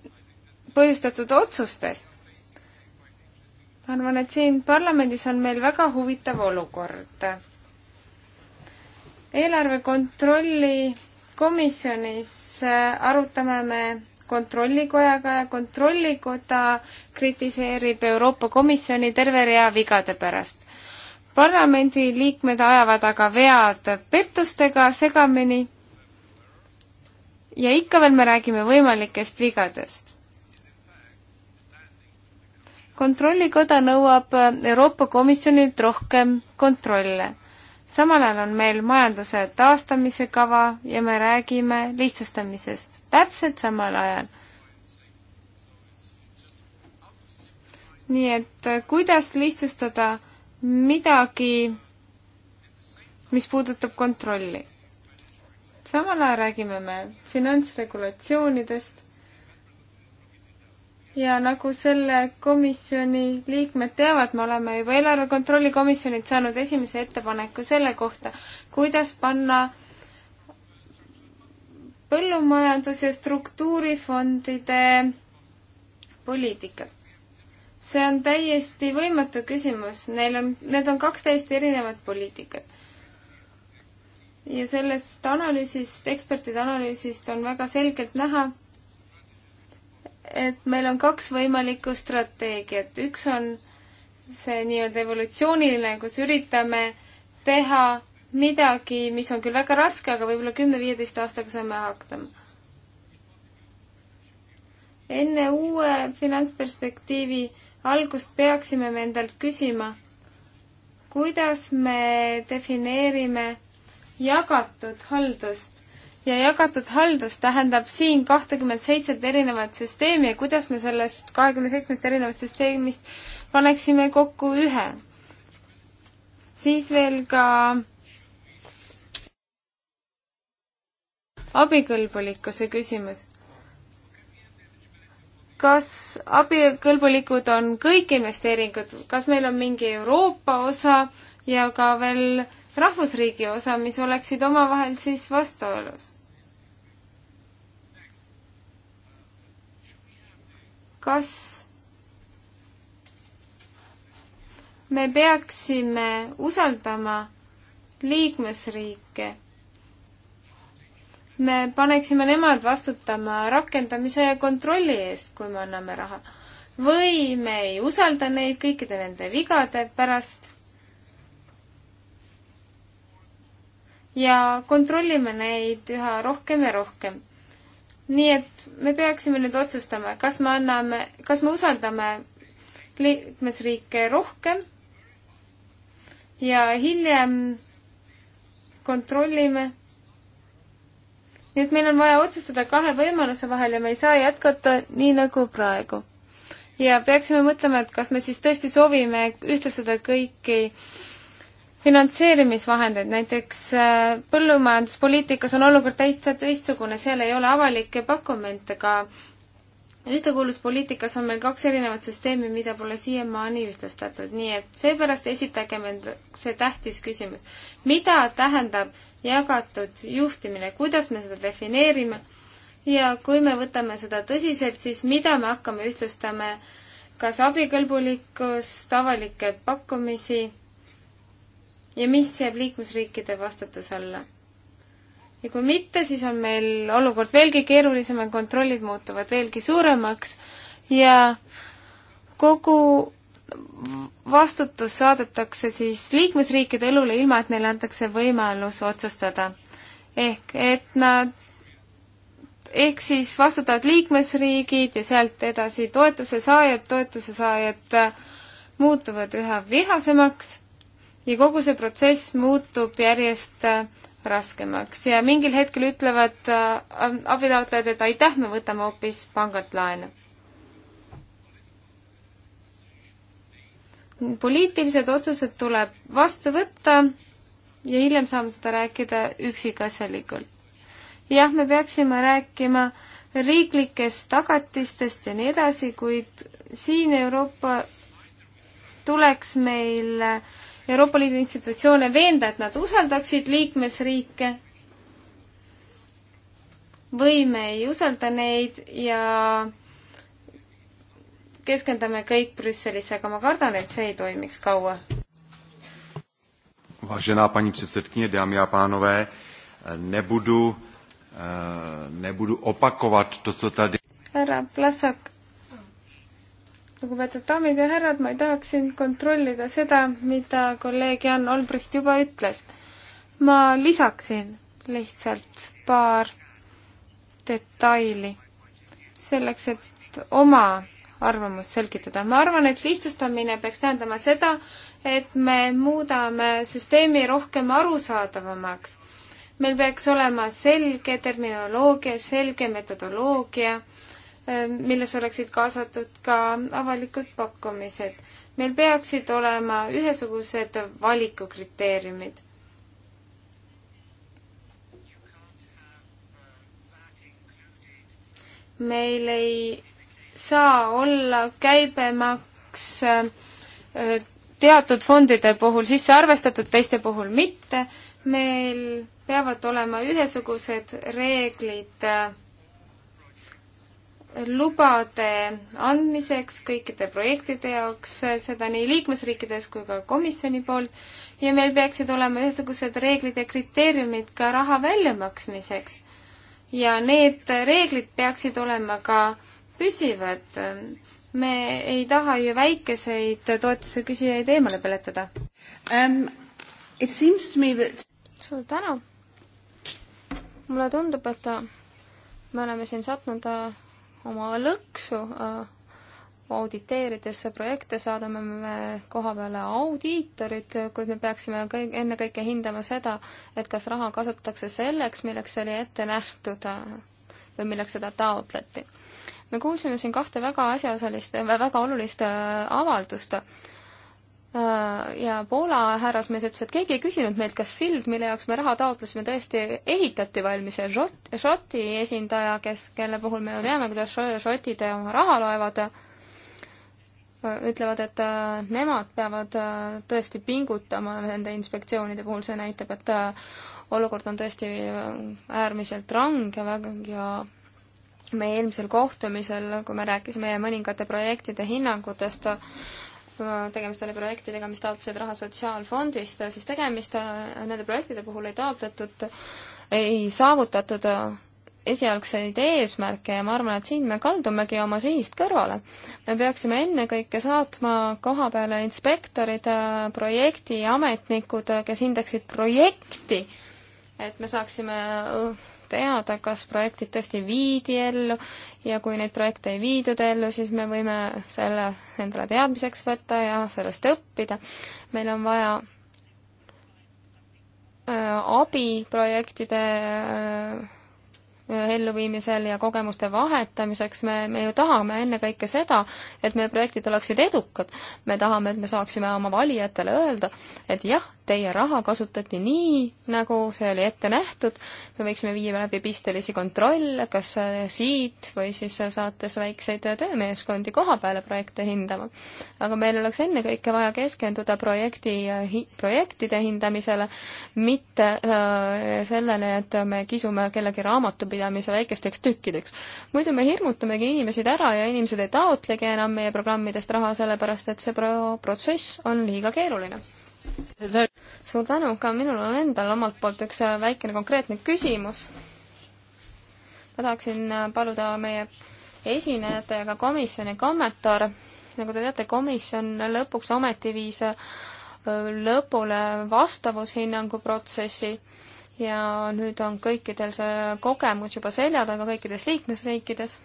põhjustatud otsustest. ma arvan, et siin parlamendis on meil väga huvitav olukord. eelarve kontrolli komisjonis arutame me kontrollikojaga ja kontrollikoda kritiseerib Euroopa Komisjoni terve rea vigade pärast parlamendiliikmed ajavad aga vead pettustega segamini ja ikka veel me räägime võimalikest vigadest. kontrollikoda nõuab Euroopa Komisjonilt rohkem kontrolle. samal ajal on meil majanduse taastamise kava ja me räägime lihtsustamisest täpselt samal ajal. nii et kuidas lihtsustada midagi, mis puudutab kontrolli. samal ajal räägime me finantsregulatsioonidest ja nagu selle komisjoni liikmed teavad, me oleme juba eelarve kontrolli komisjonilt saanud esimese ettepaneku selle kohta, kuidas panna põllumajandus- ja struktuurifondide poliitikat see on täiesti võimatu küsimus, neil on, need on kaks täiesti erinevat poliitikat. ja sellest analüüsist, ekspertide analüüsist on väga selgelt näha, et meil on kaks võimalikku strateegiat, üks on see nii-öelda evolutsiooniline, kus üritame teha midagi, mis on küll väga raske, aga võib-olla kümne-viieteist aastaga saame hakkama. enne uue finantsperspektiivi algust peaksime me endalt küsima, kuidas me defineerime jagatud haldust ja jagatud haldus tähendab siin kahtekümmet seitset erinevat süsteemi ja kuidas me sellest kahekümne seitsmest erinevast süsteemist paneksime kokku ühe. siis veel ka abikõlbulikkuse küsimus kas abikõlbulikud on kõik investeeringud, kas meil on mingi Euroopa osa ja ka veel rahvusriigi osa, mis oleksid omavahel siis vastuolus? kas me peaksime usaldama liikmesriike me paneksime nemad vastutama rakendamise ja kontrolli eest, kui me anname raha. või me ei usalda neid kõikide nende vigade pärast. ja kontrollime neid üha rohkem ja rohkem. nii et me peaksime nüüd otsustama, kas me anname, kas me usaldame liikmesriike rohkem ja hiljem kontrollime nii et meil on vaja otsustada kahe võimaluse vahel ja me ei saa jätkata nii nagu praegu. ja peaksime mõtlema, et kas me siis tõesti soovime ühtlustada kõiki finantseerimisvahendeid, näiteks äh, põllumajanduspoliitikas on olukord täitsa teistsugune, seal ei ole avalikke pakkumente ka ühtekuuluvuspoliitikas on meil kaks erinevat süsteemi, mida pole siiamaani ühtlustatud, nii et seepärast esitagem end see tähtis küsimus. mida tähendab jagatud juhtimine, kuidas me seda defineerime ja kui me võtame seda tõsiselt, siis mida me hakkame ühtlustama, kas abikõlbulikkust, avalikke pakkumisi ja mis jääb liikmesriikide vastutuse alla. ja kui mitte, siis on meil olukord veelgi keerulisem ja kontrollid muutuvad veelgi suuremaks ja kogu vastutus saadetakse siis liikmesriikide elule, ilma et neile antakse võimalus otsustada. ehk et nad, ehk siis vastutavad liikmesriigid ja sealt edasi toetuse saajad, toetuse saajad äh, muutuvad üha vihasemaks ja kogu see protsess muutub järjest äh, raskemaks ja mingil hetkel ütlevad äh, abitaotlejad, et aitäh, me võtame hoopis pangalt laenu poliitilised otsused tuleb vastu võtta ja hiljem saame seda rääkida üksikasjalikult. jah, me peaksime rääkima riiklikest tagatistest ja nii edasi, kuid siin Euroopa tuleks meil Euroopa Liidu institutsioone veenda, et nad usaldaksid liikmesriike või me ei usalda neid ja keskendame kõik Brüsselisse, aga ma kardan, et see ei toimiks kaua. Vážená paní předsedkyně, dámy a pánové, nebudu, eh, nebudu opakovat to, co tady... Härra Plasak, lugupeetud daamid ja härrad, ma ei tahaks siin kontrollida seda, mida kolleeg Jan Olbricht juba ütles. ma lisaksin lihtsalt paar detaili selleks, et oma arvamust selgitada. ma arvan, et lihtsustamine peaks tähendama seda, et me muudame süsteemi rohkem arusaadavamaks. meil peaks olema selge terminoloogia, selge metodoloogia, ähm, milles oleksid kaasatud ka avalikud pakkumised. meil peaksid olema ühesugused valikukriteeriumid meil ei saa olla käibemaks äh, teatud fondide puhul sisse arvestatud, teiste puhul mitte. meil peavad olema ühesugused reeglid äh, lubade andmiseks kõikide projektide jaoks, äh, seda nii liikmesriikides kui ka komisjoni poolt, ja meil peaksid olema ühesugused reeglid ja kriteeriumid ka raha väljamaksmiseks. ja need reeglid peaksid olema ka äh, püsivad. me ei taha ju väikeseid toetuse küsijaid eemale peletada um,. That... suur tänu. mulle tundub, et äh, me oleme siin sattunud äh, oma lõksu äh, auditeerides projekte saadame me koha peale audiitorid, kuid me peaksime kõik, ennekõike hindama seda, et kas raha kasutatakse selleks, milleks see oli ette nähtud või milleks seda taotleti me kuulsime siin kahte väga asjaosalist, äh, väga olulist äh, avaldust äh, ja Poola härrasmees ütles, et keegi ei küsinud meilt, kas sild, mille jaoks me raha taotlesime, tõesti ehitati valmis ja Šot-, Šoti esindaja, kes, kelle puhul me ju teame, kuidas šotid oma raha loevad, ütlevad, et nemad peavad tõesti pingutama nende inspektsioonide puhul, see näitab, et olukord on tõesti äärmiselt range ja väga ja meie eelmisel kohtumisel, kui me rääkisime mõningate projektide hinnangutest, tegemist oli projektidega, mis taotlesid raha Sotsiaalfondist, siis tegemist, nende projektide puhul ei taotletud, ei saavutatud esialgseid eesmärke ja ma arvan, et siin me kaldumegi oma sihist kõrvale. me peaksime ennekõike saatma koha peale inspektorid, projektiametnikud, kes hindaksid projekti, et me saaksime teada, kas projektid tõesti viidi ellu ja kui neid projekte ei viidud ellu, siis me võime selle endale teadmiseks võtta ja sellest õppida. meil on vaja äh, abi projektide äh, elluviimisel ja kogemuste vahetamiseks, me, me ju tahame ennekõike seda, et meie projektid oleksid edukad. me tahame, et me saaksime oma valijatele öelda, et jah, teie raha kasutati nii, nagu see oli ette nähtud, me võiksime viia läbi pistelisi kontrolle, kas äh, siit või siis äh, saates väikseid äh, töömeeskondi koha peale projekte hindama. aga meil oleks ennekõike vaja keskenduda projekti, projektide hindamisele, mitte sellele, et me kisume kellegi raamatupidamise väikesteks tükkideks. muidu me hirmutamegi inimesed ära ja inimesed ei taotlegi enam meie programmidest raha, sellepärast et see pro-, protsess on liiga keeruline suur tänu, ka minul on endal omalt poolt üks äh, väikene konkreetne küsimus. ma tahaksin äh, paluda meie esinejate ja ka komisjoni kommentaare. nagu te teate, komisjon lõpuks ometi viis äh, lõpule vastavushinnangu protsessi ja nüüd on kõikidel see kogemus juba selja taga kõikides liikmesriikides.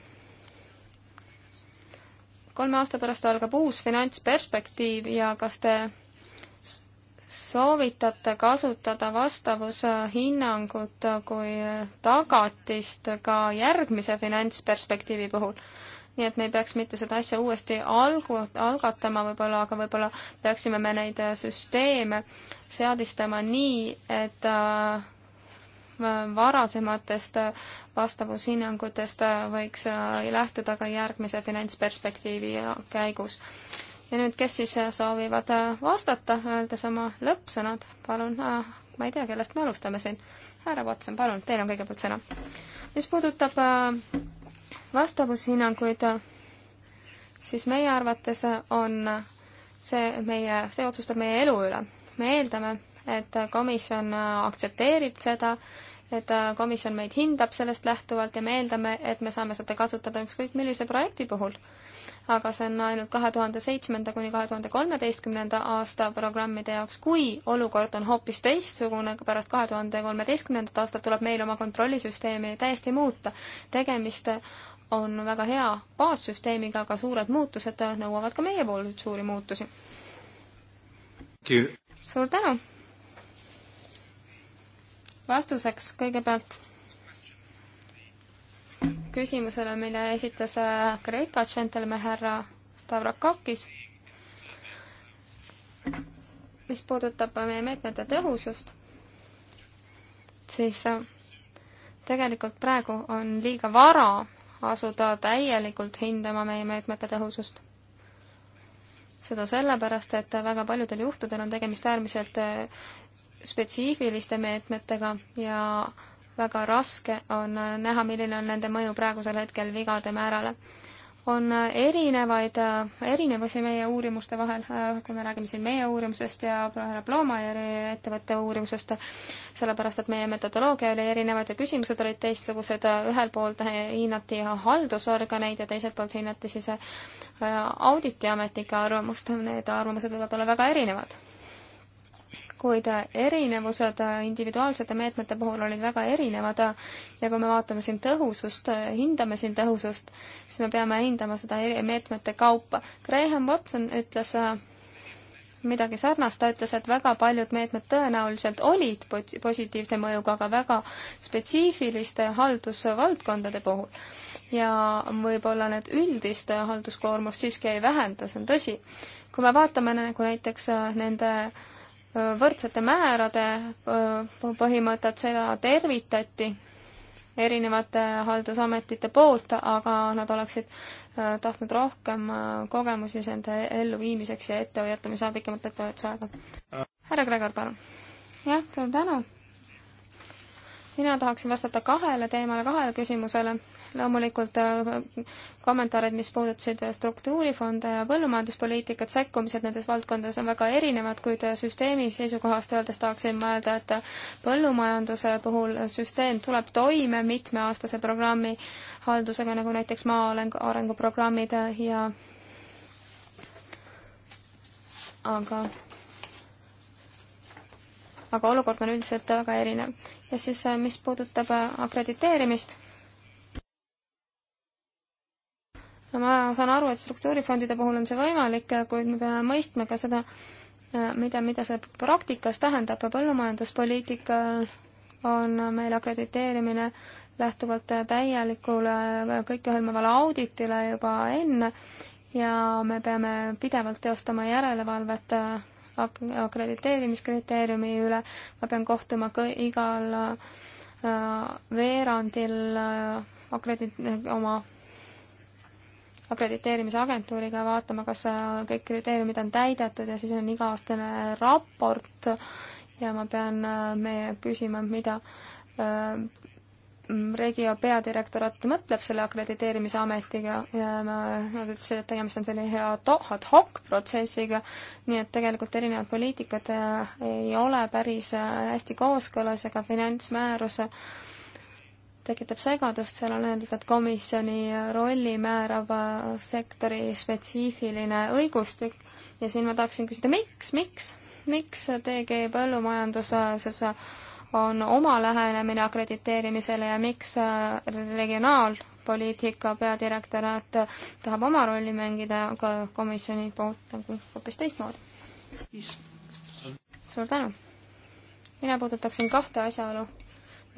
kolme aasta pärast algab uus finantsperspektiiv ja kas te soovitate kasutada vastavushinnangut kui tagatist ka järgmise finantsperspektiivi puhul. nii et me ei peaks mitte seda asja uuesti algu-, algatama võib-olla, aga võib-olla peaksime me neid süsteeme seadistama nii, et äh, varasematest vastavushinnangutest võiks äh, lähtuda ka järgmise finantsperspektiivi käigus ja nüüd, kes siis äh, soovivad äh, vastata, öeldes oma lõppsõnad, palun, äh, ma ei tea, kellest me alustame siin. härra Watson, palun, teil on kõigepealt sõna. mis puudutab vastavushinnanguid, siis meie arvates on see meie, see otsustab meie elu üle. me eeldame, et komisjon aktsepteerib seda, et komisjon meid hindab sellest lähtuvalt ja me eeldame, et me saame seda kasutada ükskõik millise projekti puhul aga see on ainult kahe tuhande seitsmenda kuni kahe tuhande kolmeteistkümnenda aasta programmide jaoks. kui olukord on hoopis teistsugune, pärast kahe tuhande kolmeteistkümnendat aastat tuleb meil oma kontrollisüsteemi täiesti muuta. tegemist on väga hea baassüsteemiga, aga suured muutused nõuavad ka meie poolt suuri muutusi. suur tänu! vastuseks kõigepealt küsimusele, mille esitas äh, Kreeka džentelmen härra Stavrakakis, mis puudutab äh, meie meetmete tõhusust, siis äh, tegelikult praegu on liiga vara asuda täielikult hindama meie meetmete tõhusust. seda sellepärast, et väga paljudel juhtudel on tegemist äärmiselt spetsiifiliste meetmetega ja väga raske on äh, näha, milline on nende mõju praegusel hetkel vigade määrale. on äh, erinevaid äh, erinevusi meie uurimuste vahel, kui me räägime siin meie uurimusest ja härra Bloomajärvi ettevõtte uurimusest, sellepärast et meie metodoloogia oli erinevad ja küsimused olid teistsugused, ühelt poolt hinnati haldusorganeid ja teiselt poolt hinnati siis auditiametnike arvamust, need arvamused võivad olla väga erinevad kuid erinevused individuaalsete meetmete puhul olid väga erinevad ja kui me vaatame siin tõhusust, hindame siin tõhusust, siis me peame hindama seda meetmete kaupa. Graham Watson ütles midagi sarnast, ta ütles, et väga paljud meetmed tõenäoliselt olid positiivse mõjuga, aga väga spetsiifiliste haldusvaldkondade puhul. ja võib-olla need üldist halduskoormust siiski ei vähenda, see on tõsi. kui me vaatame nagu näiteks nende äh, võrdsete määrade äh, põhimõtet, seda tervitati erinevate haldusametite poolt, aga nad oleksid äh, tahtnud rohkem äh, kogemusi nende elluviimiseks ja ettehoiatamise ajal, pikemat ettehoiatusaega. härra Gregor, palun. jah, suur tänu. mina tahaksin vastata kahele teemale, kahele küsimusele loomulikult äh, kommentaarid, mis puudutasid struktuurifonde ja põllumajanduspoliitikat, sekkumised nendes valdkondades on väga erinevad, kuid süsteemi seisukohast öeldes tahaksin ma öelda, et põllumajanduse puhul süsteem tuleb toime mitmeaastase programmi haldusega, nagu näiteks maaarengu, arenguprogrammid ja aga aga olukord on üldiselt väga erinev. ja siis, äh, mis puudutab äh, akrediteerimist, ma saan aru, et struktuurifondide puhul on see võimalik, kuid me peame mõistma ka seda, mida, mida see praktikas tähendab. põllumajanduspoliitika on meil akrediteerimine lähtuvalt täielikule kõikehõlmavale auditile juba enne ja me peame pidevalt teostama järelevalvet ak-, akrediteerimiskriteeriumi üle, ma pean kohtuma kõ-, igal äh, veerandil äh, akredit-, oma akrediteerimisagentuuriga ja vaatama, kas äh, kõik kriteeriumid on täidetud ja siis on iga-aastane raport ja ma pean äh, meie küsima, mida äh, Regio peadirektorat mõtleb selle akrediteerimisametiga ja ma, nad ütlesid, et tegemist on selline hea ad hoc protsessiga, nii et tegelikult erinevad poliitikad ei ole päris hästi kooskõlas ega finantsmäärus äh, tekitab segadust, seal on öeldud, et komisjoni rolli määrab äh, sektori spetsiifiline õigustik ja siin ma tahaksin küsida, miks, miks, miks TG põllumajanduses on oma lähenemine akrediteerimisele ja miks äh, regionaalpoliitika peadirektoraat tahab oma rolli mängida, aga komisjoni poolt nagu hoopis teistmoodi? suur tänu! mina puudutaksin kahte asjaolu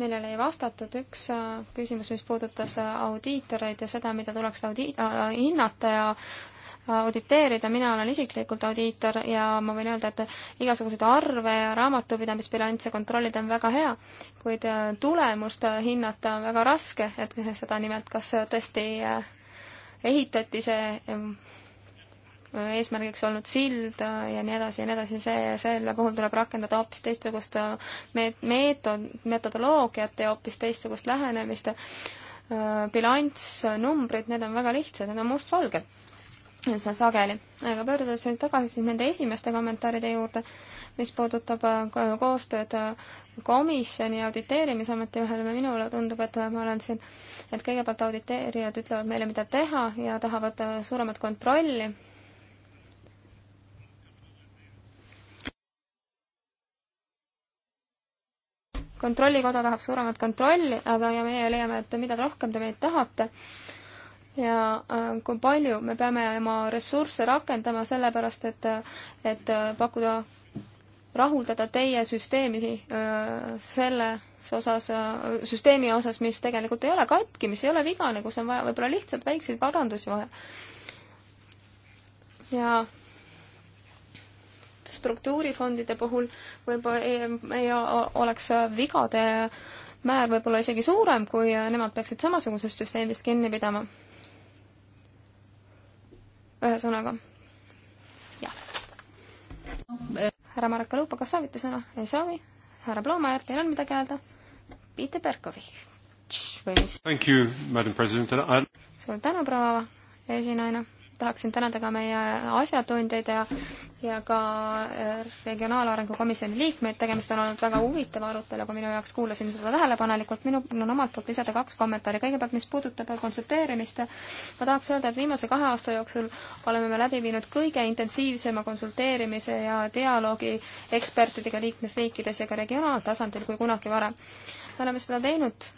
millele ei vastatud, üks äh, küsimus, mis puudutas äh, audiitoreid ja seda, mida tuleks audi-, äh, hinnata ja auditeerida, mina olen isiklikult audiitor ja ma võin öelda, et igasuguseid arve ja raamatupidamisbilansse kontrollida on väga hea, kuid tulemust hinnata on väga raske, et seda nimelt, kas tõesti ehitati see ähm, eesmärgiks olnud sild ja nii edasi ja nii edasi, see, selle puhul tuleb rakendada hoopis teistsugust äh, meetod, metodoloogiat ja hoopis teistsugust lähenemist. Äh, bilansnumbrid, need on väga lihtsad, need on mustvalged üsna sageli. aga pöördudes nüüd tagasi siis nende esimeste kommentaaride juurde, mis puudutab äh, koostööd komisjoni ja auditeerimisameti vahel, minule tundub, et ma olen siin, et kõigepealt auditeerijad ütlevad meile, mida teha ja tahavad suuremat kontrolli kontrollikoda tahab suuremat kontrolli, aga, ja meie leiame, et mida rohkem te meilt tahate ja äh, kui palju me peame oma ressursse rakendama, sellepärast et, et pakkuda, rahuldada teie süsteemi äh, selles osas, äh, süsteemi osas, mis tegelikult ei ole katki, mis ei ole vigane, kus on vaja võib-olla lihtsalt väikseid parandusi vaja. ja struktuurifondide puhul võib-olla ei oleks vigade määr võib-olla isegi suurem, kui nemad peaksid samasugusest süsteemist kinni pidama. ühesõnaga, jah. härra Marek Kalupa, kas soovite sõna? ei soovi. härra Bloomaer, teil on midagi öelda? Piite Berkovitš või mis? suur tänu, proua esinaine tahaksin tänada ka meie asjatundjaid ja, ja ka äh, Regionaalarengu Komisjoni liikmeid, tegemist on olnud väga huvitava aruteluga minu jaoks, kuulasin seda tähelepanelikult, minul on omalt poolt lisada kaks kommentaari, kõigepealt mis puudutab konsulteerimist, ma tahaks öelda, et viimase kahe aasta jooksul oleme me läbi viinud kõige intensiivsema konsulteerimise ja dialoogi ekspertidega liikmesriikides ja ka regionaaltasandil kui kunagi varem. me oleme seda teinud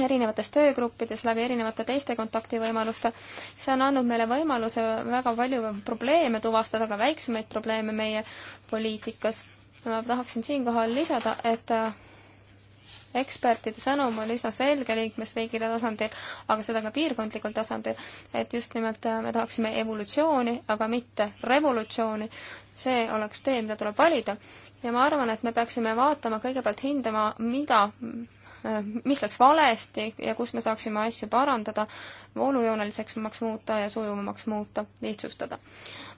erinevates töögruppides, läbi erinevate teiste kontaktivõimaluste. see on andnud meile võimaluse väga palju probleeme tuvastada, ka väiksemaid probleeme meie poliitikas. ma tahaksin siinkohal lisada, et äh, ekspertide sõnum on üsna selge liikmesriigide tasandil, aga seda ka piirkondlikul tasandil, et just nimelt äh, me tahaksime evolutsiooni, aga mitte revolutsiooni. see oleks tee, mida tuleb valida ja ma arvan, et me peaksime vaatama, kõigepealt hindama, mida mis läks valesti ja kus me saaksime asju parandada, voolujooneliseks muuta ja sujuvamaks muuta, lihtsustada.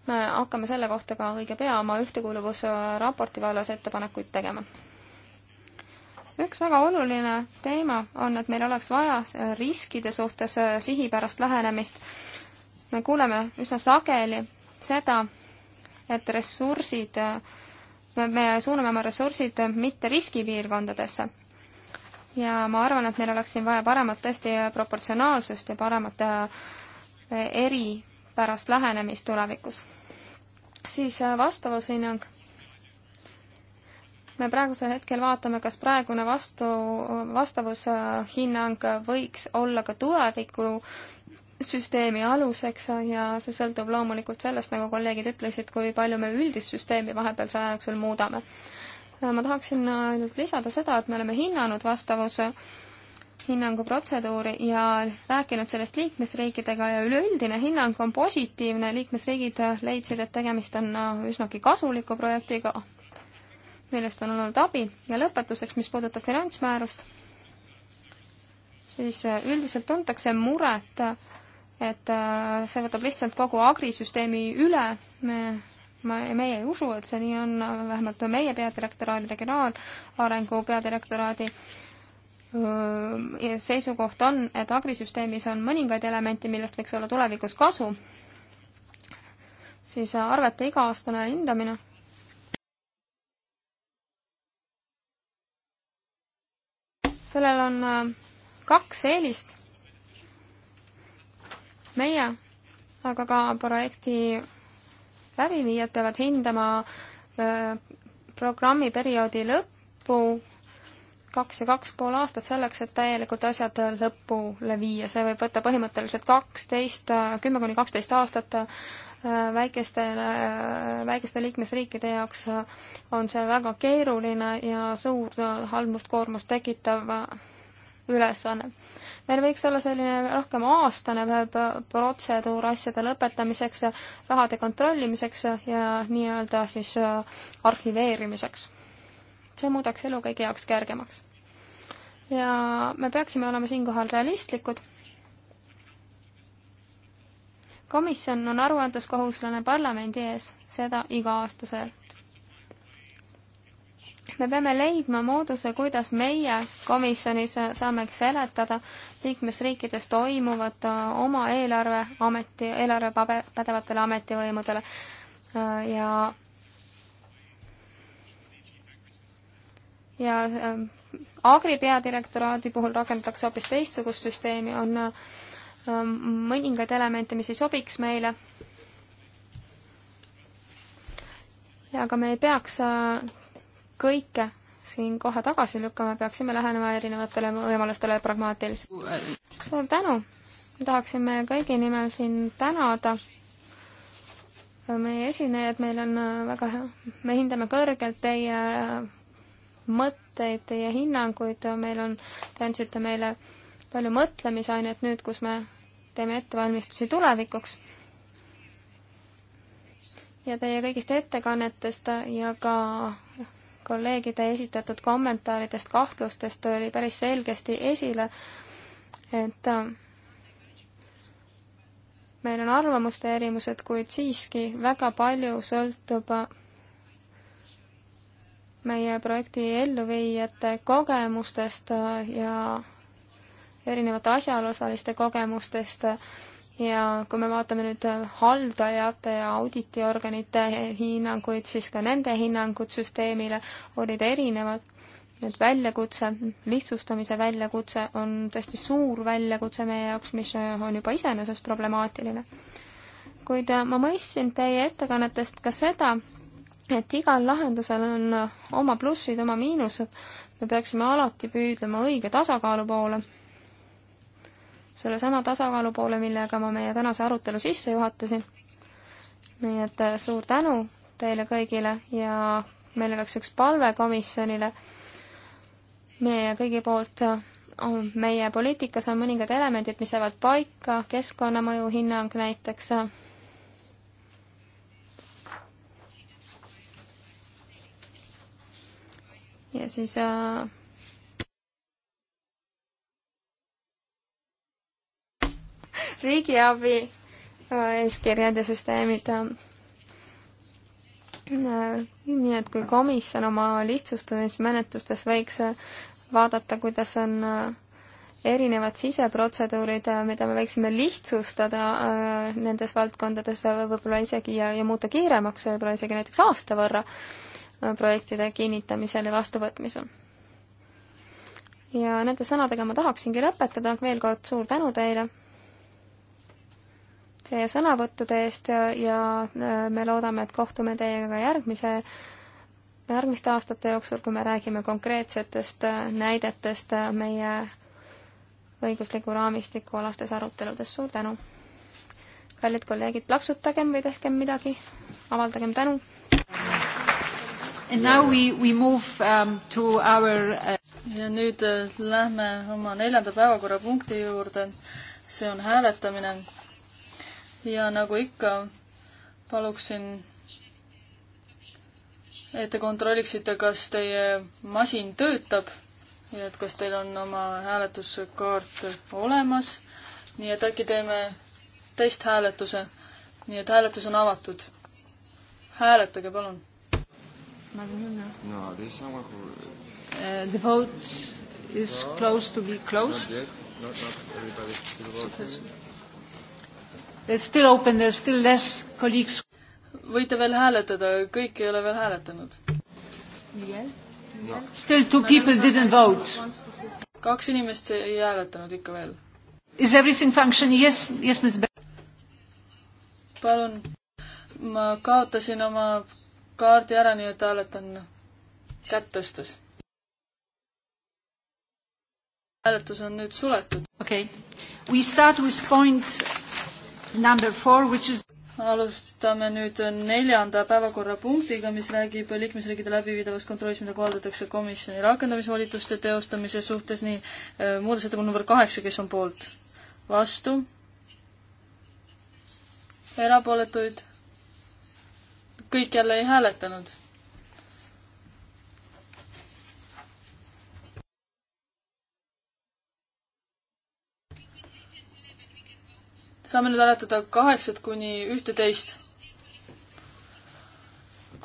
me hakkame selle kohta ka õige pea oma ühtekuuluvusraporti vallas ettepanekuid tegema. üks väga oluline teema on, et meil oleks vaja riskide suhtes sihipärast lähenemist. me kuuleme üsna sageli seda, et ressursid me, me suuname oma ressursid mitte riskipiirkondadesse ja ma arvan, et meil oleks siin vaja paremat tõesti proportsionaalsust ja paremat äh, eripärast lähenemist tulevikus. siis äh, vastavushinnang. me praegusel hetkel vaatame, kas praegune vastu, vastavushinnang võiks olla ka tuleviku süsteemi aluseks ja see sõltub loomulikult sellest, nagu kolleegid ütlesid, kui palju me üldist süsteemi vahepealse aja jooksul muudame ma tahaksin äh, ainult lisada seda, et me oleme hinnanud vastavuse hinnangu protseduuri ja rääkinud sellest liikmesriikidega ja üleüldine hinnang on positiivne, liikmesriigid leidsid, et tegemist on äh, üsnagi kasuliku projektiga, millest on olnud abi ja lõpetuseks, mis puudutab finantsmäärust, siis äh, üldiselt tuntakse muret, et see võtab lihtsalt kogu agrisüsteemi üle, me ma, meie ei usu, et see nii on, vähemalt meie peadirektoraadi, regionaalarengu peadirektoraadi öö, seisukoht on, et agrisüsteemis on mõningaid elemente, millest võiks olla tulevikus kasu, siis arvete iga-aastane hindamine sellel on kaks eelist. meie, aga ka projekti läbiviijad peavad hindama programmi perioodi lõppu kaks ja kaks pool aastat selleks, et täielikult asjad lõpule viia. see võib võtta põhimõtteliselt kaksteist, kümme kuni kaksteist aastat väikestele, väikeste liikmesriikide jaoks on see väga keeruline ja suur halmuskoormust tekitav ülesanne. meil võiks olla selline rohkem aastane protseduur asjade lõpetamiseks, rahade kontrollimiseks ja nii-öelda siis äh, arhiveerimiseks. see muudaks elu kõigi jaoks kergemaks. ja me peaksime olema siinkohal realistlikud komisjon on aruandluskohuslane parlamendi ees, seda iga-aastasel me peame leidma mooduse, kuidas meie komisjonis saame seletada liikmesriikides toimuvat äh, oma eelarveameti, eelarve pädevatele ametivõimudele äh, ja ja äh, Agri peadirektoraadi puhul rakendatakse hoopis teistsugust süsteemi, on mõningaid elemente, mis ei sobiks meile aga me ei peaks kõike siin kohe tagasi lükkama, peaksime lähenema erinevatele võimalustele pragmaatiliselt. suur tänu! tahaksin meie kõigi nimel siin tänada meie esinejad, meil on väga hea, me hindame kõrgelt teie mõtteid, teie hinnanguid, meil on, te andsite meile palju mõtlemisainet nüüd, kus me teeme ettevalmistusi tulevikuks. ja teie kõigist ettekannetest ja ka kolleegide esitatud kommentaaridest, kahtlustest oli päris selgesti esile, et äh, meil on arvamuste erinevused, kuid siiski väga palju sõltub äh, meie projekti elluviijate kogemustest äh, ja erinevate asjaosaliste kogemustest ja kui me vaatame nüüd äh, haldajate ja auditiorganite hinnanguid, siis ka nende hinnangud süsteemile olid erinevad. et väljakutse, lihtsustamise väljakutse on tõesti suur väljakutse meie jaoks, mis äh, on juba iseenesest problemaatiline. kuid äh, ma mõistsin teie ettekannetest ka seda, et igal lahendusel on oma plussid, oma miinused. me peaksime alati püüdlema õige tasakaalu poole sellesama tasakaalu poole, millega ma meie tänase arutelu sisse juhatasin. nii et äh, suur tänu teile kõigile ja meil oleks üks palve komisjonile meie kõigi poolt äh, meie poliitikas on mõningad elemendid, mis jäävad paika, keskkonnamõju hinnang näiteks. ja siis äh, riigiabi äh, eeskirjade süsteemid. Äh, nii et kui komisjon oma lihtsustamismenetlustes võiks äh, vaadata, kuidas on erinevad siseprotseduurid, mida me võiksime lihtsustada nendes valdkondades võib-olla isegi ja, ja muuta kiiremaks, võib-olla isegi näiteks aasta võrra projektide kinnitamisel ja vastuvõtmisel. ja nende sõnadega ma tahaksingi lõpetada, veel kord suur tänu teile teie sõnavõttude eest ja, ja äh, me loodame, et kohtume teiega ka järgmise järgmiste aastate jooksul, kui me räägime konkreetsetest äh, näidetest äh, meie õigusliku raamistiku alastes aruteludes, suur tänu! kallid kolleegid, plaksutagem või tehkem midagi, avaldagem tänu! And now we, we move um, to our uh... ja nüüd lähme oma neljanda päevakorrapunkti juurde, see on hääletamine ja nagu ikka, paluksin, et te kontrolliksite, kas teie masin töötab ja et kas teil on oma hääletuskaart olemas. nii et äkki teeme testhääletuse. nii et hääletus on avatud. hääletage, palun. no this one uh, the vote is close to be closed. Not yet. Not, not everybody. The vote. It's still open, there are still less colleagues. võite veel hääletada, kõik ei ole veel hääletanud. Still two people didn't vote. kaks inimest ei hääletanud ikka veel. Is everything functioning? Yes, yes, Miss Be-. palun. ma kaotasin oma kaardi ära, nii et hääletan kätt tõstes. hääletus on nüüd suletud. okei okay.. We start with point number four, which is alustame nüüd neljanda päevakorrapunktiga, mis räägib liikmesriikide läbiviidavast kontrollist, mida kohaldatakse komisjoni rakendamisvolituste teostamise suhtes, nii äh, muudatusettepanek number kaheksa, kes on poolt? vastu? erapooletuid? kõik jälle ei hääletanud saame nüüd hääletada kaheksat kuni ühteteist.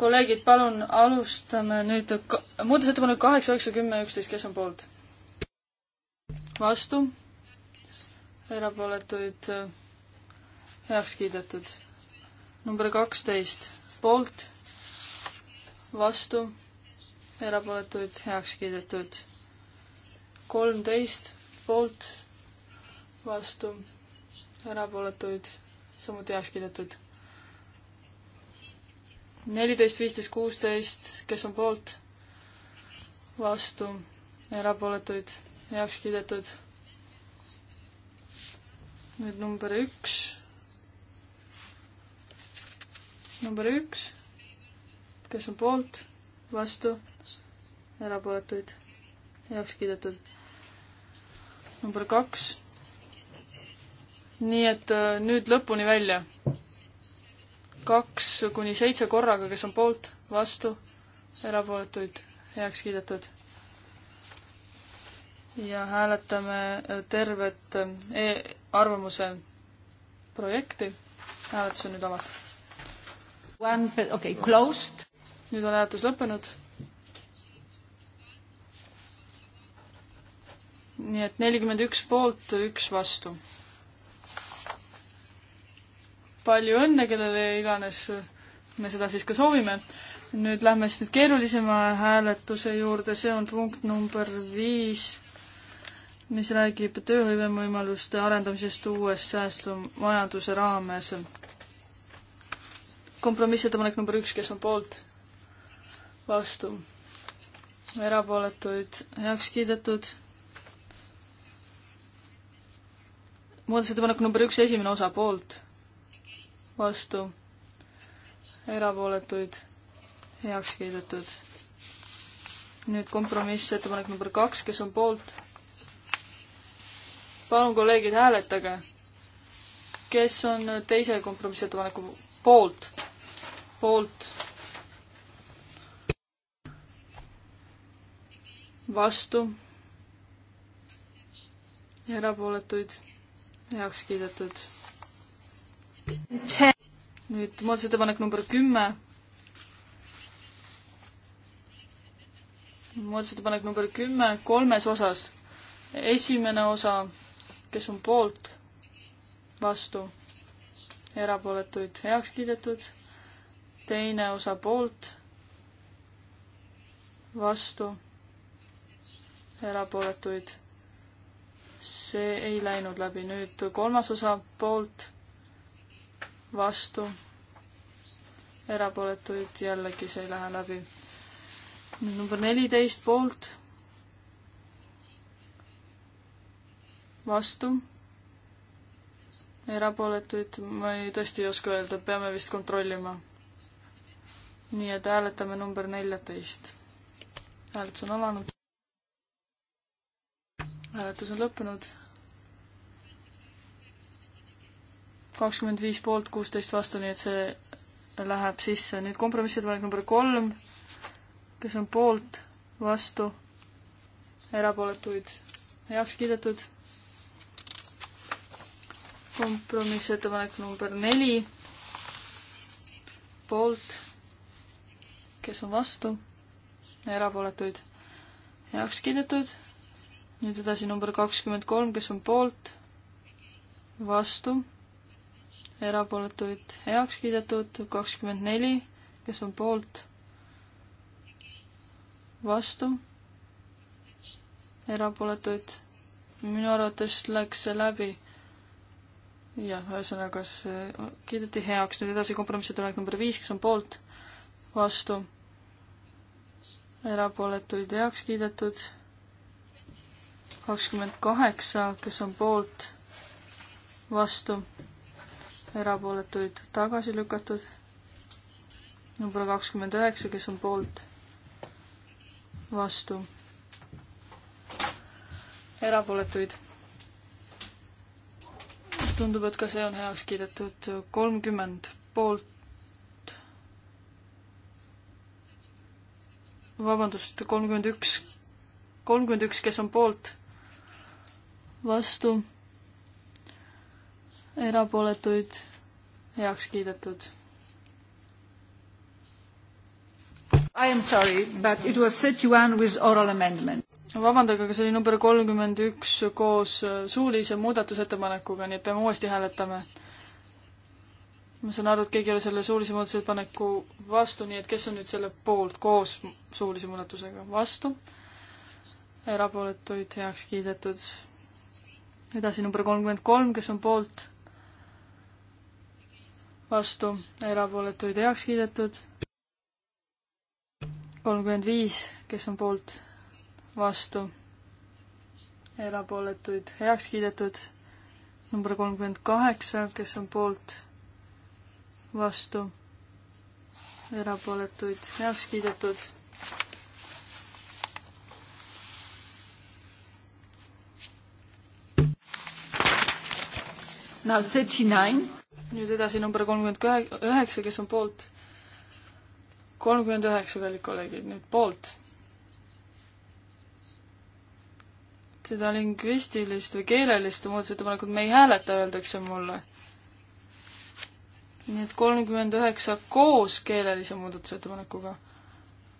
kolleegid, palun alustame nüüd ka muudatusettepanek kaheksa, üheksa, kümme, üksteist, kes on poolt? vastu? erapooletuid äh, heaks kiidetud. number kaksteist, poolt, vastu, erapooletuid heaks kiidetud. kolmteist, poolt, vastu erapooletuid, samuti heaks kiidetud. neliteist, viisteist, kuusteist, kes on poolt, vastu, erapooletuid, heaks kiidetud. nüüd number üks. number üks, kes on poolt, vastu, erapooletuid, heaks kiidetud. number kaks nii et äh, nüüd lõpuni välja. kaks kuni seitse korraga, kes on poolt, vastu, erapooletuid, heaks kiidetud. ja hääletame äh, tervet äh, e arvamuse projekti. hääletus on nüüd avatud. One, okei okay,, closed. nüüd on hääletus lõppenud. nii et nelikümmend üks poolt, üks vastu palju õnne, kellele iganes me seda siis ka soovime. nüüd lähme siis nüüd keerulisema hääletuse juurde, see on punkt number viis, mis räägib tööhõivevõimaluste arendamisest uues säästva majanduse raames. kompromissettepanek number üks, kes on poolt? vastu. erapooletuid heaks kiidetud muudatusettepaneku number üks esimene osa poolt, vastu, erapooletuid heaks kiidetud. nüüd kompromissettepanek number kaks, kes on poolt? palun, kolleegid, hääletage. kes on teise kompromissettepaneku poolt? poolt. vastu. erapooletuid heaks kiidetud nüüd muudatusettepanek number kümme. muudatusettepanek number kümme kolmes osas. esimene osa, kes on poolt, vastu, erapooletuid heaks kiidetud. teine osa poolt, vastu, erapooletuid. see ei läinud läbi. nüüd kolmas osa poolt vastu, erapooletuid jällegi see ei lähe läbi. nüüd number neliteist poolt, vastu, erapooletuid ma ei, tõesti ei oska öelda, peame vist kontrollima. nii et hääletame number neljateist. hääletus on alanud. hääletus on lõppenud kakskümmend viis poolt, kuusteist vastu, nii et see läheb sisse. nüüd kompromissettepanek number kolm, kes on poolt, vastu, erapooletuid heaks kiidetud. kompromissettepanek number neli, poolt, kes on vastu, erapooletuid heaks kiidetud. nüüd edasi number kakskümmend kolm, kes on poolt, vastu erapooletuid heaks kiidetud, kakskümmend neli, kes on poolt, vastu, erapooletuid. minu arvates läks see läbi. jah, ühesõnaga see kiideti heaks, nüüd edasi kompromissettepanek number viis, kes on poolt, vastu, erapooletuid heaks kiidetud, kakskümmend kaheksa, kes on poolt, vastu erapooletuid tagasi lükatud. number kakskümmend üheksa, kes on poolt, vastu, erapooletuid. tundub, et ka see on heaks kiidetud, kolmkümmend poolt. vabandust, kolmkümmend üks, kolmkümmend üks, kes on poolt, vastu erapooletuid heaks kiidetud. I am sorry, but it was thirty one with oral amendment. vabandage, aga see oli number kolmkümmend üks koos äh, suulise muudatusettepanekuga, nii et peame uuesti hääletama. ma saan aru, et keegi ei ole selle suulise muudatusettepaneku vastu, nii et kes on nüüd selle poolt koos suulise muudatusega vastu? erapooletuid heaks kiidetud. edasi number kolmkümmend kolm, kes on poolt vastu, erapooletuid heaks kiidetud. kolmkümmend viis, kes on poolt, vastu, erapooletuid heaks kiidetud. number kolmkümmend kaheksa, kes on poolt, vastu, erapooletuid heaks kiidetud Now 39 nüüd edasi number kolmkümmend üheksa, kes on poolt? kolmkümmend üheksa, kallid kolleegid, nüüd poolt. seda lingvistilist või keelelist muudatusettepanekut me ei hääleta, öeldakse mulle. nii et kolmkümmend üheksa koos keelelise muudatusettepanekuga.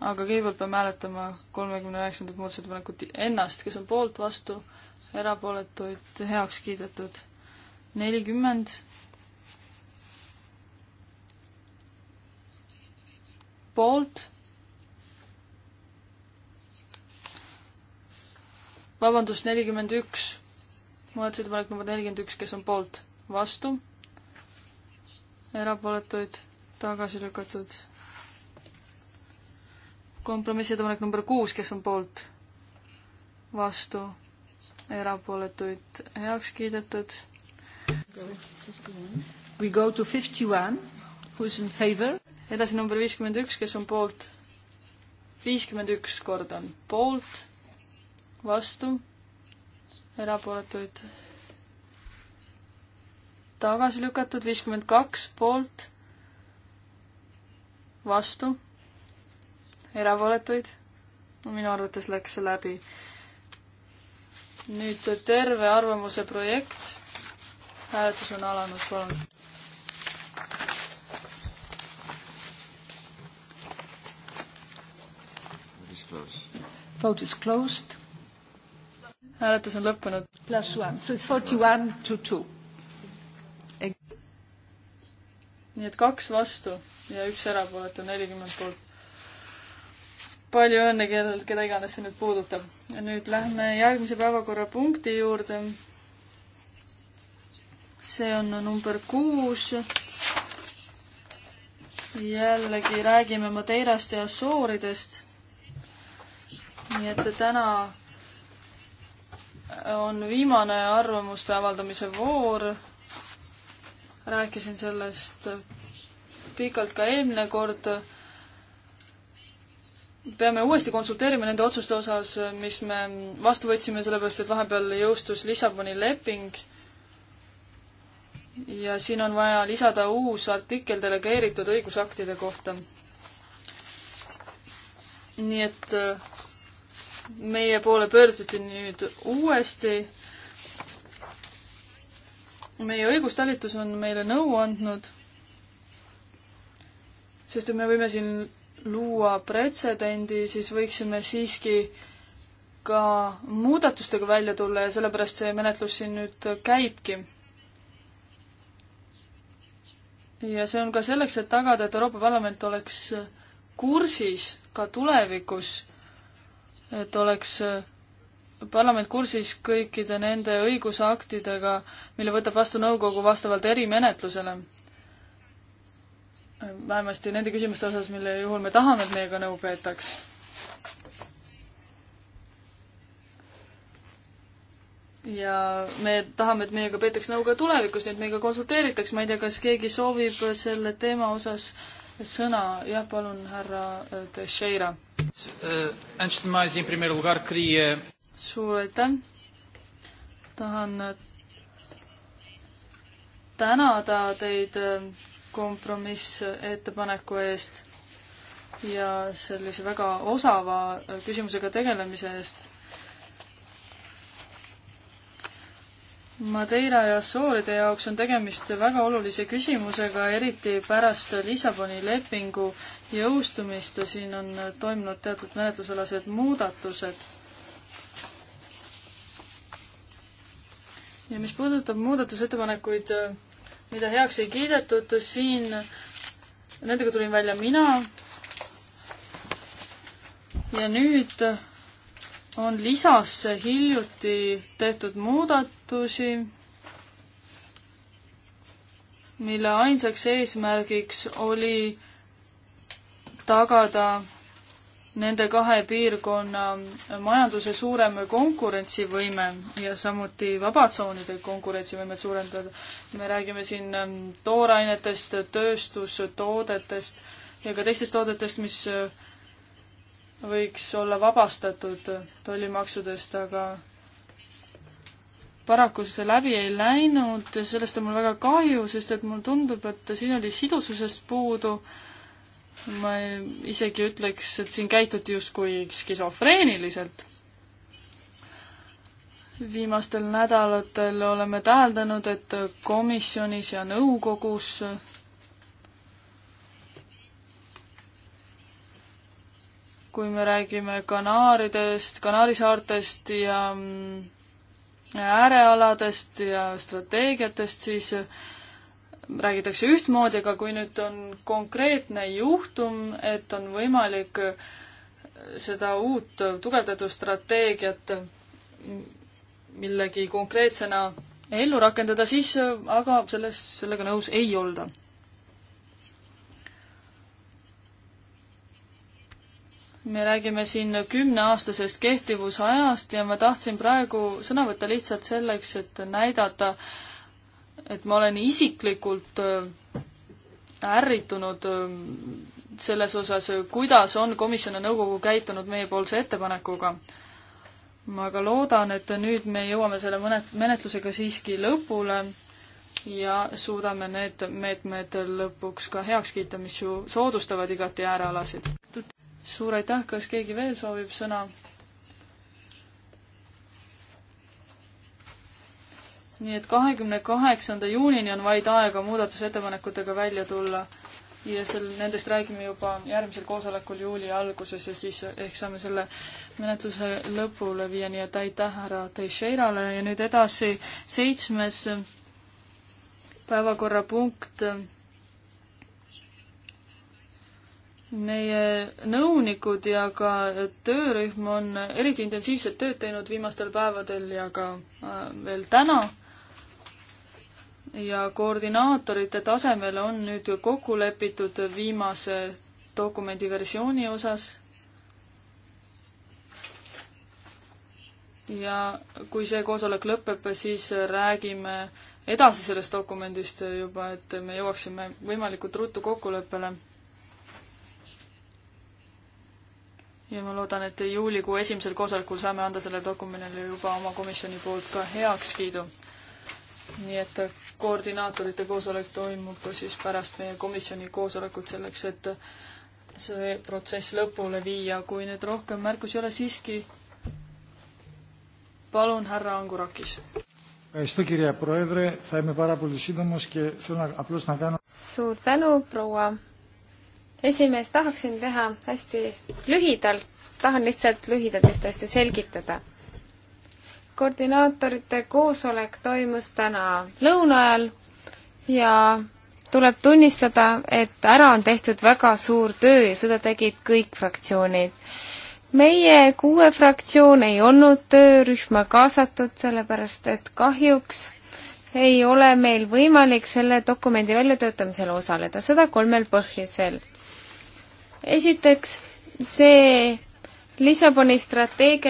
aga kõigepealt peame hääletama kolmekümne üheksandat muudatusettepanekut ennast, kes on poolt, vastu, erapooletuid, heaks kiidetud. nelikümmend poolt. vabandust, nelikümmend üks, muudatusettepanek number nelikümmend üks, kes on poolt, vastu, erapooletuid, tagasi lükatud. kompromissettepanek number kuus, kes on poolt, vastu, erapooletuid, heaks kiidetud. We go to fifty one, who is in favor? edasi number viiskümmend üks, kes on poolt? viiskümmend üks, kordan, poolt, vastu, erapooletuid tagasi lükatud, viiskümmend kaks poolt, vastu, erapooletuid. no minu arvates läks see läbi. nüüd terve arvamuse projekt. hääletus on alanud, palun Vote is closed. hääletus on lõppenud. Plus one, so it's forty one to two. nii et kaks vastu ja üks erapooletu, nelikümmend poolt. palju õnne, kellel, keda iganes see nüüd puudutab. ja nüüd lähme järgmise päevakorrapunkti juurde. see on number kuus. jällegi räägime Madeirast ja Asooridest nii et täna on viimane arvamuste avaldamise voor. rääkisin sellest pikalt ka eelmine kord. peame uuesti konsulteerima nende otsuste osas, mis me vastu võtsime, sellepärast et vahepeal jõustus Lissaboni leping. ja siin on vaja lisada uus artikkel delegeeritud õigusaktide kohta. nii et meie poole pöörduti nüüd uuesti. meie õigustalitus on meile nõu andnud, sest et me võime siin luua pretsedendi, siis võiksime siiski ka muudatustega välja tulla ja sellepärast see menetlus siin nüüd käibki. ja see on ka selleks, et tagada, et Euroopa Parlament oleks kursis ka tulevikus et oleks äh, parlament kursis kõikide nende õigusaktidega, mille võtab vastu nõukogu vastavalt erimenetlusele. vähemasti nende küsimuste osas, mille juhul me tahame, et meiega nõu peetaks ja me tahame, et meiega peetaks nõu ka tulevikus, nii et meiega konsulteeritakse, ma ei tea, kas keegi soovib selle teema osas sõna, jah, palun, härra Teixeira. Eh, suur aitäh. tahan eh, tänada teid eh, kompromissettepaneku eest ja sellise väga osava küsimusega tegelemise eest Madeira ja Sooride jaoks on tegemist väga olulise küsimusega, eriti pärast Lissaboni lepingu jõustumist. siin on toimunud teatud menetlusalased muudatused. ja mis puudutab muudatusettepanekuid, mida heaks ei kiidetud, siin nendega tulin välja mina. ja nüüd on lisas hiljuti tehtud muudatusi, mille ainsaks eesmärgiks oli tagada nende kahe piirkonna majanduse suurem konkurentsivõime ja samuti vabatsoonide konkurentsivõimet suurendada. me räägime siin ähm, toorainetest, tööstustoodetest ja ka teistest toodetest, mis äh, võiks olla vabastatud tollimaksudest, aga paraku see läbi ei läinud ja sellest on mul väga kahju, sest et mulle tundub, et siin oli sidususest puudu. ma ei, isegi ütleks, et siin käituti justkui skisofreeniliselt. viimastel nädalatel oleme täheldanud, et komisjonis ja nõukogus kui me räägime Kanaaridest, Kanaari saartest ja mm, äärealadest ja strateegiatest, siis räägitakse ühtmoodi, aga kui nüüd on konkreetne juhtum, et on võimalik seda uut tugevdatud strateegiat millegi konkreetsena ellu rakendada, siis aga selles, sellega nõus ei olda me räägime siin kümneaastasest kehtivusajast ja ma tahtsin praegu sõna võtta lihtsalt selleks, et näidata, et ma olen isiklikult äh, ärritunud äh, selles osas, kuidas on komisjon ja nõukogu käitunud meiepoolse ettepanekuga. ma aga loodan, et nüüd me jõuame selle mõne menetlusega siiski lõpule ja suudame need meetmed lõpuks ka heaks kiita, mis ju soodustavad igati äärealasid suur aitäh, kas keegi veel soovib sõna? nii et kahekümne kaheksanda juunini on vaid aega muudatusettepanekutega välja tulla ja sel, nendest räägime juba järgmisel koosolekul juuli alguses ja siis ehk saame selle menetluse lõpule viia, nii et aitäh härra Teixeirale ja nüüd edasi seitsmes päevakorrapunkt meie nõunikud ja ka töörühm on eriti intensiivset tööd teinud viimastel päevadel ja ka äh, veel täna. ja koordinaatorite tasemel on nüüd kokku lepitud viimase dokumendi versiooni osas. ja kui see koosolek lõpeb, siis räägime edasi sellest dokumendist juba, et me jõuaksime võimalikult ruttu kokkuleppele ja ma loodan, et juulikuu esimesel koosolekul saame anda sellele dokumendile juba oma komisjoni poolt ka heakskiidu. nii et koordinaatorite koosolek toimub siis pärast meie komisjoni koosolekut selleks, et see protsess lõpule viia. kui nüüd rohkem märkusi ei ole, siiski palun, härra Angurakis. suur tänu, proua esimees, tahaksin teha hästi lühidalt, tahan lihtsalt lühidalt ühte asja selgitada. koordinaatorite koosolek toimus täna lõuna ajal ja tuleb tunnistada, et ära on tehtud väga suur töö ja seda tegid kõik fraktsioonid. meie kuue fraktsioon ei olnud töörühma kaasatud, sellepärast et kahjuks ei ole meil võimalik selle dokumendi väljatöötamisel osaleda, seda kolmel põhjusel esiteks, see Lissaboni strateegia